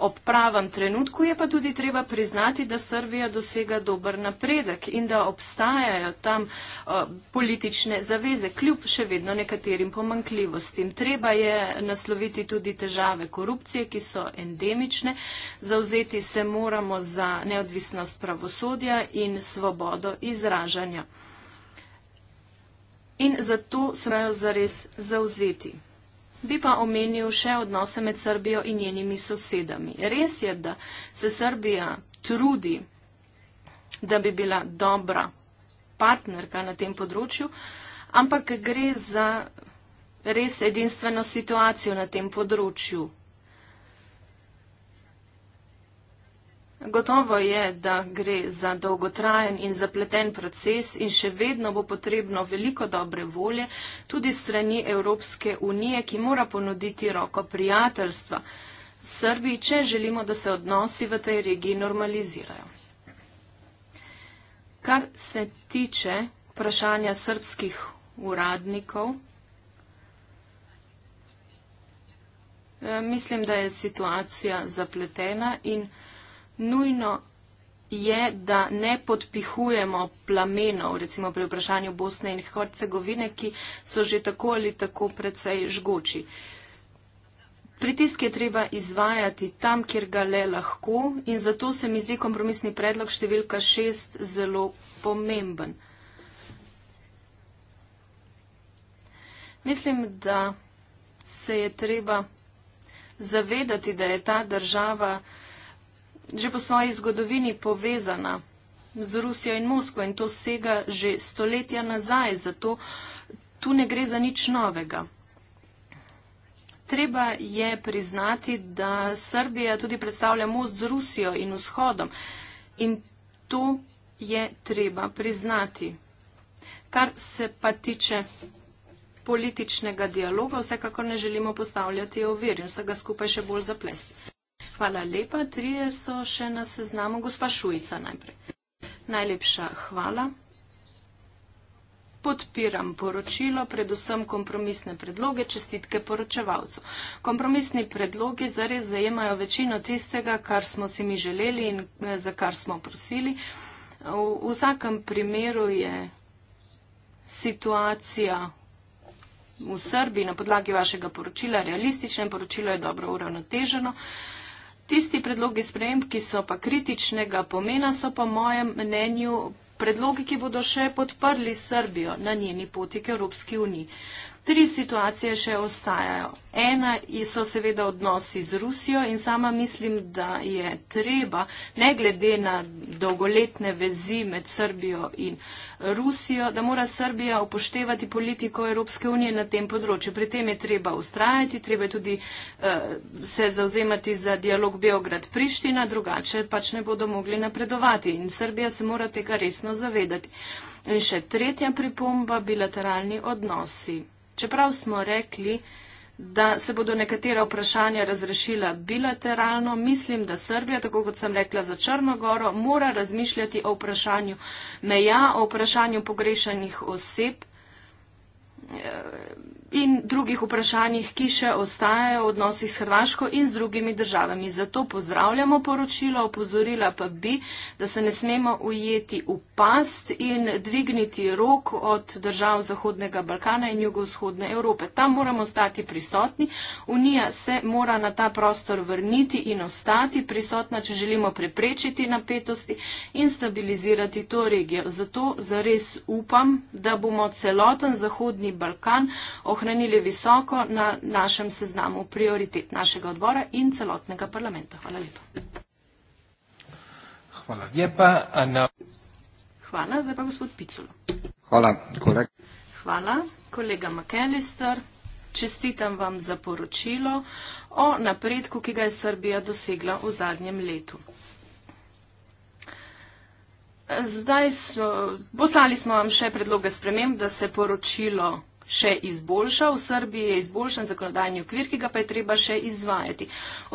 Ob pravem trenutku je pa tudi treba priznati, da Srbija dosega dober napredek in da obstajajo tam uh, politične zaveze, kljub še vedno nekaterim pomankljivostim. Treba je nasloviti tudi težave korupcije, ki so endemične. Zauzeti se moramo za neodvisnost pravosodja in svobodo izražanja. In zato se morajo zares zauzeti. Bi pa omenil še odnose med Srbijo in njenimi sosedami. Res je, da se Srbija trudi, da bi bila dobra partnerka na tem področju, ampak gre za res edinstveno situacijo na tem področju. Gotovo je, da gre za dolgotrajen in zapleten proces in še vedno bo potrebno veliko dobre volje tudi strani Evropske unije, ki mora ponuditi roko prijateljstva Srbiji, če želimo, da se odnosi v tej regiji normalizirajo. Kar se tiče vprašanja srbskih uradnikov, eh, mislim, da je situacija zapletena in nujno je, da ne podpihujemo plamenov, recimo pri vprašanju Bosne in Hercegovine, ki so že tako ali tako predvsej žgoči. Pritisk je treba izvajati tam, kjer ga le lahko in zato se mi zdi kompromisni predlog številka šest zelo pomemben. Mislim, da se je treba zavedati, da je ta država že po svoji zgodovini povezana z Rusijo in Moskvo in to sega že stoletja nazaj, zato tu ne gre za nič novega. Treba je priznati, da Srbija tudi predstavlja most z Rusijo in vzhodom in to je treba priznati. Kar se pa tiče političnega dialoga, vsekakor ne želimo postavljati ovir in vsega skupaj še bolj zaplesti. Hvala lepa. Trije so še na seznamu. Gospa Šujica najprej. Najlepša hvala. Podpiram poročilo, predvsem kompromisne predloge, čestitke poročevalcu. Kompromisni predlogi zares zajemajo večino tistega, kar smo si mi želeli in eh, za kar smo prosili. V vsakem primeru je situacija v Srbiji na podlagi vašega poročila realistična in poročilo je dobro uravnoteženo. Uh, Tisti predlogi sprememb, ki so pa kritičnega pomena, so po mojem mnenju predlogi, ki bodo še podprli Srbijo na njeni poti k Evropski uniji. Tri situacije še ostajajo. Ena so seveda odnosi z Rusijo in sama mislim, da je treba, ne glede na dolgoletne vezi med Srbijo in Rusijo, da mora Srbija upoštevati politiko Evropske unije na tem področju. Pri tem je treba ustrajati, treba je tudi uh, se zauzemati za dialog Beograd-Priština, drugače pač ne bodo mogli napredovati in Srbija se mora tega resno zavedati. In še tretja pripomba, bilateralni odnosi. Čeprav smo rekli, da se bodo nekatera vprašanja razrešila bilateralno, mislim, da Srbija, tako kot sem rekla za Črnogoro, mora razmišljati o vprašanju meja, o vprašanju pogrešanih oseb in drugih vprašanjih, ki še ostajajo v odnosih s Hrvaško in z drugimi državami. Zato pozdravljamo poročilo, opozorila pa bi, da se ne smemo ujeti v past in dvigniti rok od držav Zahodnega Balkana in jugovzhodne Evrope. Tam moramo stati prisotni. Unija se mora na ta prostor vrniti in ostati prisotna, če želimo preprečiti napetosti in stabilizirati to regijo. Zato zares upam, da bomo celoten Zahodni Balkan ohranili ohranili visoko na našem seznamu prioritet našega odbora in celotnega parlamenta. Hvala lepa. Hvala lepa. Ana. Hvala, zdaj pa gospod Piculo. Hvala, kolega. Hvala, kolega McAllister. Čestitam vam za poročilo o napredku, ki ga je Srbija dosegla v zadnjem letu. Zdaj so, poslali smo vam še predloge sprememb, da se poročilo še izboljša. V Srbiji je izboljšan zakonodajni okvir, ki ga pa je treba še izvajati.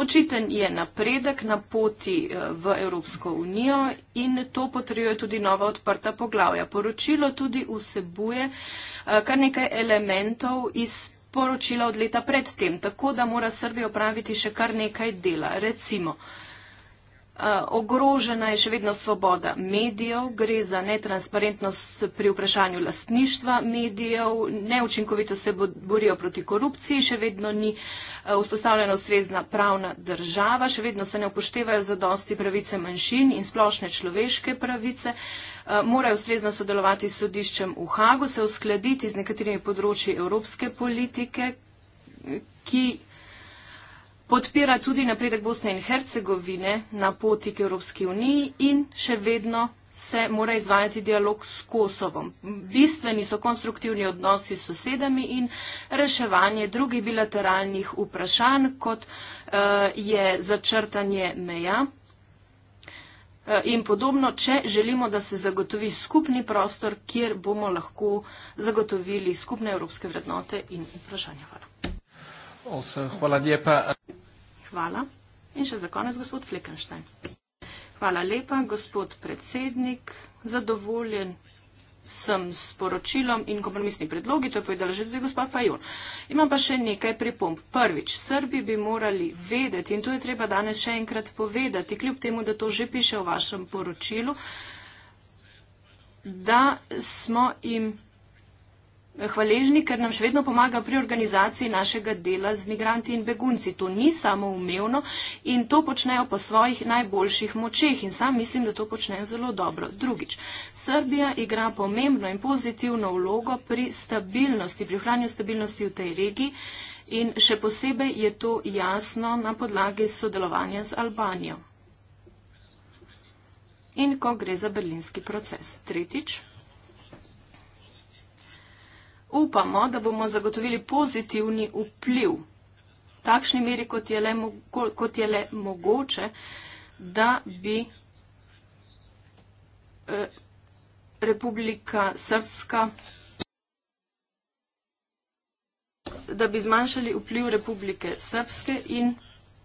Očiten je napredek na poti eh, v Evropsko unijo in to potrjuje tudi nova odprta poglavja. Poročilo tudi vsebuje eh, kar nekaj elementov iz poročila od leta predtem, tako da mora Srbija opraviti še kar nekaj dela. Recimo, Eh, ogrožena je še vedno svoboda medijev, gre za netransparentnost pri vprašanju lastništva medijev, neučinkovito se borijo proti korupciji, še vedno ni eh, vzpostavljena ustrezna pravna država, še vedno se ne upoštevajo zadosti pravice manjšin in splošne človeške pravice, eh, morajo ustrezno sodelovati s sodiščem v Hagu, se uskladiti z nekaterimi področji evropske politike, ki podpira tudi napredek Bosne in Hercegovine na poti k Evropski uniji in še vedno se mora izvajati dialog s Kosovom. Bistveni so konstruktivni odnosi s sosedami in reševanje drugih bilateralnih vprašanj, kot uh, je začrtanje meja eh, in podobno, če želimo, da se zagotovi skupni prostor, kjer bomo lahko zagotovili skupne evropske vrednote in vprašanja. Also, hvala lepa. Hvala. In še za konec, gospod Flekenštajn. Hvala lepa, gospod predsednik. Zadovoljen sem s poročilom in kompromisnimi predlogi, to je povedala že tudi gospod Fajon. Imam pa še nekaj pripomb. Prvič, Srbi bi morali vedeti, in to je treba danes še enkrat povedati, kljub temu, da to že piše v vašem poročilu, da smo jim hvaležni, ker nam še vedno pomaga pri organizaciji našega dela z migranti in begunci. To ni samo umevno in to počnejo po svojih najboljših močeh in sam mislim, da to počnejo zelo dobro. Drugič, Srbija igra pomembno in pozitivno vlogo pri stabilnosti, pri ohranju stabilnosti v tej regiji. In še posebej je to jasno na podlagi sodelovanja z Albanijo. In ko gre za berlinski proces. Tretjič upamo, da bomo zagotovili pozitivni vpliv, takšni meri, kot je le, mogo, kot je le mogoče, da bi eh, Republika Srpska, da bi zmanjšali vpliv Republike Srpske in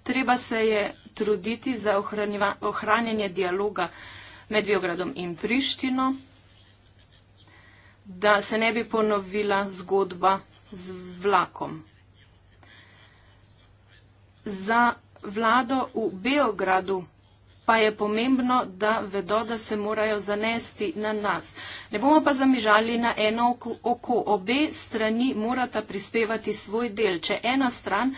treba se je truditi za ohranjanje dialoga med Biogradom in Prištino da se ne bi ponovila zgodba z vlakom. Za vlado v Beogradu pa je pomembno, da vedo, da se morajo zanesti na nas. Ne bomo pa zamižali na eno oko. Obe strani morata prispevati svoj del. Če ena stran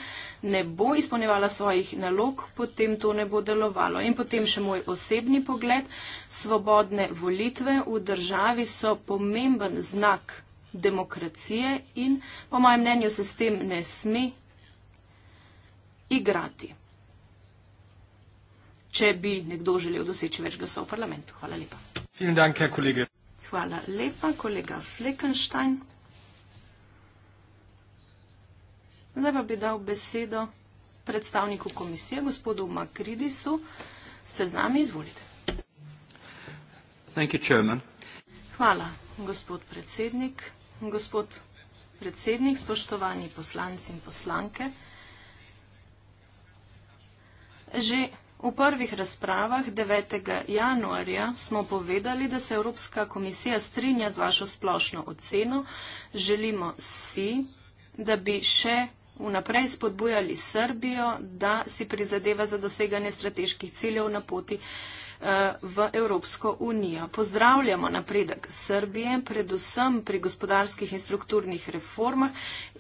ne bo izpolnjevala svojih nalog, potem to ne bo delovalo. In potem še moj osebni pogled. Svobodne volitve v državi so pomemben znak demokracije in po mojem mnenju se s tem ne sme igrati če bi nekdo želel doseči več glasov v parlamentu. Hvala lepa. Dank, Hvala lepa, kolega Fleckenstein. Zdaj pa bi dal besedo predstavniku komisije, gospodu Makridisu. Se z nami izvolite. Thank you, Hvala, gospod predsednik. Gospod predsednik, spoštovani poslanci in poslanke. Že V prvih razpravah 9. januarja smo povedali, da se Evropska komisija strinja z vašo splošno oceno. Želimo si, da bi še vnaprej spodbujali Srbijo, da si prizadeva za doseganje strateških ciljev na poti Eh, v Evropsko unijo. Pozdravljamo napredek Srbije, predvsem pri gospodarskih in strukturnih reformah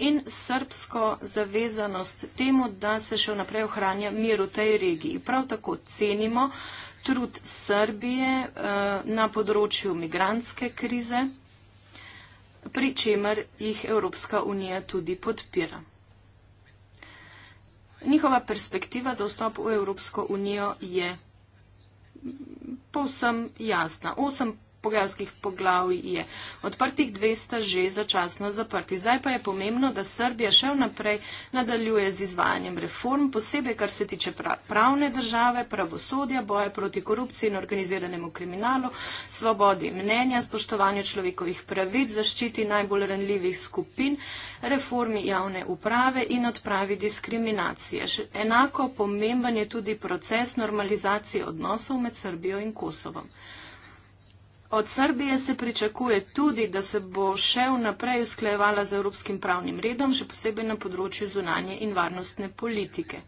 in srbsko zavezanost temu, da se še vnaprej ohranja mir v tej regiji. Prav tako cenimo trud Srbije eh, na področju migranske krize, pri čemer jih Evropska unija tudi podpira. Njihova perspektiva za vstop v Evropsko unijo je povsem jasna. Osem pogajalskih poglavij je. Odprtih 200 že začasno zaprti. Zdaj pa je pomembno, da Srbija še vnaprej nadaljuje z izvajanjem reform, posebej kar se tiče pravne države, pravosodja, boje proti korupciji in organiziranemu kriminalu, svobodi mnenja, spoštovanju človekovih pravic, zaščiti najbolj ranljivih skupin, reformi javne uprave in odpravi diskriminacije. Enako pomemben je tudi proces normalizacije odnosov med Srbijo in Kosovom. Od Srbije se pričakuje tudi, da se bo še vnaprej usklejevala z evropskim pravnim redom, še posebej na področju zunanje in varnostne politike.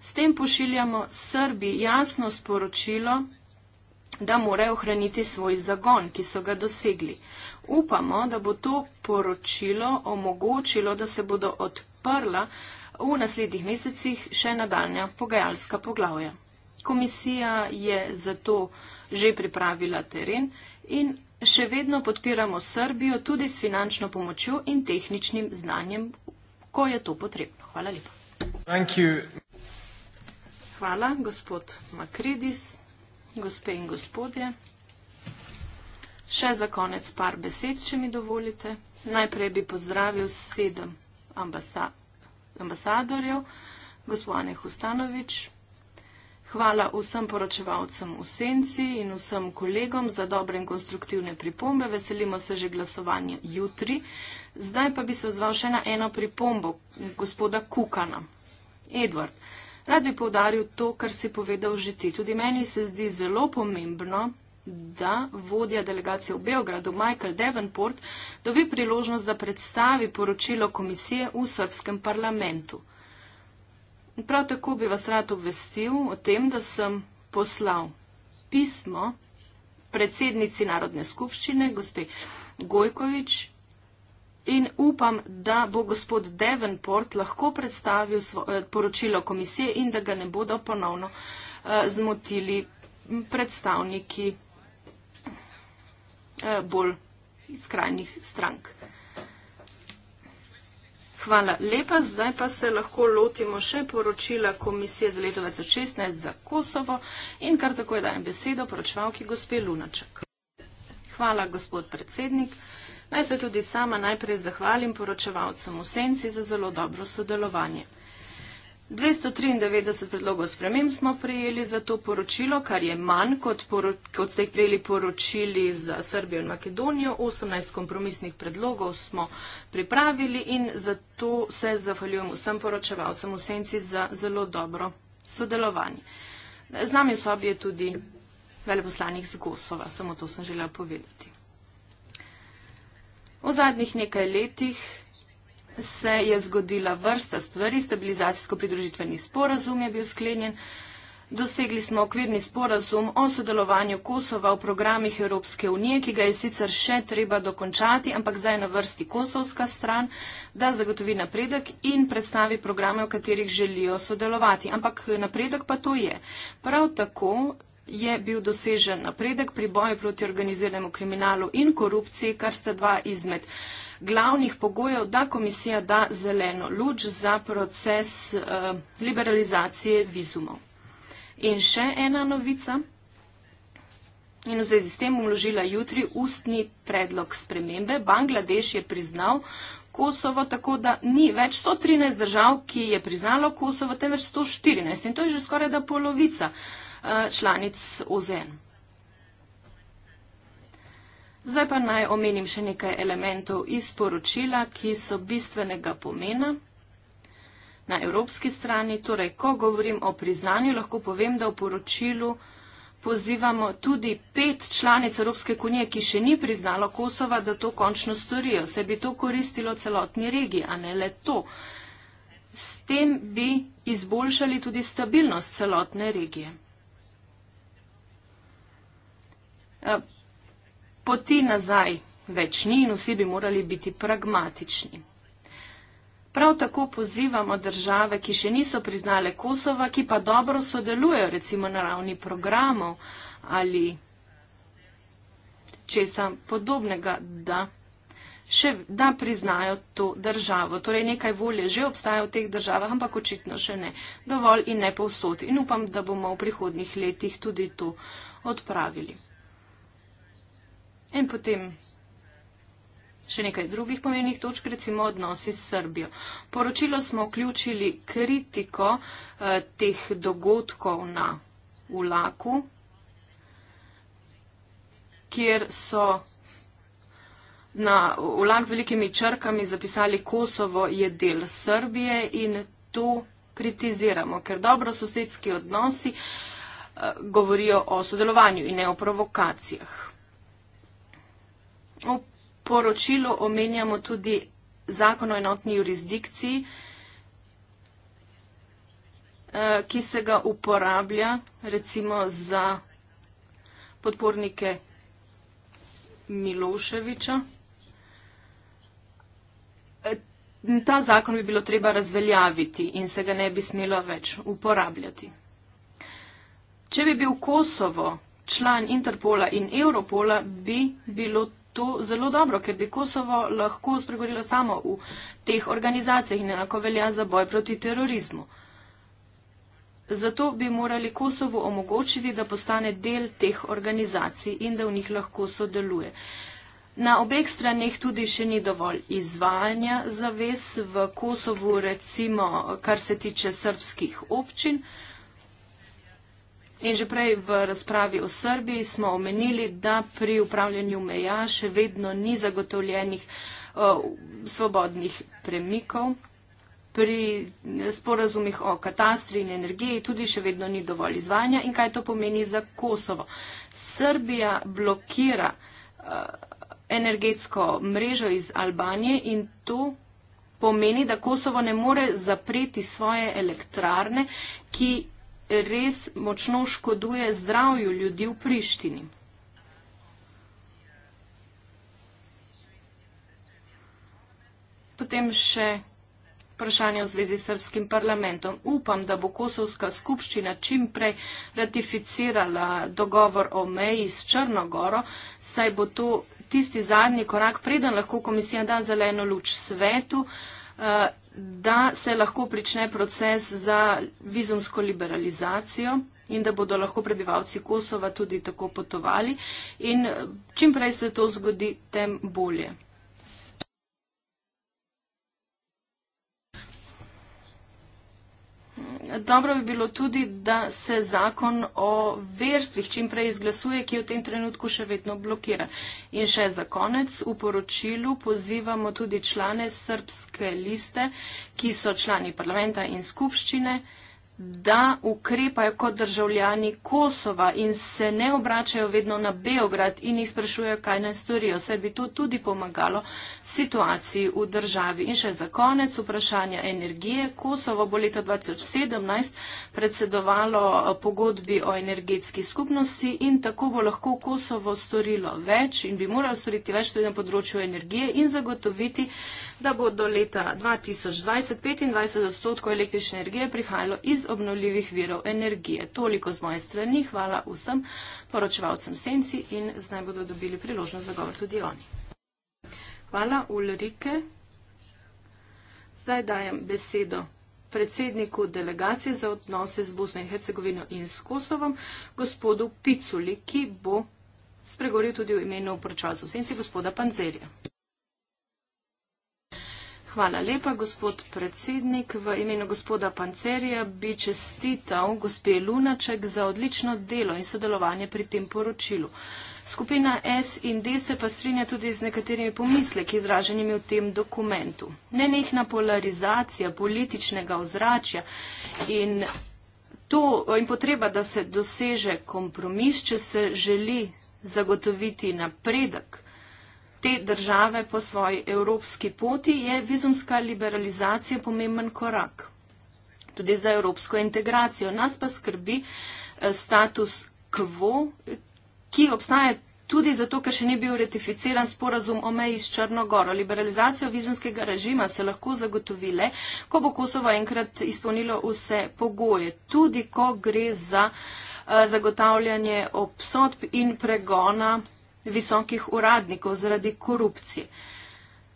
S tem pošiljamo Srbiji jasno sporočilo, da morajo ohraniti svoj zagon, ki so ga dosegli. Upamo, da bo to poročilo omogočilo, da se bodo odprla v naslednjih mesecih še nadaljna pogajalska poglavja. Komisija je zato že pripravila teren in še vedno podpiramo Srbijo tudi s finančno pomočjo in tehničnim znanjem, ko je to potrebno. Hvala lepa. Hvala, gospod Makridis, gospe in gospodje. Še za konec par besed, če mi dovolite. Najprej bi pozdravil sedem ambasa ambasadorjev, gospod Ane Hustanovič, Hvala vsem poročevalcem v senci in vsem kolegom za dobre in konstruktivne pripombe. Veselimo se že glasovanja jutri. Zdaj pa bi se odzval še na eno pripombo gospoda Kukana. Edward, rad bi povdaril to, kar si povedal že ti. Tudi meni se zdi zelo pomembno, da vodja delegacije v Beogradu, Michael Davenport, dobi priložnost, da predstavi poročilo komisije v srpskem parlamentu. Prav tako bi vas rad obvestil o tem, da sem poslal pismo predsednici Narodne skupščine, gospe Gojkovič, in upam, da bo gospod Devenport lahko predstavil eh, poročilo komisije in da ga ne bodo ponovno eh, zmotili predstavniki eh, bolj skrajnih strank. Hvala lepa. Zdaj pa se lahko lotimo še poročila komisije za leto 2016 za Kosovo in kar tako je dajem besedo poročevalki gospe Lunaček. Hvala, gospod predsednik. Naj se tudi sama najprej zahvalim poročevalcem v senci za zelo dobro sodelovanje. 293 predlogov sprememb smo prejeli za to poročilo, kar je manj kot, poro, kot ste jih prejeli poročili za Srbijo in Makedonijo. 18 kompromisnih predlogov smo pripravili in zato se zahvaljujem vsem poročevalcem v senci za zelo dobro sodelovanje. Z nami so obje tudi veleposlanik z Kosova, samo to sem želela povedati. V zadnjih nekaj letih se je zgodila vrsta stvari, stabilizacijsko-pridružitveni sporazum je bil sklenjen, dosegli smo okvirni sporazum o sodelovanju Kosova v programih Evropske unije, ki ga je sicer še treba dokončati, ampak zdaj je na vrsti kosovska stran, da zagotovi napredek in predstavi programe, v katerih želijo sodelovati. Ampak napredek pa to je. Prav tako je bil dosežen napredek pri boju proti organiziranemu kriminalu in korupciji, kar sta dva izmed glavnih pogojev, da komisija da zeleno luč za proces eh, liberalizacije vizumov. In še ena novica. In v zvezi s tem umložila jutri ustni predlog spremembe. Bangladeš je priznal Kosovo tako, da ni več 113 držav, ki je priznalo Kosovo, temveč 114. In to je že skoraj da polovica eh, članic OZN. Zdaj pa naj omenim še nekaj elementov iz poročila, ki so bistvenega pomena na evropski strani. Torej, ko govorim o priznanju, lahko povem, da v poročilu pozivamo tudi pet članic Evropske unije, ki še ni priznalo Kosova, da to končno storijo. Se bi to koristilo celotni regiji, a ne le to. S tem bi izboljšali tudi stabilnost celotne regije. Poti nazaj več ni in vsi bi morali biti pragmatični. Prav tako pozivamo države, ki še niso priznale Kosova, ki pa dobro sodelujejo recimo na ravni programov ali česa podobnega, da, še, da priznajo to državo. Torej nekaj volje že obstaja v teh državah, ampak očitno še ne. Dovolj in ne povsod. In upam, da bomo v prihodnih letih tudi to odpravili. In potem še nekaj drugih pomenih točk, recimo odnosi s Srbijo. Poročilo smo vključili kritiko eh, teh dogodkov na ulaku, kjer so na ulak z velikimi črkami zapisali Kosovo je del Srbije in to kritiziramo, ker dobro sosedski odnosi eh, govorijo o sodelovanju in ne o provokacijah. V poročilu omenjamo tudi zakon o enotni jurisdikciji, eh, ki se ga uporablja recimo za podpornike Miloševiča. Eh, ta zakon bi bilo treba razveljaviti in se ga ne bi smelo več uporabljati. Če bi bil Kosovo član Interpola in Europola, bi bilo to to zelo dobro, ker bi Kosovo lahko spregovorilo samo v teh organizacijah in enako velja za boj proti terorizmu. Zato bi morali Kosovo omogočiti, da postane del teh organizacij in da v njih lahko sodeluje. Na obeh straneh tudi še ni dovolj izvajanja zavez v Kosovu, recimo kar se tiče srpskih občin. Uh, In že prej v razpravi o Srbiji smo omenili, da pri upravljanju meja še vedno ni zagotovljenih uh, svobodnih premikov. Pri sporazumih o katastri in energiji tudi še vedno ni dovolj izvanja in kaj to pomeni za Kosovo. Srbija blokira uh, energetsko mrežo iz Albanije in to pomeni, da Kosovo ne more zapreti svoje elektrarne, ki res močno škoduje zdravju ljudi v Prištini. Potem še vprašanje v zvezi s srpskim parlamentom. Upam, da bo Kosovska skupščina čim prej ratificirala dogovor o meji s Črnogoro, saj bo to tisti zadnji korak, preden lahko komisija da zeleno luč svetu. Eh, da se lahko prične proces za vizumsko liberalizacijo in da bodo lahko prebivalci Kosova tudi tako potovali. In čim prej se to zgodi, tem bolje. Dobro bi bilo tudi, da se zakon o verstvih čimprej izglasuje, ki v tem trenutku še vedno blokira. In še za konec, v poročilu pozivamo tudi člane srpske liste, ki so člani parlamenta in skupščine da ukrepajo kot državljani Kosova in se ne obračajo vedno na Beograd in jih sprašujejo, kaj naj storijo. Vse bi to tudi pomagalo situaciji v državi. In še za konec vprašanja energije. Kosovo bo leta 2017 predsedovalo eh, pogodbi o energetski skupnosti in tako bo lahko Kosovo storilo več in bi moralo storiti več tudi na področju energije in zagotoviti da bo do leta 2020 25 odstotkov električne energije prihajalo iz obnovljivih virov energije. Toliko z moje strani, hvala vsem poročevalcem Senci in zdaj bodo dobili priložnost za govor tudi oni. Hvala Ulrike. Zdaj dajem besedo predsedniku delegacije za odnose z Bosno in Hercegovino in s Kosovom, gospodu Piculi, ki bo spregovoril tudi v imenu poročevalcev Senci, gospoda Panzerja. Hvala lepa, gospod predsednik. V imenu gospoda Pancerija bi čestital gospe Lunaček za odlično delo in sodelovanje pri tem poročilu. Skupina S in D se pa strinja tudi z nekaterimi pomisleki izraženimi v tem dokumentu. Nenehna polarizacija političnega ozračja in, to, in potreba, da se doseže kompromis, če se želi zagotoviti napredek te države po svoji evropski poti, je vizumska liberalizacija pomemben korak tudi za evropsko integracijo. Nas pa skrbi eh, status quo, ki obstaja tudi zato, ker še ni bil ratificiran sporazum o meji s Črnogoro. Liberalizacijo vizumskega režima se lahko zagotovile, ko bo Kosovo enkrat izpolnilo vse pogoje, tudi ko gre za eh, zagotavljanje obsodb in pregona visokih uradnikov zaradi korupcije.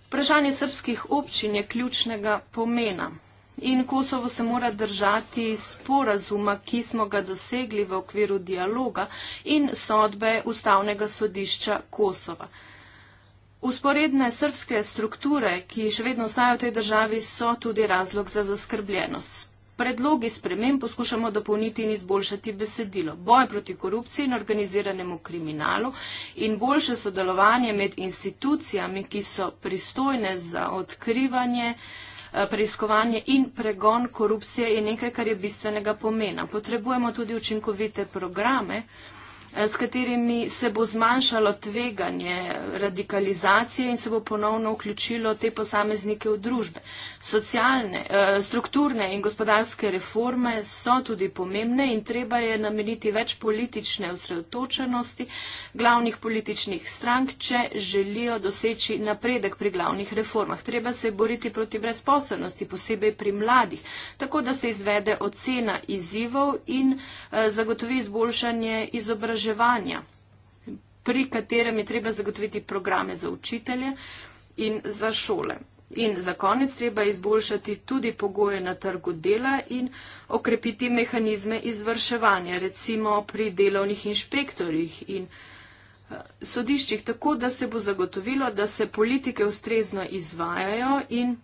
Vprašanje srpskih občin je ključnega pomena in Kosovo se mora držati sporazuma, ki smo ga dosegli v okviru dialoga in sodbe Ustavnega sodišča Kosova. Usporedne srpske strukture, ki še vedno ostajajo v tej državi, so tudi razlog za zaskrbljenost predlogi spremem poskušamo dopolniti in izboljšati besedilo. Boj proti korupciji in organiziranemu kriminalu in boljše sodelovanje med institucijami, ki so pristojne za odkrivanje, eh, preiskovanje in pregon korupcije je nekaj, kar je bistvenega pomena. Potrebujemo tudi učinkovite programe, Eh, s katerimi se bo zmanjšalo tveganje radikalizacije in se bo ponovno vključilo te posameznike v družbe. Socialne, eh, strukturne in gospodarske reforme so tudi pomembne in treba je nameniti več politične osredotočenosti glavnih političnih strank, če želijo doseči napredek pri glavnih reformah. Treba se boriti proti brezposobnosti, posebej pri mladih, tako da se izvede ocena izzivov in eh, zagotovi izboljšanje izobraževanja izobraževanja, pri katerem je treba zagotoviti programe za učitelje in za šole. In za konec treba izboljšati tudi pogoje na trgu dela in okrepiti mehanizme izvrševanja, recimo pri delovnih inšpektorjih in eh, sodiščih, tako da se bo zagotovilo, da se politike ustrezno izvajajo in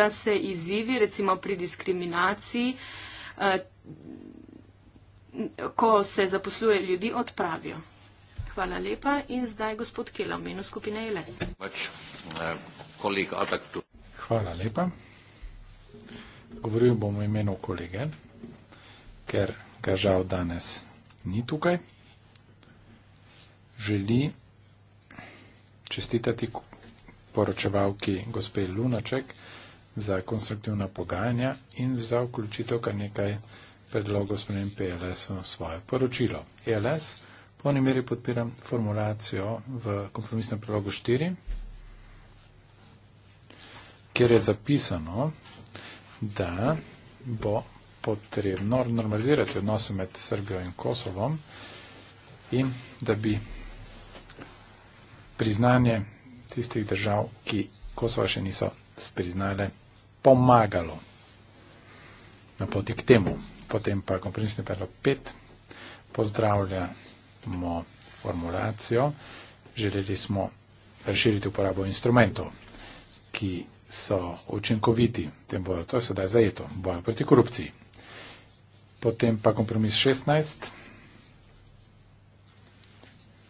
da se izzivi, recimo pri diskriminaciji, eh, ko se zaposluje ljudi, odpravijo. Hvala lepa in zdaj gospod Kela v menu skupine ILS. Pač, eh, Hvala lepa. Govoril bom o imenu kolege, ker ga žal danes ni tukaj. Želi čestitati poročevalki gospe Lunaček za konstruktivna pogajanja in za vključitev kar nekaj predlogo sprememb PLS e v svoje poročilo. ELS po eni meri podpira formulacijo v kompromisnem predlogu 4, kjer je zapisano, da bo potrebno normalizirati odnose med Srbijo in Kosovom in da bi priznanje tistih držav, ki Kosova še niso spriznale, pomagalo na poti k temu potem pa kompresni predlog 5. Pozdravljamo formulacijo. Želeli smo razširiti uporabo instrumentov, ki so učinkoviti v tem boju. To je sedaj zajeto, boju proti korupciji. Potem pa kompromis 16.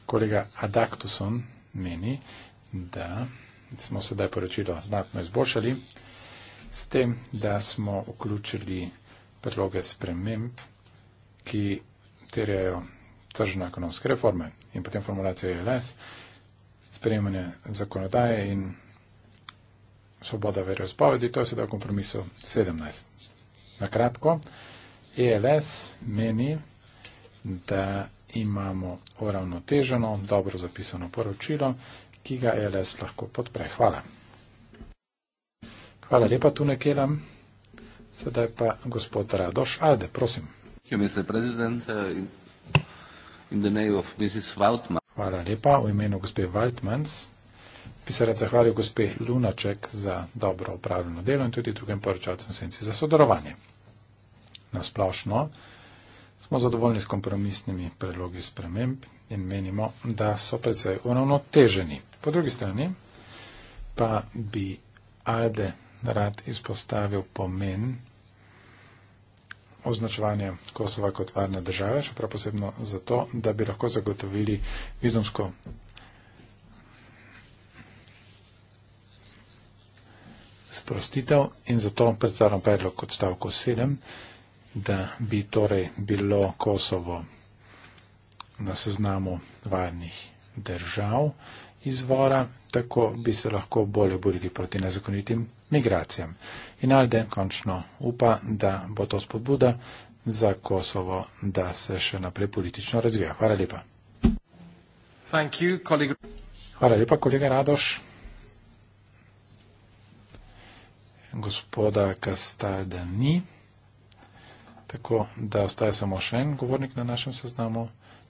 Kolega Adaktuson meni, da smo sedaj poročilo znatno izboljšali s tem, da smo vključili predloge sprememb, ki terjajo tržne ekonomske reforme in potem formulacijo ILS, sprejemanje zakonodaje in svoboda verozpovedi, to je sedaj v kompromisu 17. Na kratko, ILS e meni, da imamo uravnoteženo, dobro zapisano poročilo, ki ga ILS e lahko podpre. Hvala. Hvala lepa, Tune Kelam. Sedaj pa gospod Radoš Alde, prosim. Uh, Hvala lepa v imenu gospe Waldmans. Bi se rad zahvalil gospe Lunaček za dobro upravljeno delo in tudi drugim poročalcem senci za sodelovanje. Na splošno smo zadovoljni s kompromisnimi predlogi sprememb in menimo, da so predvsej uravnoteženi. Po drugi strani pa bi Alde rad izpostavil pomen označevanje Kosova kot varne države, še prav posebno zato, da bi lahko zagotovili vizumsko sprostitev in zato predstavljam predlog kot stavko 7, da bi torej bilo Kosovo na seznamu varnih držav izvora, tako bi se lahko bolje borili proti nezakonitim migracijam. In Alde končno upa, da bo to spodbuda za Kosovo, da se še naprej politično razvija. Hvala lepa. Hvala lepa, kolega Radoš. Gospoda Kastalda ni. Tako da ostaje samo še en govornik na našem seznamu.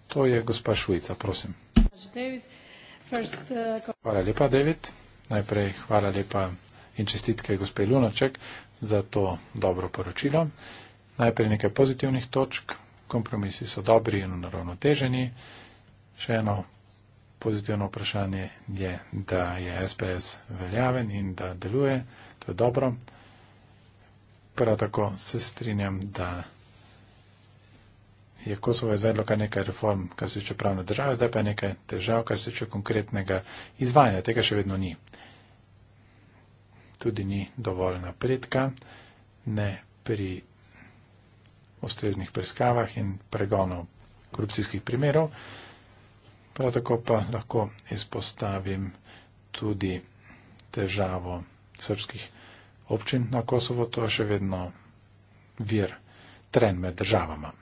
To je gospa Švica, prosim. Uh, hvala lepa, David. Najprej hvala lepa in čestitke gospe Lunaček za to dobro poročilo. Najprej nekaj pozitivnih točk. Kompromisi so dobri in naravnoteženi. Še eno pozitivno vprašanje je, da je SPS veljaven in da deluje. To je dobro. Prav tako se strinjam, da je Kosovo izvedlo kar nekaj reform, kar se tiče pravne države, zdaj pa je nekaj težav, kar se tiče konkretnega izvajanja. Tega še vedno ni tudi ni dovolj napredka, ne pri ustreznih preiskavah in pregonov korupcijskih primerov. Prav tako pa lahko izpostavim tudi težavo srpskih občin na Kosovo, to je še vedno vir tren med državama.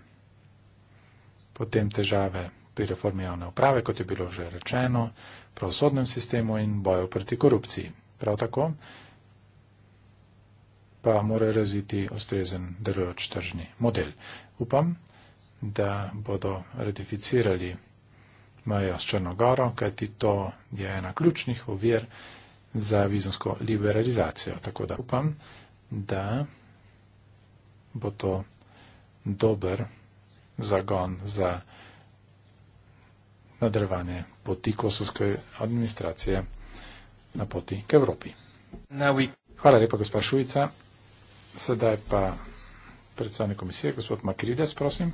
Potem težave pri reformi javne uprave, kot je bilo že rečeno, pravosodnem sistemu in boju proti korupciji. Prav tako pa mora razviti ustrezen delujoč tržni model. Upam, da bodo ratificirali mejo s Črnogoro, kajti to je ena ključnih ovir za vizonsko liberalizacijo. Tako da upam, da bo to dober zagon za nadrevanje poti kosovske administracije na poti k Evropi. Hvala lepa, gospod Šujica. Sedaj pa predstavnik komisije, gospod Makrides, prosim.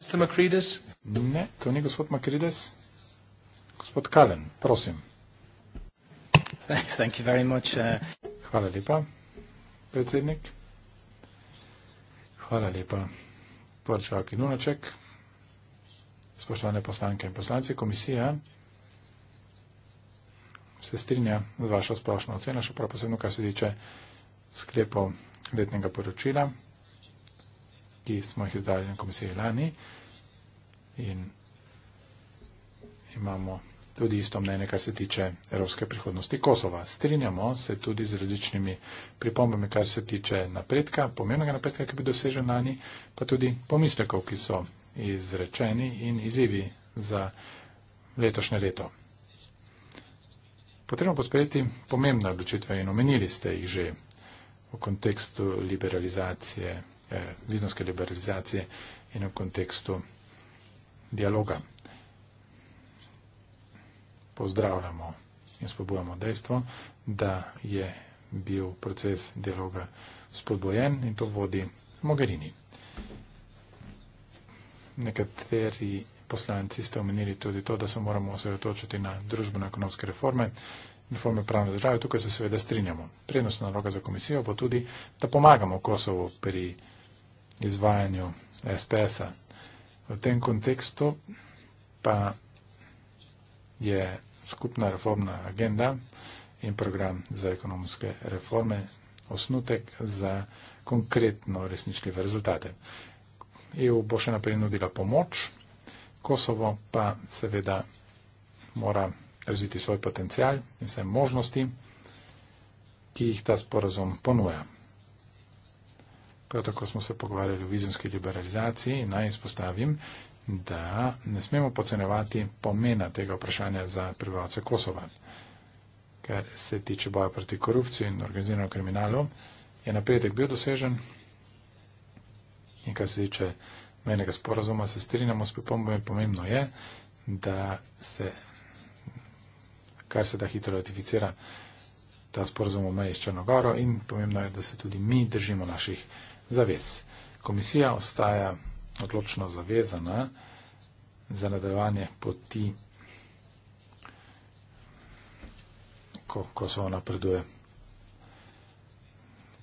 Mr. Makrides? Ne, to ni gospod Makrides. Gospod Kalen, prosim. Thank you very much. Uh, Hvala lepa, predsednik. Hvala lepa, poročevalki Nunaček. Spoštovane poslanke in poslanci, komisija se strinja z vašo splošno oceno, še prav posebno, kar se diče sklepov letnega poročila, ki smo jih izdali na komisiji lani in imamo tudi isto mnenje, kar se tiče evropske prihodnosti Kosova. Strinjamo se tudi z različnimi pripombami, kar se tiče napredka, pomembnega napredka, ki bi dosežen lani, pa tudi pomislekov, ki so izrečeni in izzivi za letošnje leto. Potrebno pospreti pomembne odločitve in omenili ste jih že v kontekstu liberalizacije, eh, vizonske liberalizacije in v kontekstu dialoga. Pozdravljamo in spodbujamo dejstvo, da je bil proces dialoga spodbojen in to vodi Mogherini. Nekateri poslanci ste omenili tudi to, da se moramo osredotočiti na družbeno-ekonomske reforme reforme pravne države, tukaj se seveda strinjamo. Prednostna naloga za komisijo bo tudi, da pomagamo Kosovo pri izvajanju SPS-a. V tem kontekstu pa je skupna reformna agenda in program za ekonomske reforme osnutek za konkretno resničljive rezultate. EU bo še naprej nudila pomoč, Kosovo pa seveda mora razviti svoj potencial in vse možnosti, ki jih ta sporazum ponuja. Prav tako smo se pogovarjali o vizumski liberalizaciji in naj izpostavim, da ne smemo pocenevati pomena tega vprašanja za prebivalce Kosova. Kar se tiče boja proti korupciji in organiziranju kriminalu, je napredek bil dosežen in kar se tiče mejnega sporazuma, se strinjamo s pripombami, pomembno je, da se kar se da hitro ratificira ta sporozum o meji s Črnogoro in pomembno je, da se tudi mi držimo naših zavez. Komisija ostaja odločno zavezana za nadaljevanje poti, ko, ko se ona preduje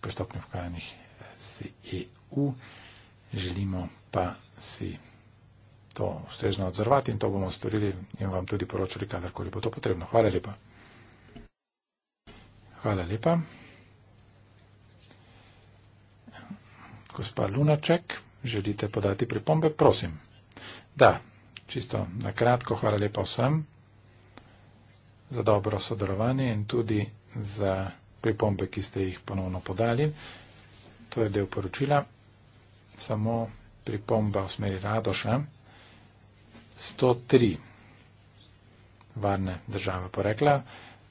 pristopnih pokajanjih z EU. Želimo pa si to ustrezno odzrvati in to bomo storili in vam tudi poročali, kadarkoli bo to potrebno. Hvala lepa. Hvala lepa. Gospa Lunaček, želite podati pripombe? Prosim. Da, čisto na kratko, hvala lepa vsem za dobro sodelovanje in tudi za pripombe, ki ste jih ponovno podali. To je del poročila. Samo pripomba v smeri Radoša. 103 varne države porekla.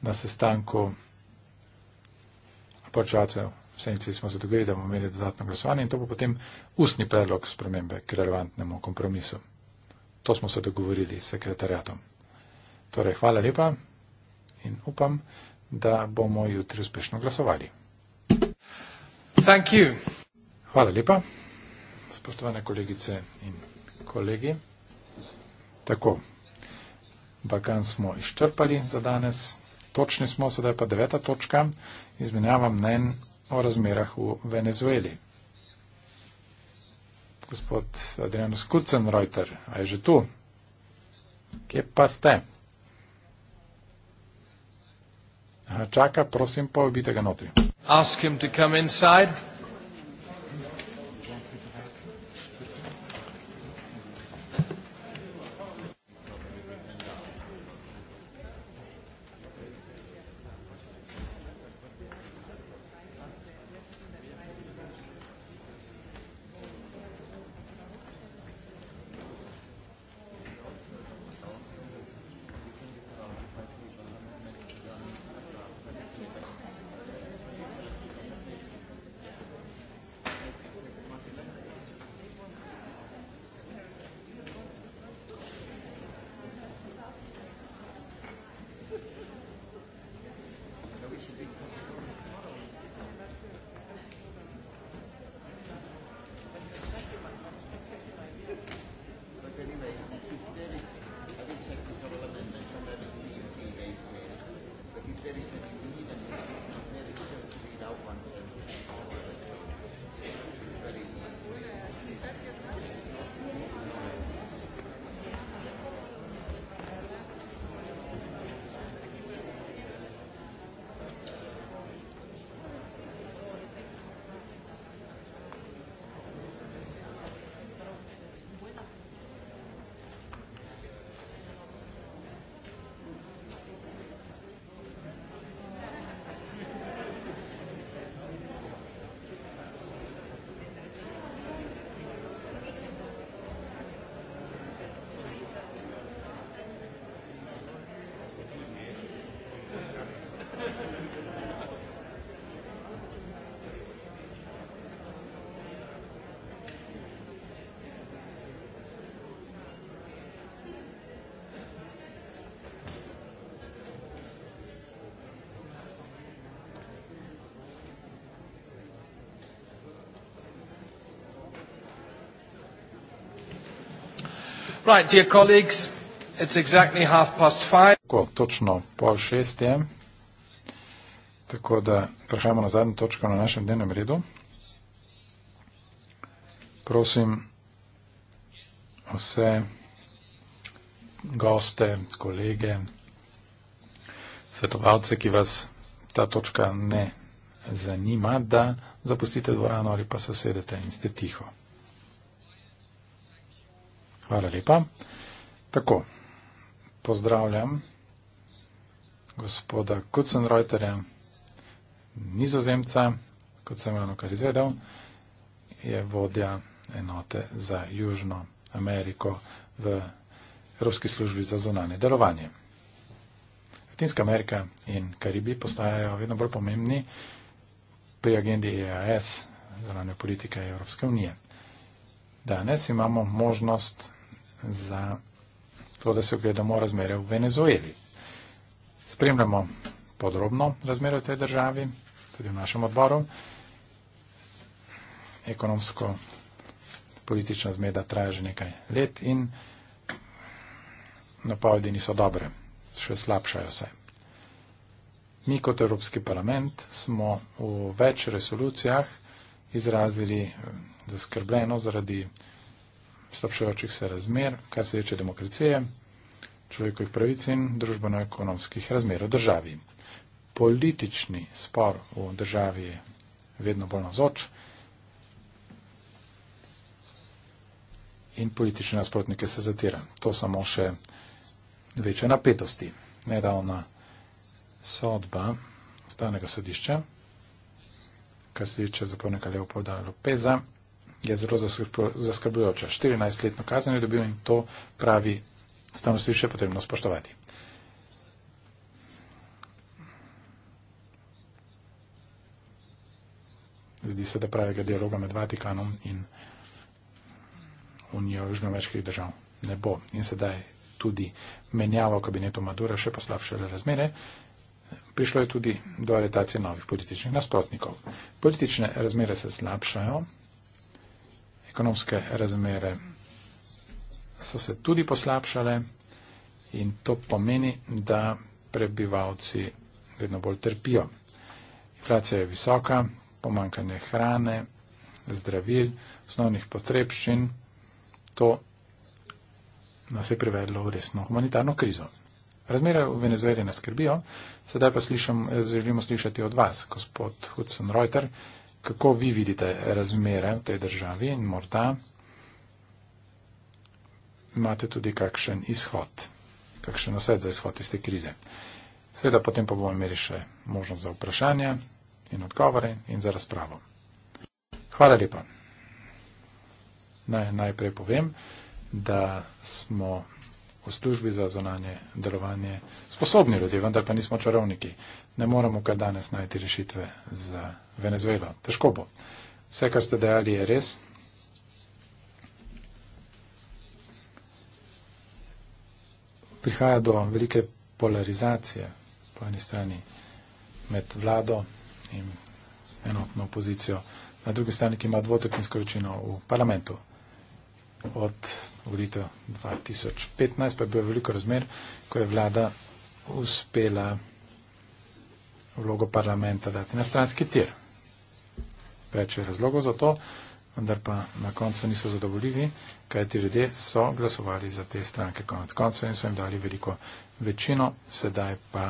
Na sestanku počevalcev v senci smo se dogovorili, da bomo imeli dodatno glasovanje in to bo potem ustni predlog spremembe k relevantnemu kompromisu. To smo se dogovorili s sekretarjatom. Torej, hvala lepa in upam, da bomo jutri uspešno glasovali. Hvala lepa, spoštovane kolegice in kolegi. Tako, bagan smo izčrpali za danes, točni smo, sedaj pa deveta točka, izmenjava mnen o razmerah v Venezueli. Gospod Adrian Skucenreuter, a je že tu? Kje pa ste? Aha, čaka, prosim, povabite ga notri. Ask him to come inside. Right, dear colleagues, it's exactly half past five. Tako, točno pol šest je. Tako da prehajamo na zadnjo točko na našem dnevnem redu. Prosim vse goste, kolege, svetovalce, ki vas ta točka ne zanima, da zapustite dvorano ali pa se sedete in ste tiho. Hvala lepa. Tako, pozdravljam gospoda Kucenreuterja, nizozemca, kot sem eno kar izvedel, je vodja enote za Južno Ameriko v Evropski službi za zonanje delovanje. Latinska Amerika in Karibi postajajo vedno bolj pomembni pri agendi EAS, zonanje politike Evropske unije. Danes imamo možnost za to, da se ogledamo razmere v Venezueli. Spremljamo podrobno razmere v tej državi, tudi v našem odboru. Ekonomsko politična zmeda traja že nekaj let in napovedi niso dobre, še slabšajo se. Mi kot Evropski parlament smo v več resolucijah izrazili zaskrbljeno zaradi slabšajočih se razmer, kar se tiče demokracije, človekovih pravic in družbeno-ekonomskih razmer v državi. Politični spor v državi je vedno bolj nazoč in politične nasprotnike se zatira. To samo še večje napetosti. Nedavna sodba stavnega sodišča, kar se tiče zapornika Leopolda Lopeza, je zelo zaskrbljujoča. 14-letno kazen je dobil in to pravi stanovništvo še potrebno spoštovati. Zdi se, da pravega dialoga med Vatikanom in Unijo južnoameriških držav ne bo. In sedaj tudi menjava v kabinetu Madura še poslabšala razmere. Prišlo je tudi do aretacije novih političnih nasprotnikov. Politične razmere se slabšajo, ekonomske razmere so se tudi poslabšale in to pomeni, da prebivalci vedno bolj trpijo. Inflacija je visoka, pomankanje hrane, zdravil, osnovnih potrebščin, to nas je privedlo v resno humanitarno krizo. Razmere v Venezueli nas skrbijo, sedaj pa slišem, želimo slišati od vas, gospod Hudson Reuter, kako vi vidite razmere v tej državi in morda imate tudi kakšen izhod, kakšen nasvet za izhod iz te krize. Seveda potem pa bomo imeli še možnost za vprašanje in odgovore in za razpravo. Hvala lepa. Naj, najprej povem, da smo v službi za zonanje delovanje sposobni ljudje, vendar pa nismo čarovniki. Ne moremo kar danes najti rešitve za. Venezuela. Težko bo. Vse, kar ste dejali, je res. Prihaja do velike polarizacije po eni strani med vlado in enotno opozicijo, na drugi strani, ki ima dvotekinsko večino v parlamentu. Od volitev 2015 pa je bilo veliko razmer, ko je vlada uspela vlogo parlamenta dati na stranski tir več razlogov za to, vendar pa na koncu niso zadovoljivi, kaj ti ljudje so glasovali za te stranke konec koncev in so jim dali veliko večino, sedaj pa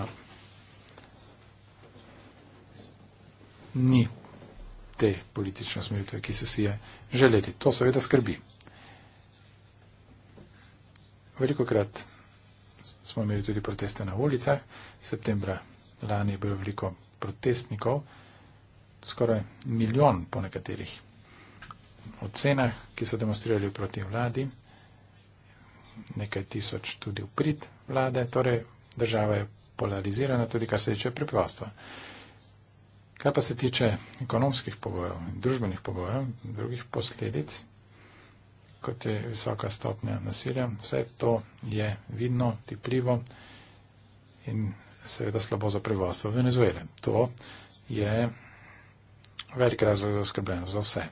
ni te politične usmeritve, ki so si je želeli. To seveda skrbi. Veliko krat smo imeli tudi proteste na ulicah, septembra lani je bilo veliko protestnikov, skoraj milijon po nekaterih ocenah, ki so demonstrirali proti vladi, nekaj tisoč tudi uprit vlade, torej država je polarizirana tudi, kar se tiče prebivalstva. Kaj pa se tiče ekonomskih pogojev in družbenih pogojev, drugih posledic, kot je visoka stopnja nasilja, vse to je vidno, tiplivo in seveda slabo za prebivalstvo Venezuele. To je velik razlog za skrbljenost za vse.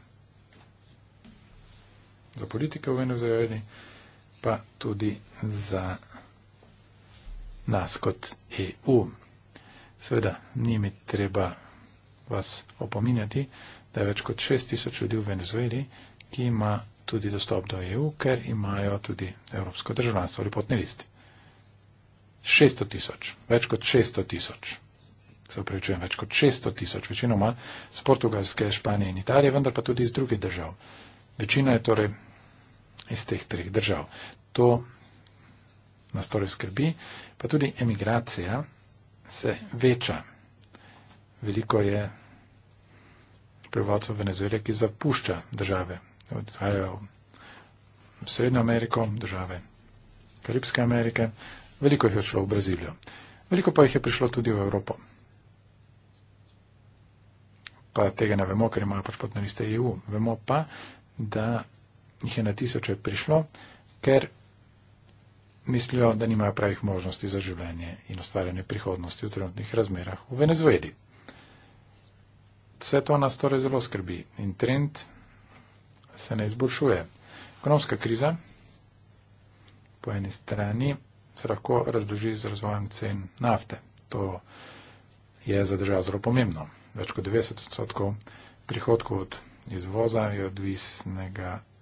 Za politike v Venezueli, pa tudi za nas kot EU. Seveda, njimi treba vas opominjati, da je več kot 6000 ljudi v Venezueli, ki ima tudi dostop do EU, ker imajo tudi evropsko državljanstvo ali potne listi. 600 tisoč, več kot 600 tisoč se upravičujem, več kot 600 tisoč, večinoma z Portugalske, Španije in Italije, vendar pa tudi iz drugih držav. Večina je torej iz teh treh držav. To nas torej skrbi, pa tudi emigracija se veča. Veliko je prebivalcev Venezuele, ki zapušča države, odhajajo v Srednjo Ameriko, države Karibske Amerike, veliko jih je šlo v Brazilijo, veliko pa jih je prišlo tudi v Evropo pa tega ne vemo, ker imajo pač potne liste EU. Vemo pa, da jih je na tisoče prišlo, ker mislijo, da nimajo pravih možnosti za življenje in ustvarjanje prihodnosti v trenutnih razmerah v Venezueli. Vse to nas torej zelo skrbi in trend se ne izboljšuje. Ekonomska kriza po eni strani se lahko razloži z razvojem cen nafte. To je za državo zelo pomembno več kot 90 odstotkov prihodkov od izvoza je,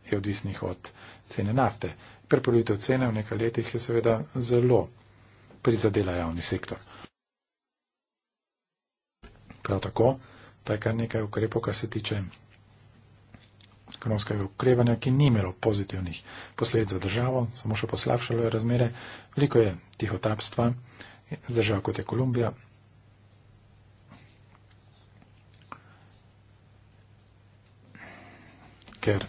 je odvisnih od cene nafte. Prepolovitev cene v nekaj letih je seveda zelo prizadela javni sektor. Prav tako, da je kar nekaj ukrepov, kar se tiče ekonomskega ukrevanja, ki ni imelo pozitivnih posledic za državo, samo še poslabšalo je razmere. Veliko je tihotapstva z držav, kot je Kolumbija, ker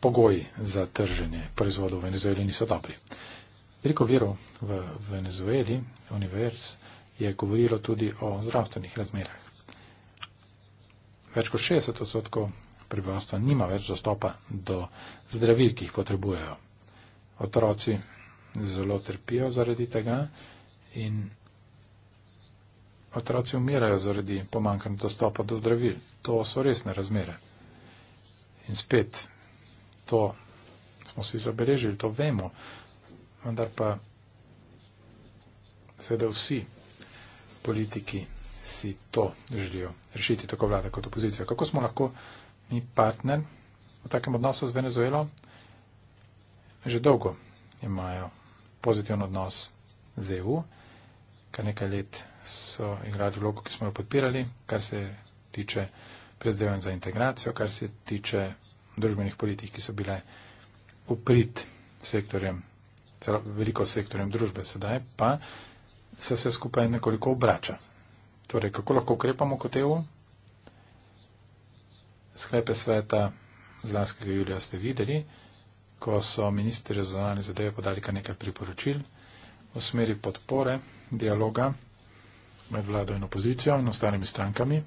pogoji za trženje proizvodov v Venezueli niso dobri. Veliko virov v Venezueli, univerz, je govorilo tudi o zdravstvenih razmerah. Več kot 60 odstotkov prebivalstva nima več dostopa do zdravil, ki jih potrebujejo. Otroci zelo trpijo zaradi tega in otroci umirajo zaradi pomankanja dostopa do zdravil. To so resne razmere. In spet, to smo si zabeležili, to vemo, vendar pa seveda vsi politiki si to želijo rešiti, tako vlada kot opozicija. Kako smo lahko mi partner v takem odnosu z Venezuelo? Že dolgo imajo pozitiven odnos z EU, kar nekaj let so igrali vlogo, ki smo jo podpirali, kar se tiče prizadevanj za integracijo, kar se tiče družbenih politik, ki so bile uprit sektorjem, celo veliko sektorjem družbe sedaj, pa se vse skupaj nekoliko obrača. Torej, kako lahko ukrepamo kot EU? Sklepe sveta z lanskega julija ste videli, ko so ministri za zonalne zadeve podali kar nekaj priporočil v smeri podpore dialoga med vlado in opozicijo in ostalimi strankami.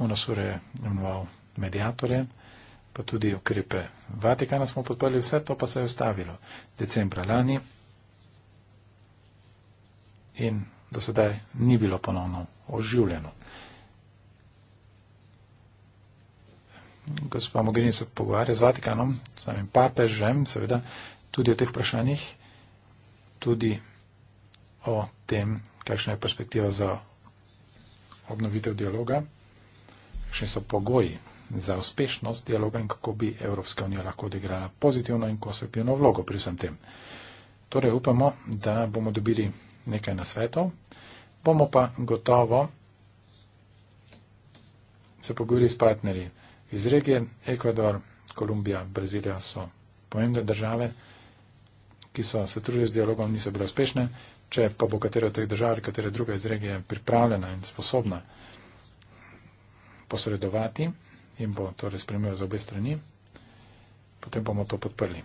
Una sure imenoval medijatorje, pa tudi ukrepe Vatikana smo podprli, vse to pa se je ustavilo decembra lani in do sedaj ni bilo ponovno oživljeno. Gospa Mogherini se pogovarja z Vatikanom, samim papežem, seveda tudi o teh vprašanjih, tudi o tem, kakšna je perspektiva za obnovitev dialoga kakšni so pogoji za uspešnost dialoga in kako bi Evropska unija lahko odigrala pozitivno in konstruktivno vlogo pri vsem tem. Torej upamo, da bomo dobili nekaj nasvetov, bomo pa gotovo se pogovorili s partnerji iz regije. Ekvador, Kolumbija, Brazilija so pomembne države, ki so se trudili z dialogom, niso bile uspešne. Če pa bo katera od teh držav ali katera druga iz regije pripravljena in sposobna, posredovati in bo torej spremljal za obe strani, potem bomo to podprli.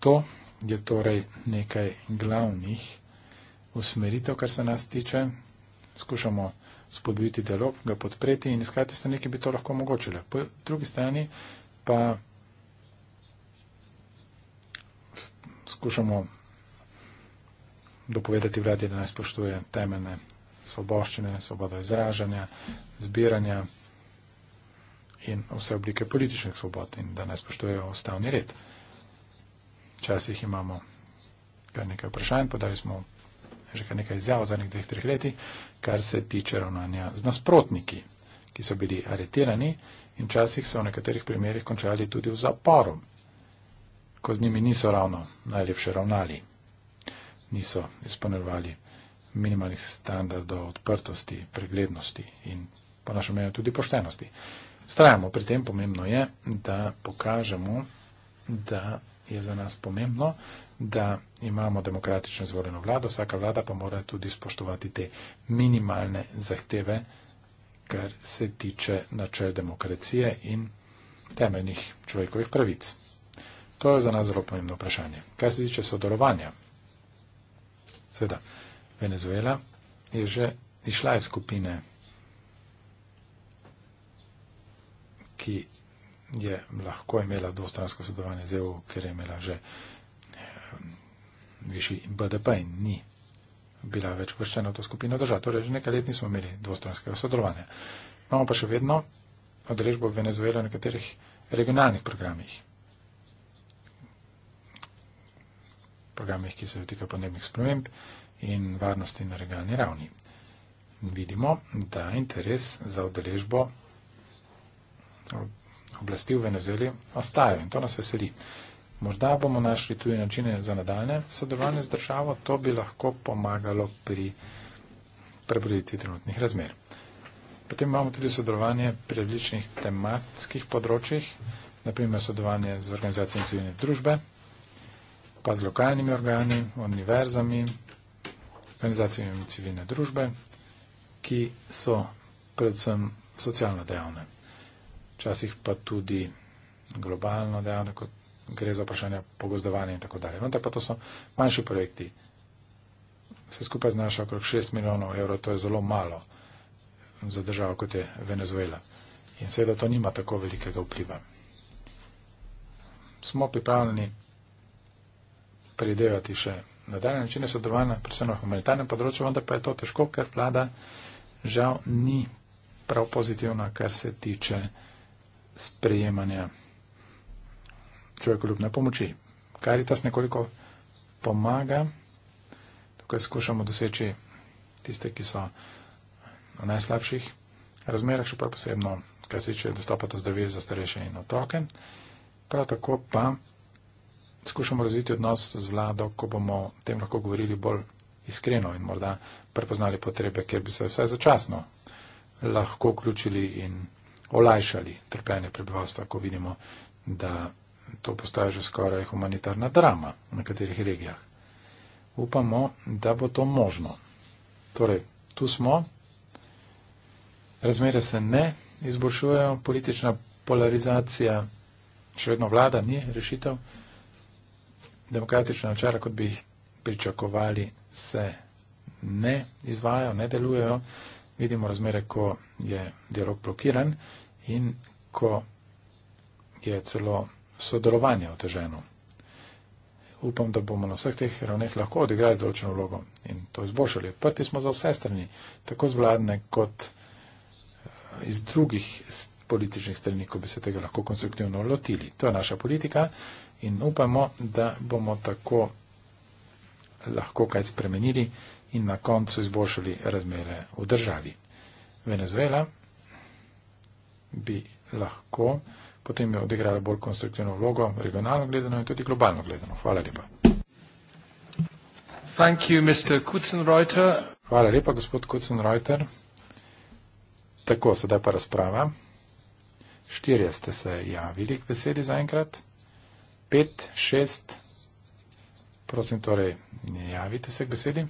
To je torej nekaj glavnih usmeritev, kar se nas tiče. Skušamo spodbiti dialog, ga podpreti in iskati strani, ki bi to lahko omogočile. Po drugi strani pa skušamo dopovedati vladi, da ne spoštuje temeljne svoboščine, svobodo izražanja, zbiranja in vse oblike političnih svobod in da ne spoštujejo ustavni red. Včasih imamo kar nekaj vprašanj, podali smo že kar nekaj izjav v zadnjih dveh, treh letih, kar se tiče ravnanja z nasprotniki, ki so bili aretirani in včasih so v nekaterih primerjih končali tudi v zaporu, ko z njimi niso ravno najlepše ravnali niso izpolnjevali minimalnih standardov odprtosti, preglednosti in po našem mnenju tudi poštenosti. Strajamo pri tem, pomembno je, da pokažemo, da je za nas pomembno, da imamo demokratično izvoljeno vlado, vsaka vlada pa mora tudi spoštovati te minimalne zahteve, kar se tiče načel demokracije in temeljnih človekovih pravic. To je za nas zelo pomembno vprašanje. Kaj se tiče sodelovanja Sveda, Venezuela je že išla iz skupine, ki je lahko imela dvostransko sodelovanje z EU, ker je imela že eh, višji BDP in ni bila več vrščena v to skupino držav. Torej, že nekaj let nismo imeli dvostranskega sodelovanja. Imamo pa še vedno odrežbo v Venezuelo v nekaterih regionalnih programih. programih, ki se vtika podnebnih sprememb in varnosti na regalni ravni. Vidimo, da interes za udeležbo oblasti v Venezueli ostaje in to nas veseli. Morda bomo našli tudi načine za nadaljne sodelovanje z državo, to bi lahko pomagalo pri prebuditvi trenutnih razmer. Potem imamo tudi sodelovanje pri različnih tematskih področjih, naprimer sodelovanje z organizacijami civilne družbe, pa z lokalnimi organi, univerzami, organizacijami civilne družbe, ki so predvsem socialno dejavne. Včasih pa tudi globalno dejavne, kot gre za vprašanje pogozdovanja in tako dalje. Vendar pa to so manjši projekti. Vse skupaj znaša okrog 6 milijonov evrov, to je zelo malo za državo, kot je Venezuela. In seveda to nima tako velikega vpliva. Smo pripravljeni predevati še nadaljne načine sodelovanja, predvsem na humanitarnem področju, vendar pa je to težko, ker vlada žal ni prav pozitivna, kar se tiče sprejemanja človekoljubne pomoči. Karitas nekoliko pomaga, tukaj skušamo doseči tiste, ki so v najslabših razmerah, še prav posebno, kar se tiče dostopa do zdravil za starejše in otroke. Prav tako pa skušamo razviti odnos z vlado, ko bomo o tem lahko govorili bolj iskreno in morda prepoznali potrebe, kjer bi se vsaj začasno lahko vključili in olajšali trpljenje prebivalstva, ko vidimo, da to postaje že skoraj humanitarna drama v nekaterih regijah. Upamo, da bo to možno. Torej, tu smo, razmere se ne izboljšujejo, politična polarizacija še vedno vlada, ni rešitev demokratična načela, kot bi pričakovali, se ne izvajo, ne delujejo. Vidimo razmere, ko je dialog blokiran in ko je celo sodelovanje oteženo. Upam, da bomo na vseh teh ravneh lahko odigrali določeno vlogo in to izboljšali. Prti smo za vse strani, tako z vladne kot eh, iz drugih političnih strani, ko bi se tega lahko konstruktivno lotili. To je naša politika in upamo, da bomo tako lahko kaj spremenili in na koncu izboljšali razmere v državi. Venezuela bi lahko potem odigrala bolj konstruktivno vlogo, regionalno gledano in tudi globalno gledano. Hvala lepa. You, Hvala lepa, gospod Kucenreuter. Tako, sedaj pa razprava. Štirje ste se javili k besedi zaenkrat. 5, 6, prosim, torej, ne javite se k besedi.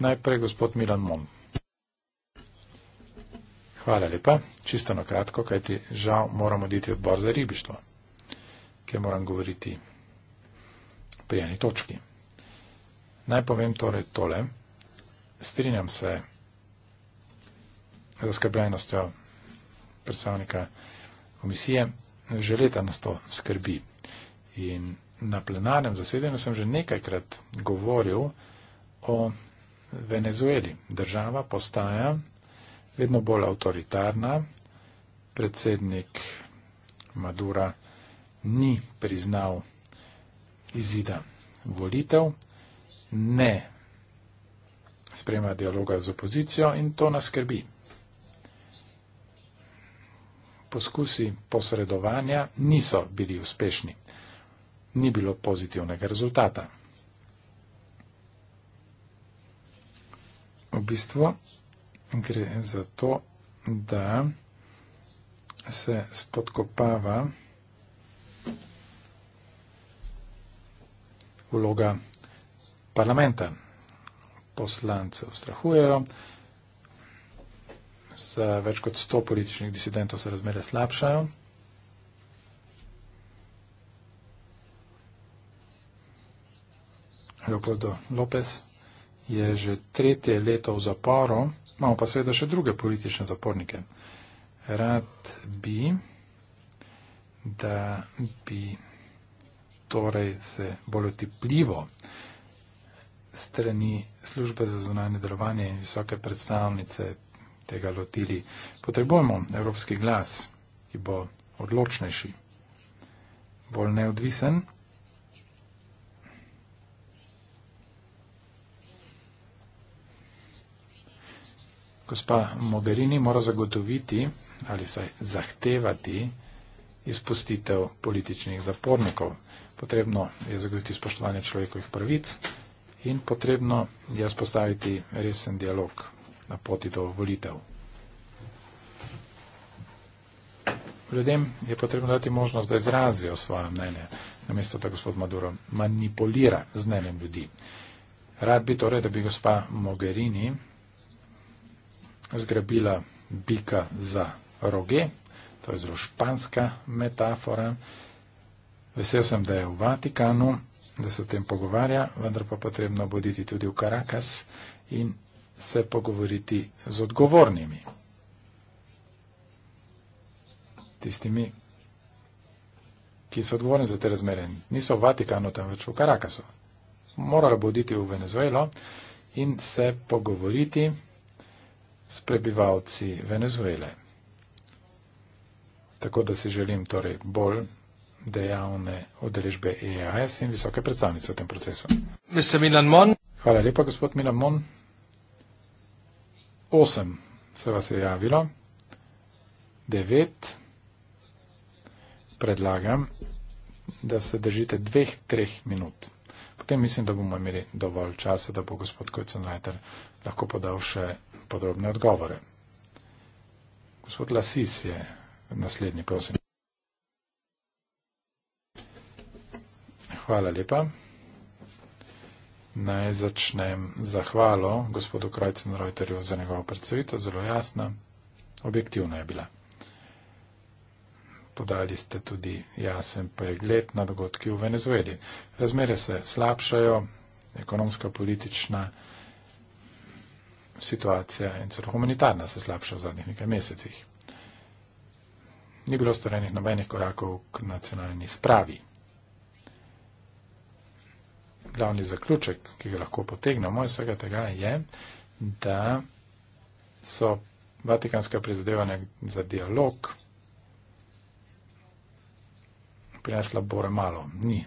Najprej gospod Milan Mon. Hvala lepa, čisto na kratko, kajti žal moram oditi v odbor za ribištvo, ker moram govoriti pri eni točki. Naj povem torej tole, strinjam se z zaskrbljenostjo predstavnika komisije, že leta nas to skrbi. In na plenarnem zasedanju sem že nekajkrat govoril o Venezueli. Država postaja vedno bolj avtoritarna, predsednik Madura ni priznal izida volitev, ne sprema dialoga z opozicijo in to nas skrbi poskusi posredovanja niso bili uspešni. Ni bilo pozitivnega rezultata. V bistvu gre za to, da se spodkopava vloga parlamenta. Poslance ustrahujejo, z več kot 100 političnih disidentov se razmere slabšajo. Leopoldo Lopez je že tretje leto v zaporu, imamo pa seveda še druge politične zapornike. Rad bi, da bi torej se bolj otipljivo strani službe za zunanje delovanje in visoke predstavnice tega lotili. Potrebujemo evropski glas, ki bo odločnejši, bolj neodvisen. Gospa Mogherini mora zagotoviti ali saj zahtevati izpustitev političnih zapornikov. Potrebno je zagotoviti spoštovanje človekovih pravic in potrebno je spostaviti resen dialog na poti do volitev. Ljudem je potrebno dati možnost, da izrazijo svoje mnenje, namesto da gospod Maduro manipulira z mnenjem ljudi. Rad bi torej, da bi gospa Mogherini zgrabila bika za roge, to je zelo španska metafora. Vesel sem, da je v Vatikanu, da se o tem pogovarja, vendar pa potrebno boditi tudi v Karakas in se pogovoriti z odgovornimi. Tistimi, ki so odgovorni za te razmere, niso v Vatikanu, temveč v Karakasu. Morala bo oditi v Venezuelo in se pogovoriti s prebivalci Venezuele. Tako da si želim torej bolj dejavne odrežbe EAS in visoke predstavnice v tem procesu. Hvala lepa, gospod Milan Mon. 8 se vas je javilo, 9 predlagam, da se držite 2-3 minut. Potem mislim, da bomo imeli dovolj časa, da bo gospod Kojcenrajter lahko podal še podrobne odgovore. Gospod Lasis je naslednji, prosim. Hvala lepa naj začnem zahvalo gospodu Krajcen Reuterju za njegovo predstavitev, zelo jasna, objektivna je bila. Podali ste tudi jasen pregled na dogodki v Venezueli. Razmere se slabšajo, ekonomska, politična situacija in celo humanitarna se slabša v zadnjih nekaj mesecih. Ni bilo storenih nobenih korakov k nacionalni spravi glavni zaključek, ki ga lahko potegnemo iz vsega tega, je, da so vatikanska prizadevanja za dialog prinesla bore malo, ni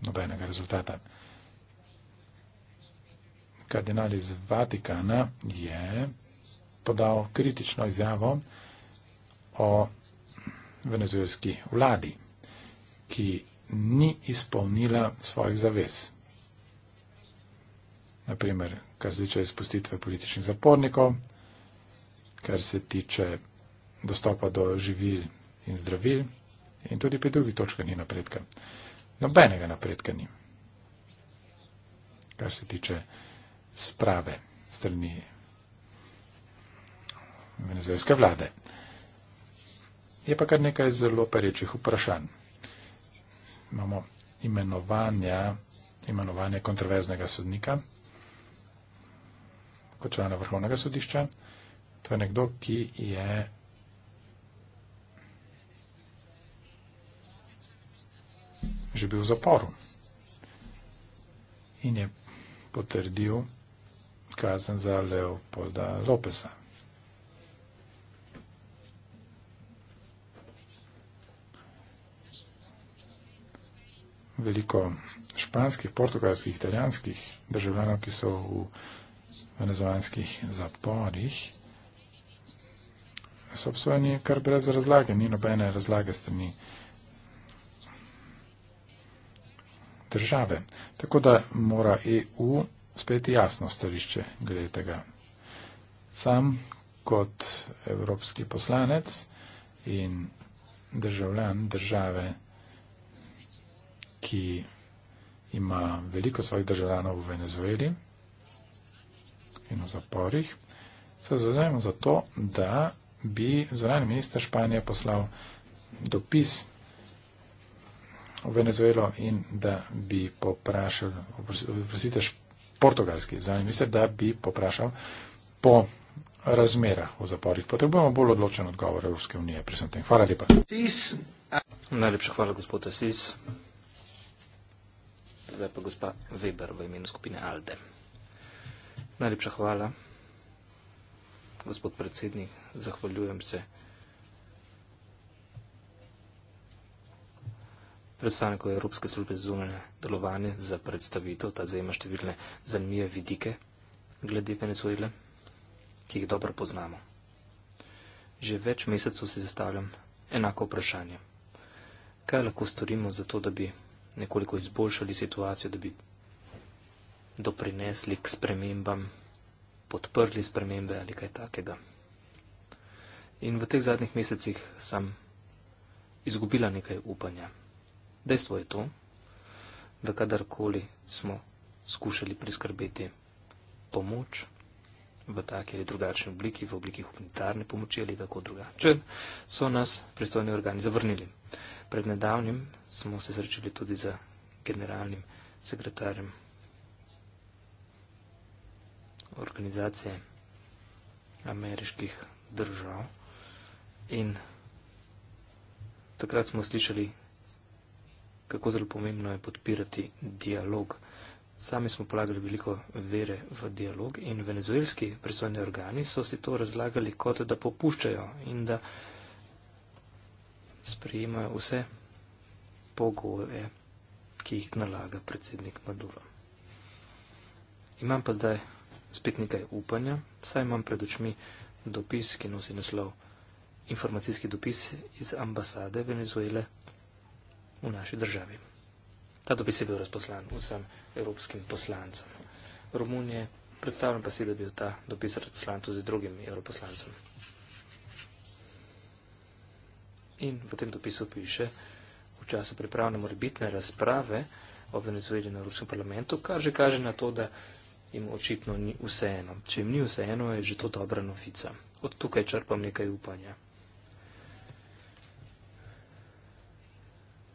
nobenega rezultata. Kardinal iz Vatikana je podal kritično izjavo o venezuelski vladi, ki ni izpolnila svojih zavez. Naprimer, kar se tiče izpustitve političnih zapornikov, kar se tiče dostopa do živil in zdravil in tudi pri drugih točkah ni napredka. Nobenega napredka ni, kar se tiče sprave strani venezuelske vlade. Je pa kar nekaj zelo perečih vprašanj imamo imenovanja, imenovanje kontroverznega sodnika kot člana vrhovnega sodišča. To je nekdo, ki je že bil v zaporu in je potrdil kazen za Leopolda Lopesa. veliko španskih, portugalskih, italijanskih državljanov, ki so v venezuelanskih zaporih, so obsojeni kar brez razlage, ni nobene razlage strani države. Tako da mora EU spet jasno stališče glede tega. Sam kot evropski poslanec in državljan države ki ima veliko svojih državljanov v Venezueli in v zaporih, se zazvemo za to, da bi zvonani minister Španije poslal dopis v Venezuelo in da bi poprašal, oprosite, portugalski zvonani minister, da bi poprašal po razmerah v zaporih. Potrebujemo bolj odločen odgovor Evropske unije. Hvala lepa. Najlepša hvala, gospod Asis zdaj pa gospa Weber v imenu skupine Alde. Najlepša hvala, gospod predsednik, zahvaljujem se predstavniku Evropske službe zunanje delovanje za predstavitev, ta zajema številne zanimive vidike glede Venezuele, ki jih dobro poznamo. Že več mesecev si zastavljam enako vprašanje. Kaj lahko storimo za to, da bi nekoliko izboljšali situacijo, da bi doprinesli k spremembam, podprli spremembe ali kaj takega. In v teh zadnjih mesecih sem izgubila nekaj upanja. Dejstvo je to, da kadarkoli smo skušali priskrbeti pomoč v taki ali drugačni obliki, v obliki humanitarne pomoči ali tako drugače, so nas pristojni organi zavrnili. Pred nedavnim smo se srečili tudi z generalnim sekretarjem organizacije ameriških držav in takrat smo slišali, kako zelo pomembno je podpirati dialog. Sami smo polagali veliko vere v dialog in venezuelski presojni organi so si to razlagali kot, da popuščajo in da sprejemajo vse pogoje, ki jih nalaga predsednik Maduro. Imam pa zdaj spet nekaj upanja, saj imam pred očmi dopis, ki nosi naslov informacijski dopis iz ambasade Venezuele v naši državi. Ta dopis je bil razposlan vsem evropskim poslancem Romunije, predstavljam pa si, da bi bil ta dopis razposlan tudi drugim evroposlancem. In v tem dopisu piše, v času pripravne morebitne razprave o Venezueli na Evropskem parlamentu, kar že kaže na to, da jim očitno ni vseeno. Če jim ni vseeno, je že to dobra novica. Od tukaj črpam nekaj upanja.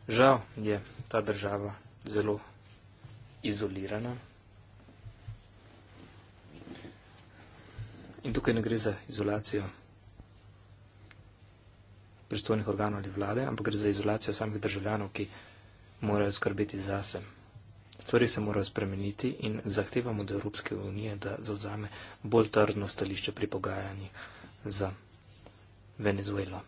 Žal je ta država zelo izolirana. In tukaj ne gre za izolacijo pristojnih organov ali vlade, ampak gre za izolacijo samih državljanov, ki morajo skrbeti zase. Stvari se morajo spremeniti in zahtevamo od Evropske unije, da zauzame bolj trdno stališče pri pogajanji za Venezuelo.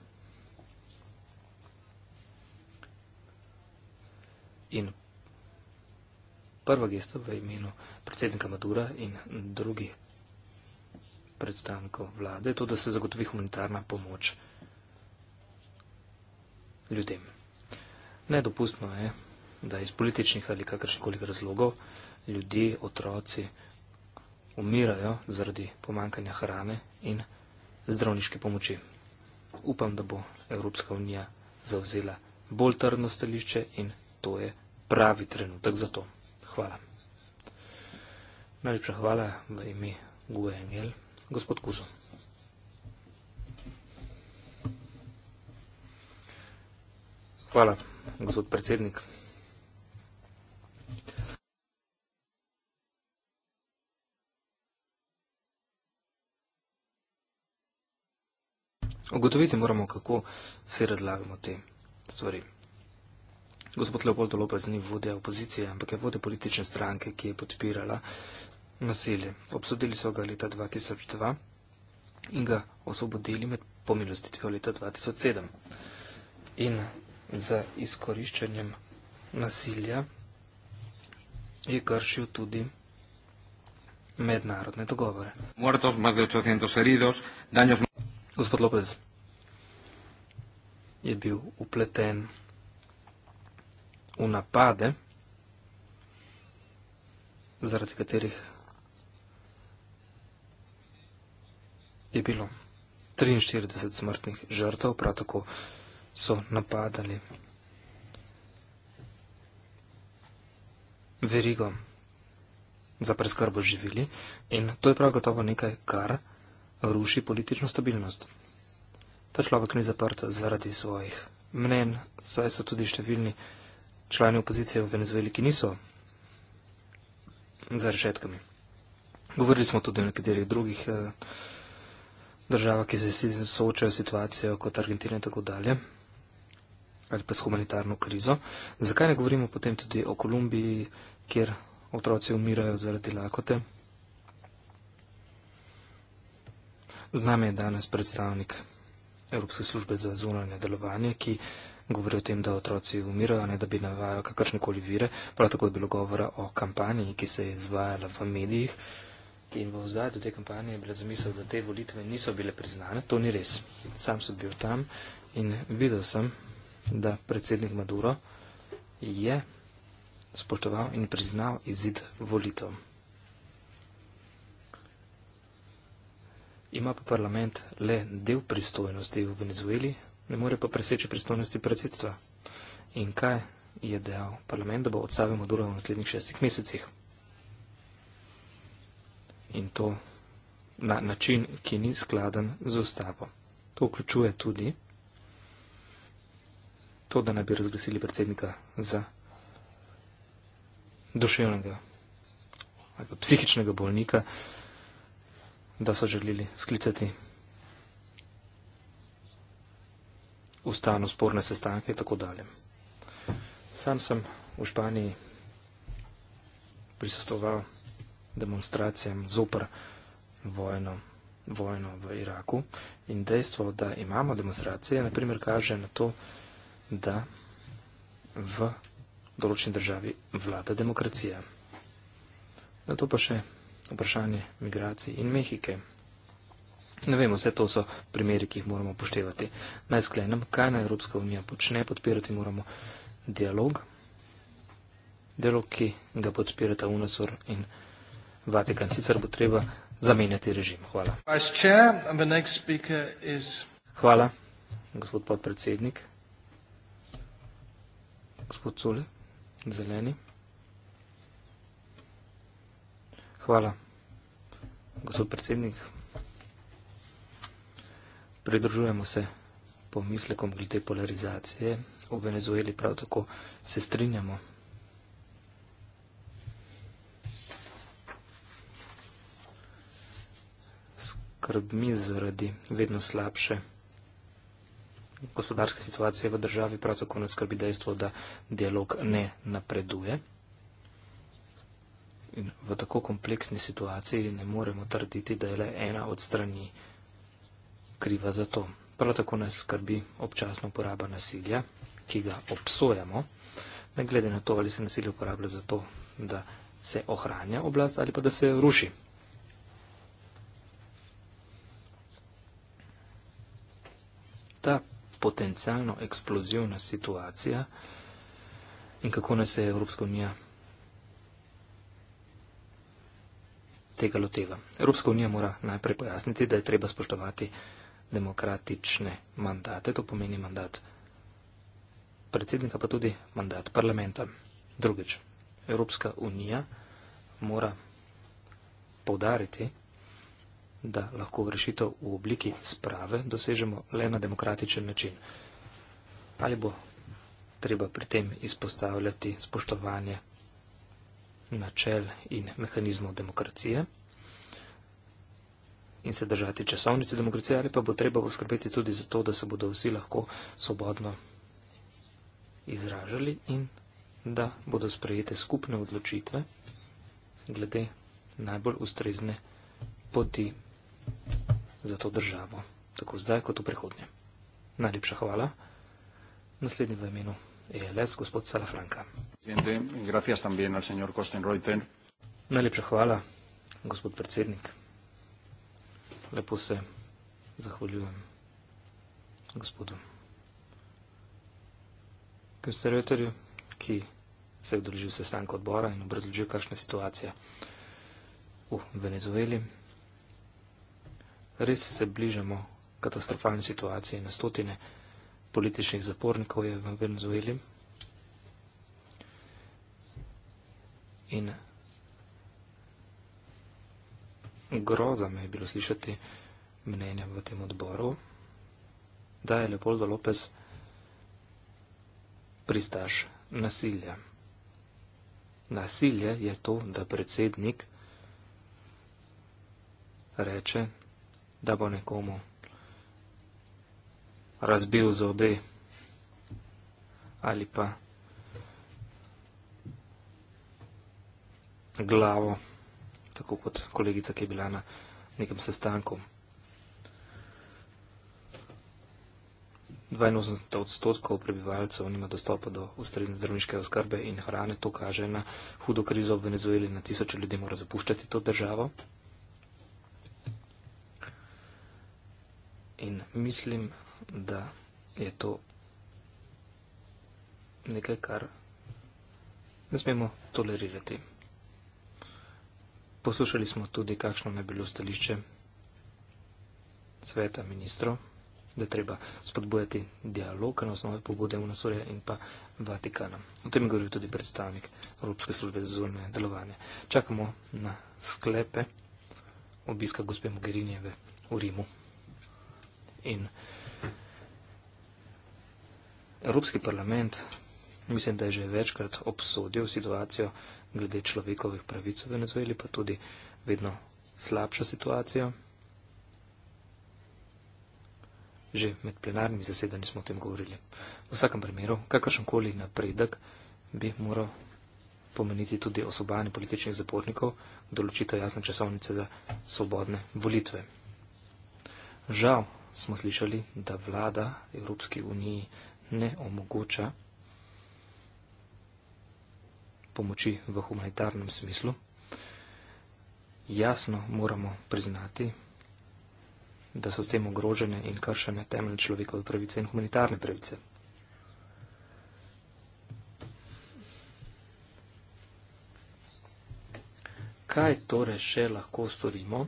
In prva gesta v imenu predsednika Madura in drugih predstavnikov vlade je to, da se zagotovi humanitarna pomoč ljudem. Nedopustno je, da iz političnih ali kakršnikoli razlogov ljudje, otroci umirajo zaradi pomankanja hrane in zdravniške pomoči. Upam, da bo Evropska unija zavzela bolj trdno stališče in to je pravi trenutek za to. Hvala. Najlepša hvala v ime Gue Engel, gospod Kuzo. Hvala, gospod predsednik. Ogotoviti moramo, kako se razlagamo te stvari. Gospod Leopoldo Lopez ni vodja opozicije, ampak je vodja politične stranke, ki je podpirala nasilje. Obsodili so ga leta 2002 in ga osvobodili med pomilostitvijo leta 2007. In z izkoriščanjem nasilja, je kršil tudi mednarodne dogovore. Muertos, más de 800 heridos, daños... No- Gospod Lopez je bil upleten v napade, zaradi katerih je bilo 43 smrtnih žrtev, prav tako so napadali. Verigo za preskrbo živili in to je prav gotovo nekaj, kar ruši politično stabilnost. Ta človek ni zaprt zaradi svojih mnen, saj so tudi številni člani opozicije v Venezueli, ki niso za rešetkami. Govorili smo tudi o nekaterih drugih eh, državah, ki se soočajo s situacijo kot Argentina in tako dalje ali pa s humanitarno krizo. Zakaj ne govorimo potem tudi o Kolumbiji, kjer otroci umirajo zaradi lakote? Z nami je danes predstavnik Evropske službe za zunanje delovanje, ki govori o tem, da otroci umirajo, ne da bi navajal kakršne koli vire. Prav tako je bilo govora o kampanji, ki se je izvajala v medijih. In v ozadju te kampanje je bila zamisel, da te volitve niso bile priznane. To ni res. Sam sem bil tam in videl sem, da predsednik Maduro je spoštoval in priznal izid volitev. Ima pa parlament le del pristojnosti v Venezueli, ne more pa preseči pristojnosti predsedstva. In kaj je dejal parlament, da bo odstavil Maduro v naslednjih šestih mesecih? In to na način, ki ni skladen z ustavo. To vključuje tudi to, da naj bi razglasili predsednika za duševnega ali pa psihičnega bolnika, da so želeli sklicati ustavno sporne sestanke in tako dalje. Sam sem v Španiji prisostoval demonstracijam zopr vojno, vojno v Iraku in dejstvo, da imamo demonstracije, naprimer kaže na to, da da v določeni državi vlada demokracija. Na to pa še vprašanje migracij in Mehike. Ne vem, vse to so primeri, ki jih moramo poštevati. Naj sklenem, kaj na Evropska unija počne, podpirati moramo dialog. Dialog, ki ga podpirata UNESOR in Vatikan. Sicer bo treba zamenjati režim. Hvala. Hvala, gospod podpredsednik gospod Cule, zeleni. Hvala, gospod predsednik. Pridružujemo se pomislekom glede polarizacije. V Venezueli prav tako se strinjamo. Skrbmi zaradi vedno slabše gospodarske situacije v državi, prav tako ne skrbi dejstvo, da dialog ne napreduje. In v tako kompleksni situaciji ne moremo trditi, da je le ena od strani kriva za to. Prav tako nas skrbi občasno uporaba nasilja, ki ga obsojamo, ne glede na to, ali se nasilje uporablja za to, da se ohranja oblast ali pa da se ruši. Ta potencijalno eksplozivna situacija in kako naj se Evropska unija tega loteva. Evropska unija mora najprej pojasniti, da je treba spoštovati demokratične mandate, to pomeni mandat predsednika, pa tudi mandat parlamenta. Drugič, Evropska unija mora povdariti, da lahko rešitev v obliki sprave dosežemo le na demokratičen način. Ali bo treba pri tem izpostavljati spoštovanje načel in mehanizmov demokracije in se držati časovnice demokracije, ali pa bo treba poskrbeti tudi za to, da se bodo vsi lahko svobodno izražali in da bodo sprejete skupne odločitve glede najbolj ustrezne poti za to državo, tako zdaj kot v prihodnje. Najlepša hvala. Naslednji v imenu ELS, gospod Salafranka. Najlepša hvala, gospod predsednik. Lepo se zahvaljujem gospodu Kosterjeterju, ki se je odložil sestanka odbora in obrazložil, kakšna je situacija v Venezueli. Res se bližamo katastrofalni situaciji. Na stotine političnih zapornikov je v Venezueli. In groza me je bilo slišati mnenja v tem odboru, da je Leopoldo Lopez pristaš nasilja. Nasilje je to, da predsednik reče, da bo nekomu razbil zobe ali pa glavo, tako kot kolegica, ki je bila na nekem sestanku. 82 odstotkov prebivalcev nima dostopa do ustrezne zdravniške oskrbe in hrane, to kaže na hudo krizo v Venezueli, na tisoče ljudi mora zapuščati to državo. in mislim, da je to nekaj, kar ne smemo tolerirati. Poslušali smo tudi, kakšno naj bilo stališče sveta ministrov, da treba spodbujati dialog na osnovi pobude UNASURja in pa Vatikana. O tem je govoril tudi predstavnik Evropske službe za zunanje delovanje. Čakamo na sklepe obiska gospe Mogherinijeve v Rimu in Evropski parlament mislim, da je že večkrat obsodil situacijo glede človekovih pravic v Venezueli, pa tudi vedno slabšo situacijo. Že med plenarnimi zasedanji smo o tem govorili. V vsakem primeru, kakršenkoli napredek bi moral pomeniti tudi osobanje političnih zapornikov, določitev jasne časovnice za svobodne volitve. Žal, smo slišali, da vlada Evropski uniji ne omogoča pomoči v humanitarnem smislu. Jasno moramo priznati, da so s tem ogrožene in kršene temeljne človekove pravice in humanitarne pravice. Kaj torej še lahko storimo?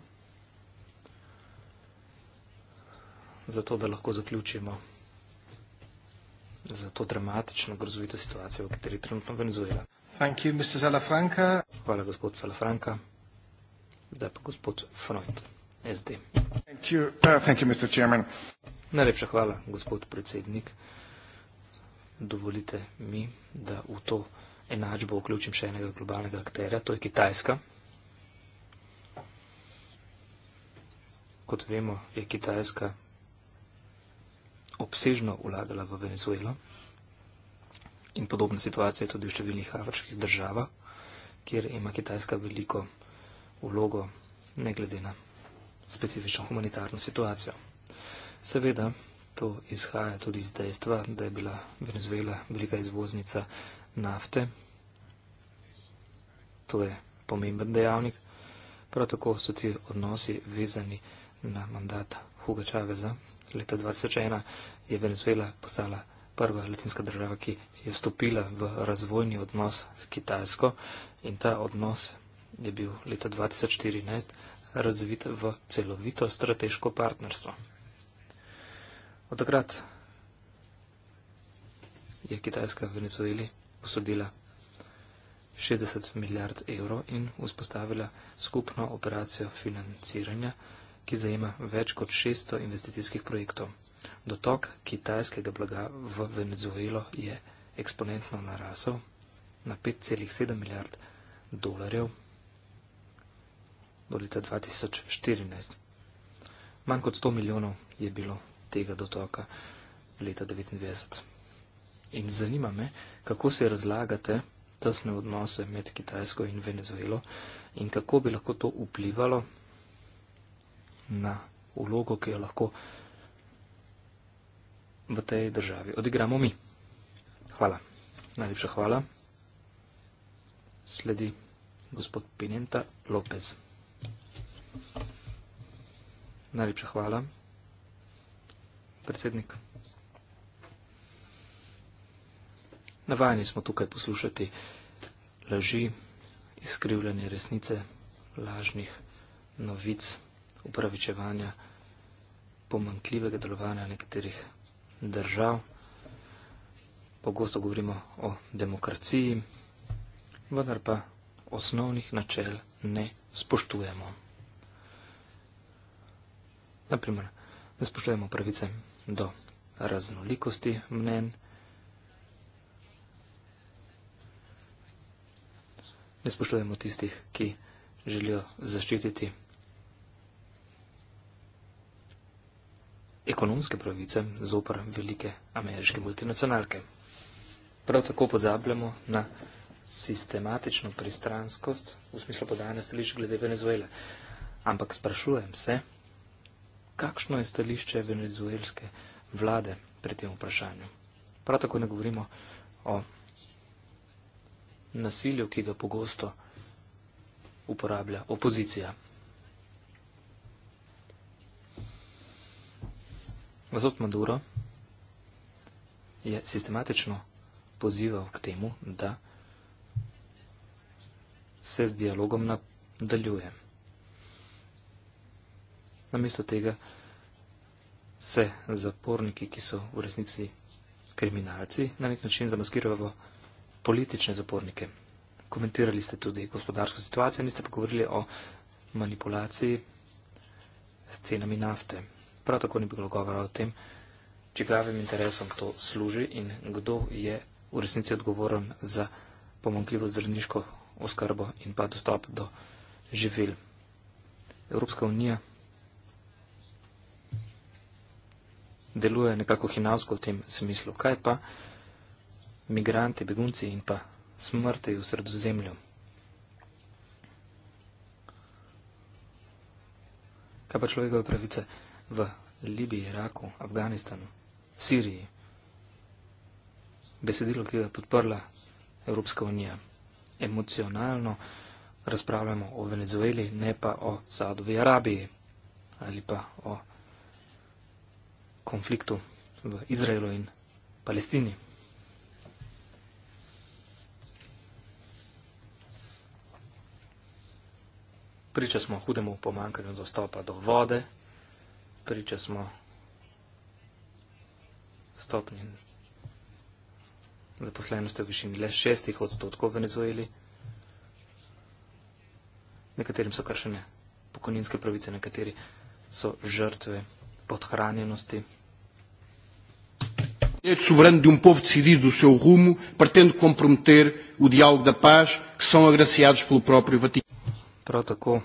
zato da lahko zaključimo za to dramatično, grozovito situacijo, v kateri trenutno Venezuela. Thank you, Mr. Salafranca. Hvala, gospod Salafranca. Zdaj pa gospod Freund, SD. Thank you, uh, thank you, Mr. Chairman. Najlepša hvala, gospod predsednik. Dovolite mi, da v to enačbo vključim še enega globalnega akterja, to je Kitajska. Kot vemo, je Kitajska obsežno vlagala v Venezuelo in podobna situacija je tudi v številnih afriških državah, kjer ima Kitajska veliko vlogo, ne glede na specifično humanitarno situacijo. Seveda, to izhaja tudi iz dejstva, da je bila Venezuela velika izvoznica nafte. To je pomemben dejavnik. Prav tako so ti odnosi vezani na mandat Huga Čaveza, leta 2001 je Venezuela postala prva latinska država, ki je vstopila v razvojni odnos s Kitajsko in ta odnos je bil leta 2014 razvit v celovito strateško partnerstvo. Od takrat je Kitajska Venezueli posodila 60 milijard evrov in vzpostavila skupno operacijo financiranja ki zajema več kot 600 investicijskih projektov. Dotok kitajskega blaga v Venezuelo je eksponentno narasel na 5,7 milijard dolarjev do leta 2014. Manj kot 100 milijonov je bilo tega dotoka leta 1999. In zanima me, kako se razlagate tesne odnose med Kitajsko in Venezuelo in kako bi lahko to vplivalo na vlogo, ki jo lahko v tej državi odigramo mi. Hvala. Najlepša hvala. Sledi gospod Pinenta Lopez. Najlepša hvala. Predsednik. Navajeni smo tukaj poslušati laži, izkrivljanje resnice, lažnih novic upravičevanja pomankljivega delovanja nekaterih držav. Pogosto govorimo o demokraciji, vendar pa osnovnih načel ne spoštujemo. Naprimer, ne spoštujemo pravice do raznolikosti mnen, ne spoštujemo tistih, ki želijo zaščititi ekonomske pravice zopr velike ameriške multinacionalke. Prav tako pozabljamo na sistematično pristranskost v smislu podajanja stališča glede Venezuele. Ampak sprašujem se, kakšno je stališče venezuelske vlade pri tem vprašanju. Prav tako ne govorimo o nasilju, ki ga pogosto uporablja opozicija. Gospod Maduro je sistematično pozival k temu, da se z dialogom nadaljuje. Namesto tega se zaporniki, ki so v resnici kriminalci, na nek način zamaskirajo politične zapornike. Komentirali ste tudi gospodarsko situacijo, niste pa govorili o manipulaciji s cenami nafte prav tako ni bilo govora o tem, čigavim interesom to služi in kdo je v resnici odgovoren za pomankljivo zdravniško oskrbo in pa dostop do živil. Evropska unija deluje nekako hinavsko v tem smislu. Kaj pa migranti, begunci in pa smrti v sredozemlju? Kaj pa človekove pravice? v Libiji, Iraku, Afganistanu, Siriji. Besedilo, ki ga je podprla Evropska unija. Emocionalno razpravljamo o Venezueli, ne pa o Saudovi Arabiji ali pa o konfliktu v Izraelu in Palestini. Priča smo hudemu pomankanju dostopa do vode, priča smo stopnji zaposlenosti v višini le šestih odstotkov v Venezueli. Nekaterim so kršene pokojninske pravice, nekateri so žrtve podhranjenosti. É soberano de um povo decidido o seu rumo, pretende comprometer o diálogo da paz, que são agraciados pelo próprio Vaticano. Pronto,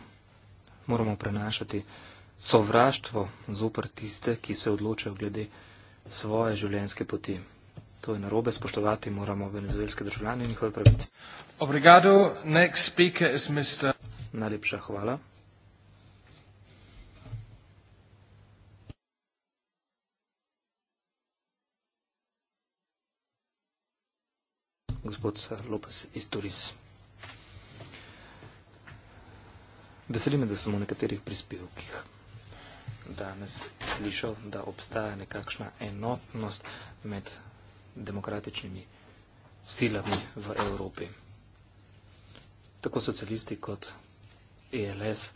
moramos prenaixar-te sovraštvo zoper tiste, ki se odločajo glede svoje življenjske poti. To je narobe, spoštovati moramo venezuelske državljane in njihove pravice. Obrigado, next speaker is Mr. Najlepša hvala. Gospod Lopez iz Turis. Veseli me, da sem v nekaterih prispevkih danes slišal, da obstaja nekakšna enotnost med demokratičnimi silami v Evropi. Tako socialisti kot ELS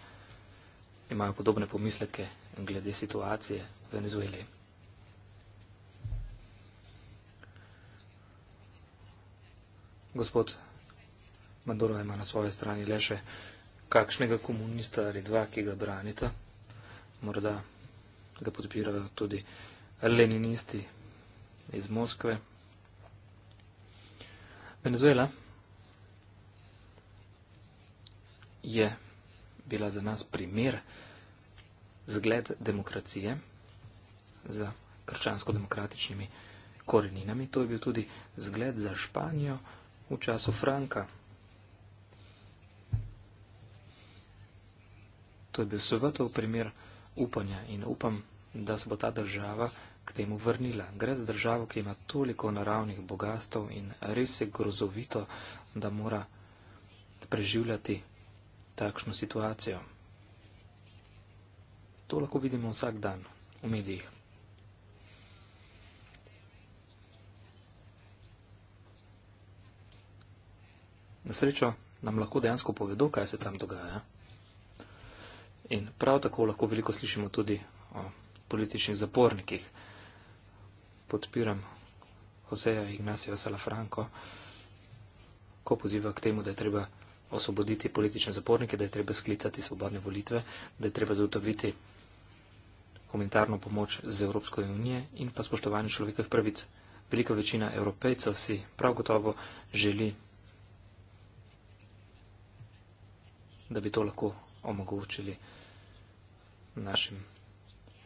imajo podobne pomisleke glede situacije v Venezueli. Gospod Maduro ima na svoje strani le še kakšnega komunista ali dva, ki ga branita morda ga podpirajo tudi leninisti iz Moskve. Venezuela je bila za nas primer zgled demokracije za krščansko-demokratičnimi koreninami. To je bil tudi zgled za Španijo v času Franka. To je bil svetov primer demokracije upanja in upam, da se bo ta država k temu vrnila. Gre za državo, ki ima toliko naravnih bogastov in res je grozovito, da mora preživljati takšno situacijo. To lahko vidimo vsak dan v medijih. Na srečo nam lahko dejansko povedo, kaj se tam dogaja. In prav tako lahko veliko slišimo tudi o političnih zapornikih. Podpiram Joseja Ignacija Salafranco, ko poziva k temu, da je treba osvoboditi politične zapornike, da je treba sklicati svobodne volitve, da je treba zagotoviti komentarno pomoč z Evropsko unije in pa spoštovanje človekovih pravic. Velika večina evropejcev si prav gotovo želi, da bi to lahko omogočili našim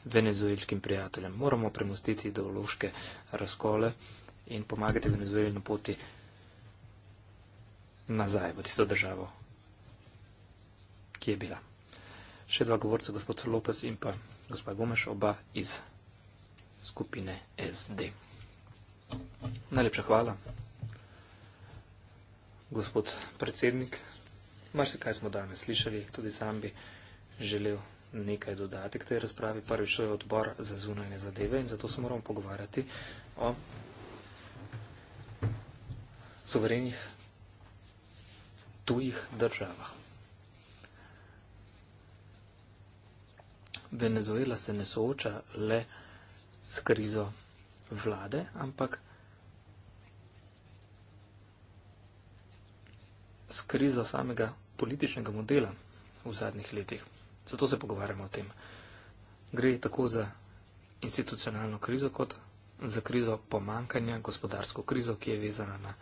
venezuelskim prijateljem. Moramo premustiti ideološke razkole in pomagati Venezueli na poti nazaj v tisto državo, ki je bila. Še dva govorca, gospod Lopez in pa gospod Gomeš, oba iz skupine SD. Najlepša hvala, gospod predsednik. Mar se kaj smo danes slišali, tudi sam bi želel nekaj dodati k tej razpravi. Prvič, to je odbor za zunanje zadeve in zato se moramo pogovarjati o soverenih tujih državah. Venezuela se ne sooča le s krizo vlade, ampak s krizo samega političnega modela v zadnjih letih. Zato se pogovarjamo o tem. Gre tako za institucionalno krizo, kot za krizo pomankanja, gospodarsko krizo, ki je vezana na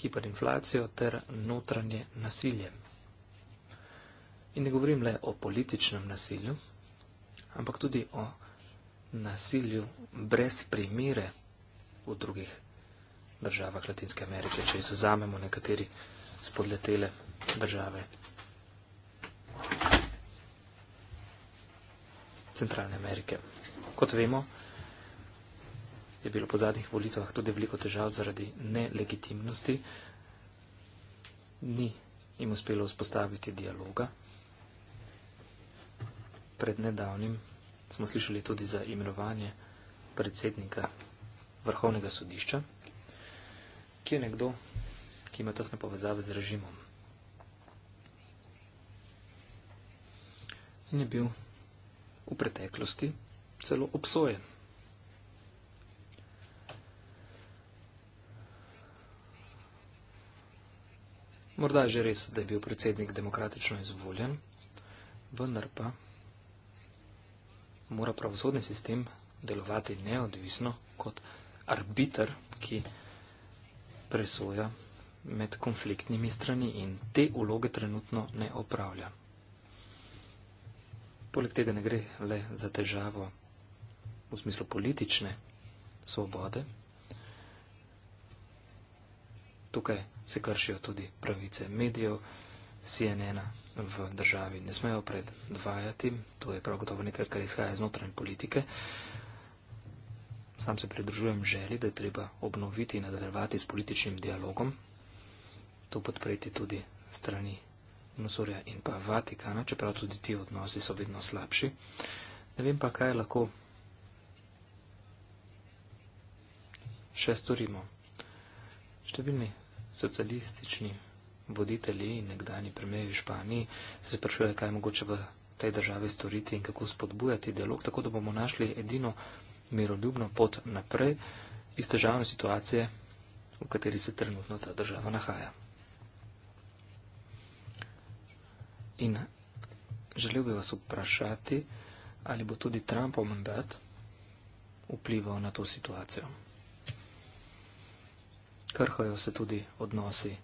hiperinflacijo ter notranje nasilje. In ne govorim le o političnem nasilju, ampak tudi o nasilju brez primere v drugih državah Latinske Amerike, če izuzamemo nekateri spodletele države. Thank you. Centralne Amerike. Kot vemo, je bilo po zadnjih volitvah tudi veliko težav zaradi nelegitimnosti. Ni jim uspelo vzpostaviti dialoga. Pred nedavnim smo slišali tudi za imenovanje predsednika Vrhovnega sodišča, ki je nekdo, ki ima tesne povezave z režimom. In je bil v preteklosti celo obsojen. Morda je že res, da je bil predsednik demokratično izvoljen, vendar pa mora pravosodni sistem delovati neodvisno kot arbiter, ki presoja med konfliktnimi strani in te uloge trenutno ne opravlja. Poleg tega ne gre le za težavo v smislu politične svobode. Tukaj se kršijo tudi pravice medijev, CNN -a v državi ne smejo predvajati, to je prav gotovo nekaj, kar izhaja znotraj politike. Sam se pridružujem želi, da je treba obnoviti in nadaljevati s političnim dialogom, to podpreti tudi strani Mazurja in pa Vatikana, čeprav tudi ti odnosi so vedno slabši. Ne vem pa, kaj lahko še storimo. Številni socialistični voditelji in nekdani premijer v Španiji se sprašujejo, kaj je mogoče v tej državi storiti in kako spodbujati dialog, tako da bomo našli edino miroljubno pot naprej iz težavne situacije, v kateri se trenutno ta država nahaja. In želel bi vas vprašati, ali bo tudi Trumpov mandat vplival na to situacijo. Krhajo se tudi odnosi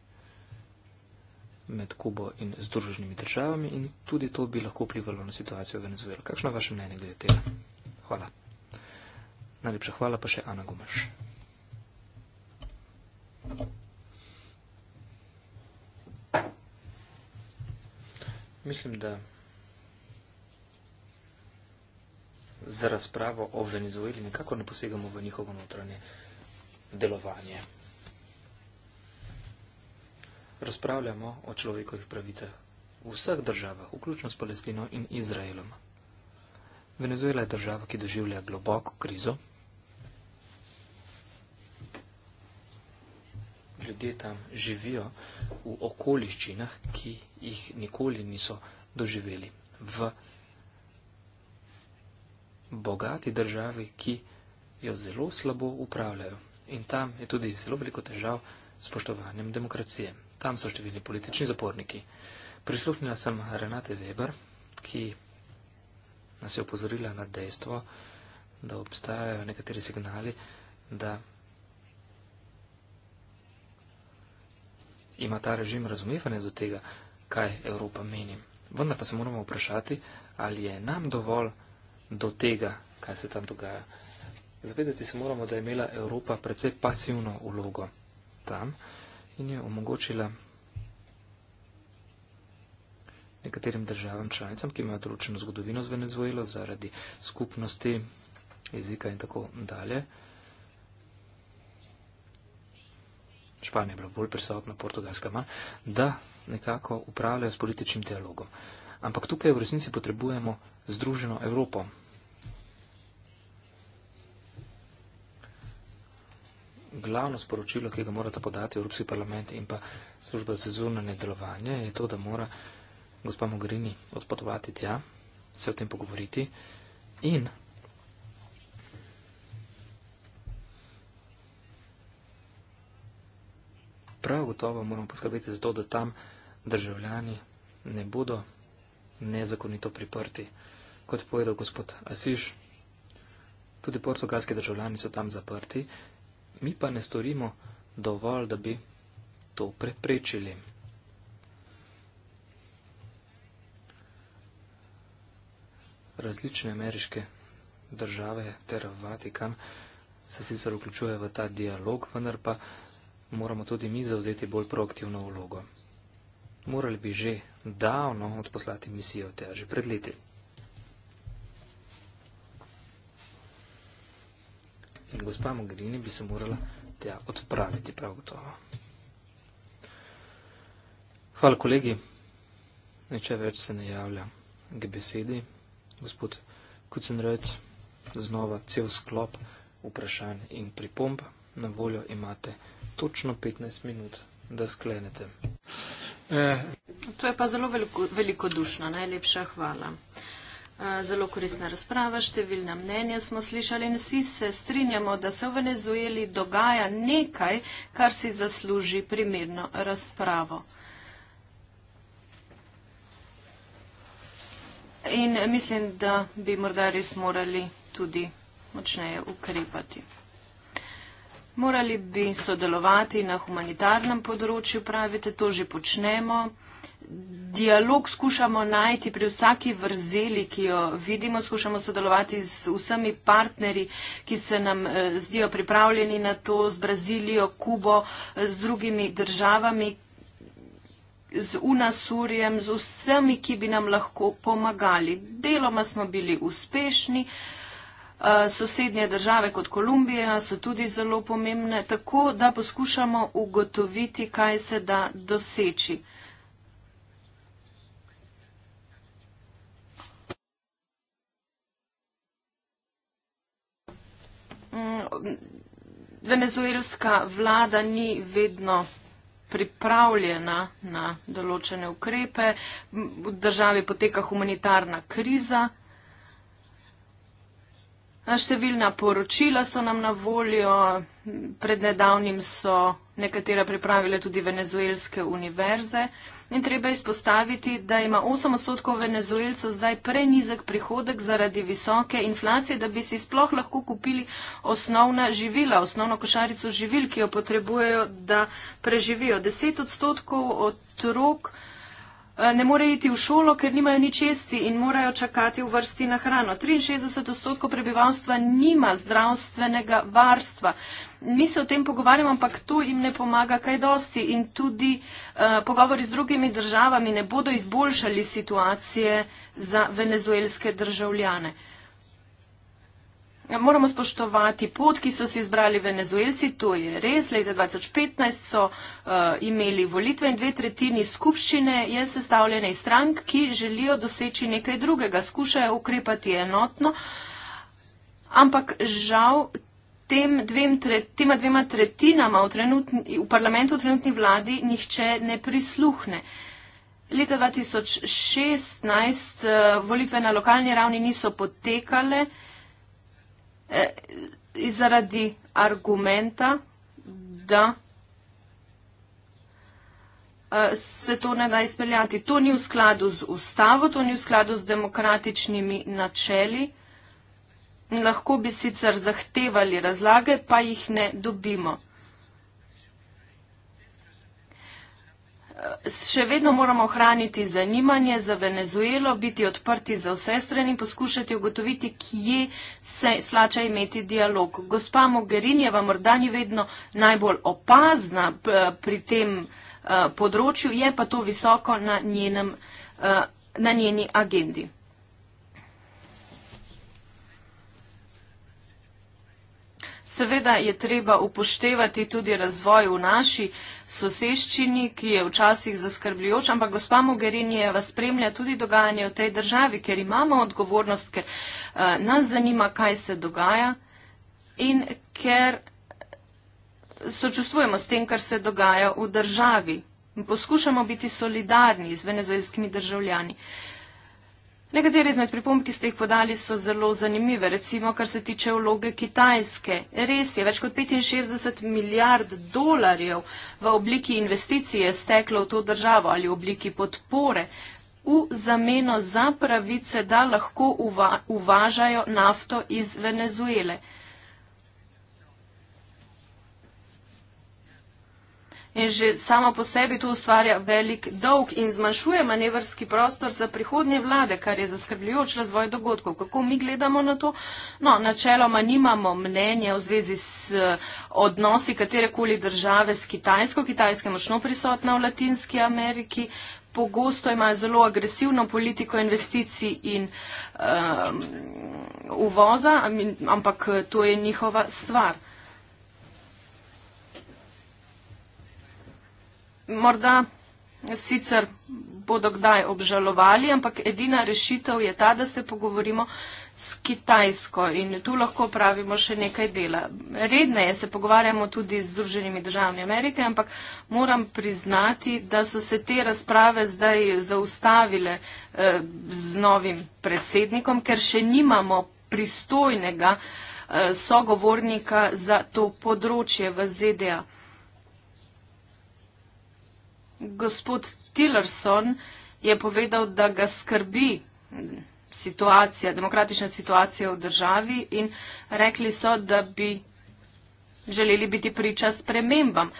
med Kubo in združenimi državami in tudi to bi lahko vplivalo na situacijo v Venezuelo. Kakšno je vaše mnenje glede tega? Hvala. Najlepša hvala pa še Ana Gumaš. Thank you. Mislim, da za razpravo o Venezueli nekako ne posegamo v njihovo notranje delovanje. Razpravljamo o človekovih pravicah v vseh državah, vključno s Palestino in Izraelom. Venezuela je država, ki doživlja globoko krizo, ljudje tam živijo v okoliščinah, ki jih nikoli niso doživeli. V bogati državi, ki jo zelo slabo upravljajo. In tam je tudi zelo veliko težav s poštovanjem demokracije. Tam so številni politični zaporniki. Prisluhnila sem Renate Weber, ki nas je opozorila na dejstvo, da obstajajo nekateri signali, da ima ta režim razumevanje za tega, kaj Evropa meni. Vendar pa se moramo vprašati, ali je nam dovolj do tega, kaj se tam dogaja. Zavedati se moramo, da je imela Evropa precej pasivno ulogo tam in je omogočila nekaterim državam članicam, ki imajo določeno zgodovino z Venezuelo zaradi skupnosti jezika in tako dalje, Španija je bila bolj prisotna, Portugalska manj, da nekako upravljajo s političnim dialogom. Ampak tukaj v resnici potrebujemo združeno Evropo. Glavno sporočilo, ki ga morata podati Evropski parlament in pa služba za zunanje delovanje, je to, da mora gospa Mogherini odpotovati tja, se o tem pogovoriti in prav gotovo moramo poskrbeti za to, da tam državljani ne bodo nezakonito priprti. Kot je povedal gospod Asiš, tudi portugalski državljani so tam zaprti, mi pa ne storimo dovolj, da bi to preprečili. Različne ameriške države ter Vatikan se sicer vključuje v ta dialog, vendar pa moramo tudi mi zauzeti bolj proaktivno vlogo. Morali bi že davno odposlati misijo te, že pred leti. Gospa Mogherini bi se morala tja odpraviti prav gotovo. Hvala, kolegi. Neče več se ne javlja k besedi. Gospod Kucenrejc, znova cel sklop vprašanj in pripomb na voljo imate vsega točno 15 minut, da sklenete. Eh. To je pa zelo veliko, veliko dušno. Najlepša hvala. Eh, zelo korisna razprava, številna mnenja smo slišali in vsi se strinjamo, da se v Venezueli dogaja nekaj, kar si zasluži primerno razpravo. In mislim, da bi morda res morali tudi močneje ukrepati. Morali bi sodelovati na humanitarnem področju, pravite, to že počnemo. Dialog skušamo najti pri vsaki vrzeli, ki jo vidimo, skušamo sodelovati z vsemi partnerji, ki se nam eh, zdijo pripravljeni na to, z Brazilijo, Kubo, eh, z drugimi državami, z Unasurjem, z vsemi, ki bi nam lahko pomagali. Deloma smo bili uspešni. Eh, sosednje države kot Kolumbija so tudi zelo pomembne, tako da poskušamo ugotoviti, kaj se da doseči. Mm, venezuelska vlada ni vedno pripravljena na določene ukrepe, v državi poteka humanitarna kriza. Številna poročila so nam na voljo, pred nedavnim so nekatera pripravile tudi venezuelske univerze. In treba izpostaviti, da ima 8 odstotkov venezuelcev zdaj prenizek prihodek zaradi visoke inflacije, da bi si sploh lahko kupili osnovna živila, osnovno košarico živil, ki jo potrebujejo, da preživijo. 10 odstotkov otrok. Od Eh, ne more iti v šolo, ker nimajo ni česti in morajo čakati v vrsti na hrano. 63 odstotkov prebivalstva nima zdravstvenega varstva. Mi se o tem pogovarjamo, ampak to jim ne pomaga kaj dosti in tudi uh, pogovori z drugimi državami ne bodo izboljšali situacije za venezuelske državljane. Uh, Moramo spoštovati pot, ki so si izbrali venezuelci, to je res. Leta 2015 so uh, imeli volitve in dve tretjini skupščine je sestavljene iz strank, ki želijo doseči nekaj drugega, skušajo ukrepati enotno. Ampak žal tem dvem tre, tema dvema tretjinama v, v parlamentu v trenutni vladi nihče ne prisluhne. Leta 2016 uh, eh, volitve na lokalni ravni niso potekale e, zaradi argumenta, da e, se to ne da izpeljati. To ni v skladu z ustavo, to ni v skladu z demokratičnimi načeli. Lahko bi sicer zahtevali razlage, pa jih ne dobimo. E, še vedno moramo ohraniti zanimanje za Venezuelo, biti odprti za vse strani in poskušati ugotoviti, kje se splača imeti dialog. Gospa Mogherinjeva morda ni vedno najbolj opazna pri tem eh, področju, je pa to visoko na, njenem, eh, na njeni agendi. Seveda je treba upoštevati tudi razvoj v naši soseščini, ki je včasih zaskrbljujoč, ampak gospa Mogherinijeva spremlja tudi dogajanje v tej državi, ker imamo odgovornost, ker eh, nas zanima, kaj se dogaja in ker sočustvujemo s tem, kar se dogaja v državi. Poskušamo biti solidarni z venezuelskimi državljani. Uh, Nekatere izmed pripomb, ki ste jih podali, so zelo zanimive. Recimo, kar se tiče vloge Kitajske. Res je, več kot 65 milijard dolarjev v obliki investicije steklo v to državo ali v obliki podpore v zameno za pravice, da lahko uva uvažajo nafto iz Venezuele. in že samo po sebi to ustvarja velik dolg in zmanjšuje manevrski prostor za prihodnje vlade, kar je zaskrbljujoč razvoj dogodkov. Kako mi gledamo na to? No, načeloma nimamo mnenja v zvezi s eh, odnosi katerekoli države s Kitajsko. Kitajska je močno prisotna v Latinski Ameriki. Pogosto imajo zelo agresivno politiko investicij in um, uvoza, ampak eh, to je njihova stvar. morda sicer bodo kdaj obžalovali, ampak edina rešitev je ta, da se pogovorimo s Kitajsko in tu lahko pravimo še nekaj dela. Redne je, se pogovarjamo tudi z Združenimi državami Amerike, ampak moram priznati, da so se te razprave zdaj zaustavile eh, z novim predsednikom, ker še nimamo pristojnega eh, sogovornika za to področje v ZDA. Gospod Tillerson je povedal, da ga skrbi situacija, demokratična situacija v državi in rekli so, da bi želeli biti priča spremembam.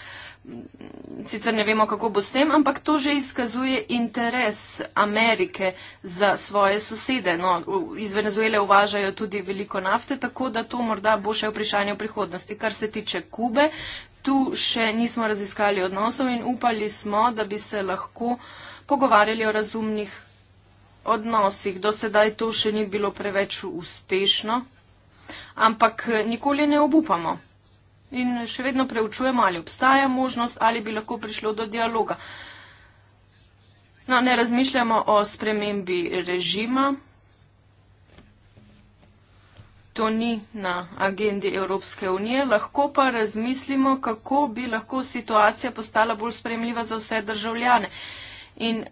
Sicer ne vemo, kako bo s tem, ampak to že izkazuje interes Amerike za svoje sosede. No, iz Venezuele uvažajo tudi veliko nafte, tako da to morda bo še vprašanje v prihodnosti. Kar se tiče Kube, tu še nismo raziskali odnosov in upali smo, da bi se lahko pogovarjali o razumnih odnosih. Do sedaj to še ni bilo preveč uspešno, ampak nikoli ne obupamo. In še vedno preučujemo, ali obstaja možnost, ali bi lahko prišlo do dialoga. No, ne razmišljamo o spremembi režima to ni na agendi Evropske unije, lahko pa razmislimo, kako bi lahko situacija postala bolj spremljiva za vse državljane. In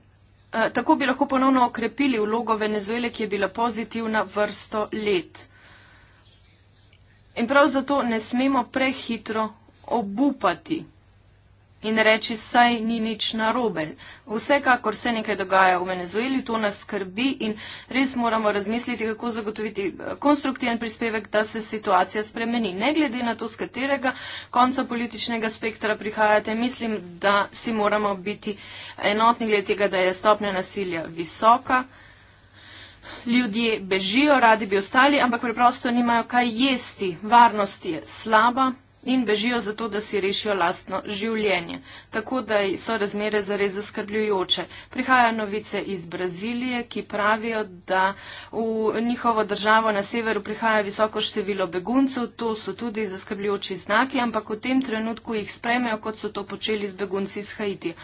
eh, tako bi lahko ponovno okrepili vlogo Venezuele, ki je bila pozitivna vrsto let. In prav zato ne smemo prehitro obupati in reči, saj ni nič narobe. Vsekakor se nekaj dogaja v Venezueli, to nas skrbi in res moramo razmisliti, kako zagotoviti eh, konstruktiven prispevek, da se situacija spremeni. Ne glede na to, z katerega konca političnega spektra prihajate, mislim, da si moramo biti enotni glede tega, da je stopnja nasilja visoka. Ljudje bežijo, radi bi ostali, ampak preprosto nimajo kaj jesti. Varnost je slaba, in bežijo zato, da si rešijo lastno življenje. Tako da so razmere zares zaskrbljujoče. Prihajajo novice iz Brazilije, ki pravijo, da v njihovo državo na severu prihaja visoko število beguncev. To so tudi zaskrbljujoči znaki, ampak v tem trenutku jih spremejo, kot so to počeli z begunci iz Haiti.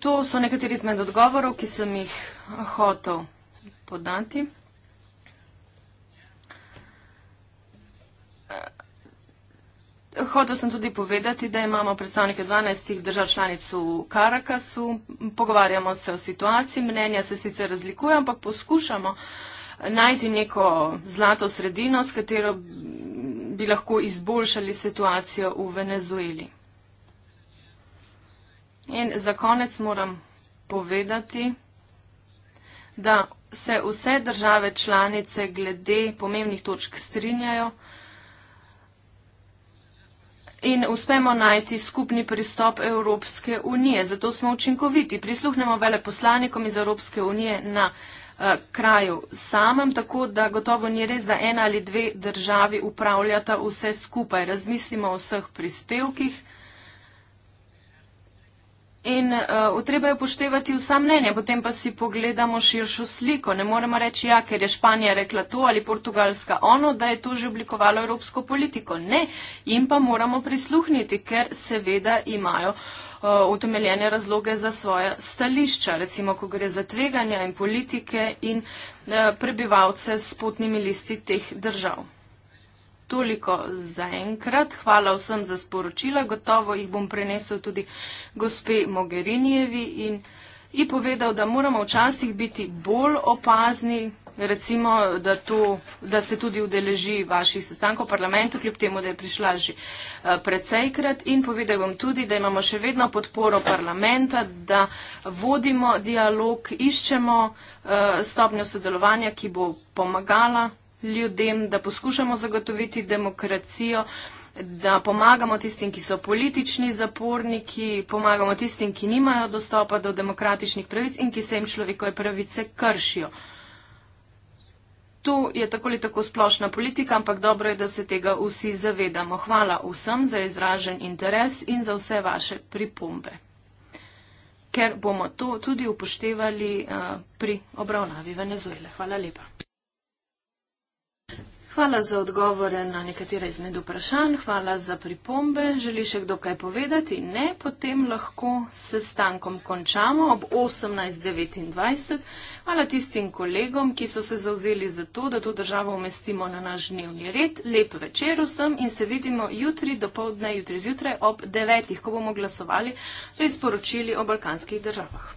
To so nekateri izmed odgovorov, ki sem jih hotel podati. Hotel sem tudi povedati, da imamo predstavnike 12 držav članic v Karakasu, pogovarjamo se o situaciji, mnenja se sicer razlikujejo, ampak poskušamo najti neko zlato sredino, s katero bi lahko izboljšali situacijo v Venezueli. In za konec moram povedati, da se vse države članice glede pomembnih točk strinjajo in uspemo najti skupni pristop Evropske unije. Zato smo učinkoviti. Prisluhnemo veleposlanikom iz Evropske unije na eh, kraju samem, tako da gotovo ni res, da ena ali dve državi upravljata vse skupaj. Razmislimo o vseh prispevkih. In uh, treba je upoštevati vsa mnenja, potem pa si pogledamo širšo sliko. Ne moremo reči, ja, ker je Španija rekla to ali Portugalska ono, da je to že oblikovalo evropsko politiko. Ne, jim pa moramo prisluhniti, ker seveda imajo eh, utemeljene razloge za svoja stališča, recimo, ko gre za tveganja in politike in eh, prebivalce s potnimi listi teh držav. Toliko za enkrat. Hvala vsem za sporočila. Gotovo jih bom prenesel tudi gospe Mogherinijevi in ji povedal, da moramo včasih biti bolj opazni, recimo, da, to, da se tudi udeleži vaših sestankov v parlamentu, kljub temu, da je prišla že eh, predsejkrat. In povedal bom tudi, da imamo še vedno podporo parlamenta, da vodimo dialog, iščemo eh, stopnjo sodelovanja, ki bo pomagala ljudem, da poskušamo zagotoviti demokracijo, da pomagamo tistim, ki so politični zaporniki, pomagamo tistim, ki nimajo dostopa do demokratičnih pravic in ki se jim človekove pravice kršijo. To je tako ali tako splošna politika, ampak dobro je, da se tega vsi zavedamo. Hvala vsem za izražen interes in za vse vaše pripombe ker bomo to tudi upoštevali uh, pri obravnavi Venezuele. Hvala lepa. Hvala za odgovore na nekatere izmed vprašanj, hvala za pripombe. Želi še kdo kaj povedati? Ne, potem lahko se stankom končamo ob 18.29. Hvala tistim kolegom, ki so se zauzeli za to, da to državo umestimo na naš dnevni red. Lep večer vsem in se vidimo jutri do povdne, jutri zjutraj ob 9.00, ko bomo glasovali za izporočili o balkanskih državah.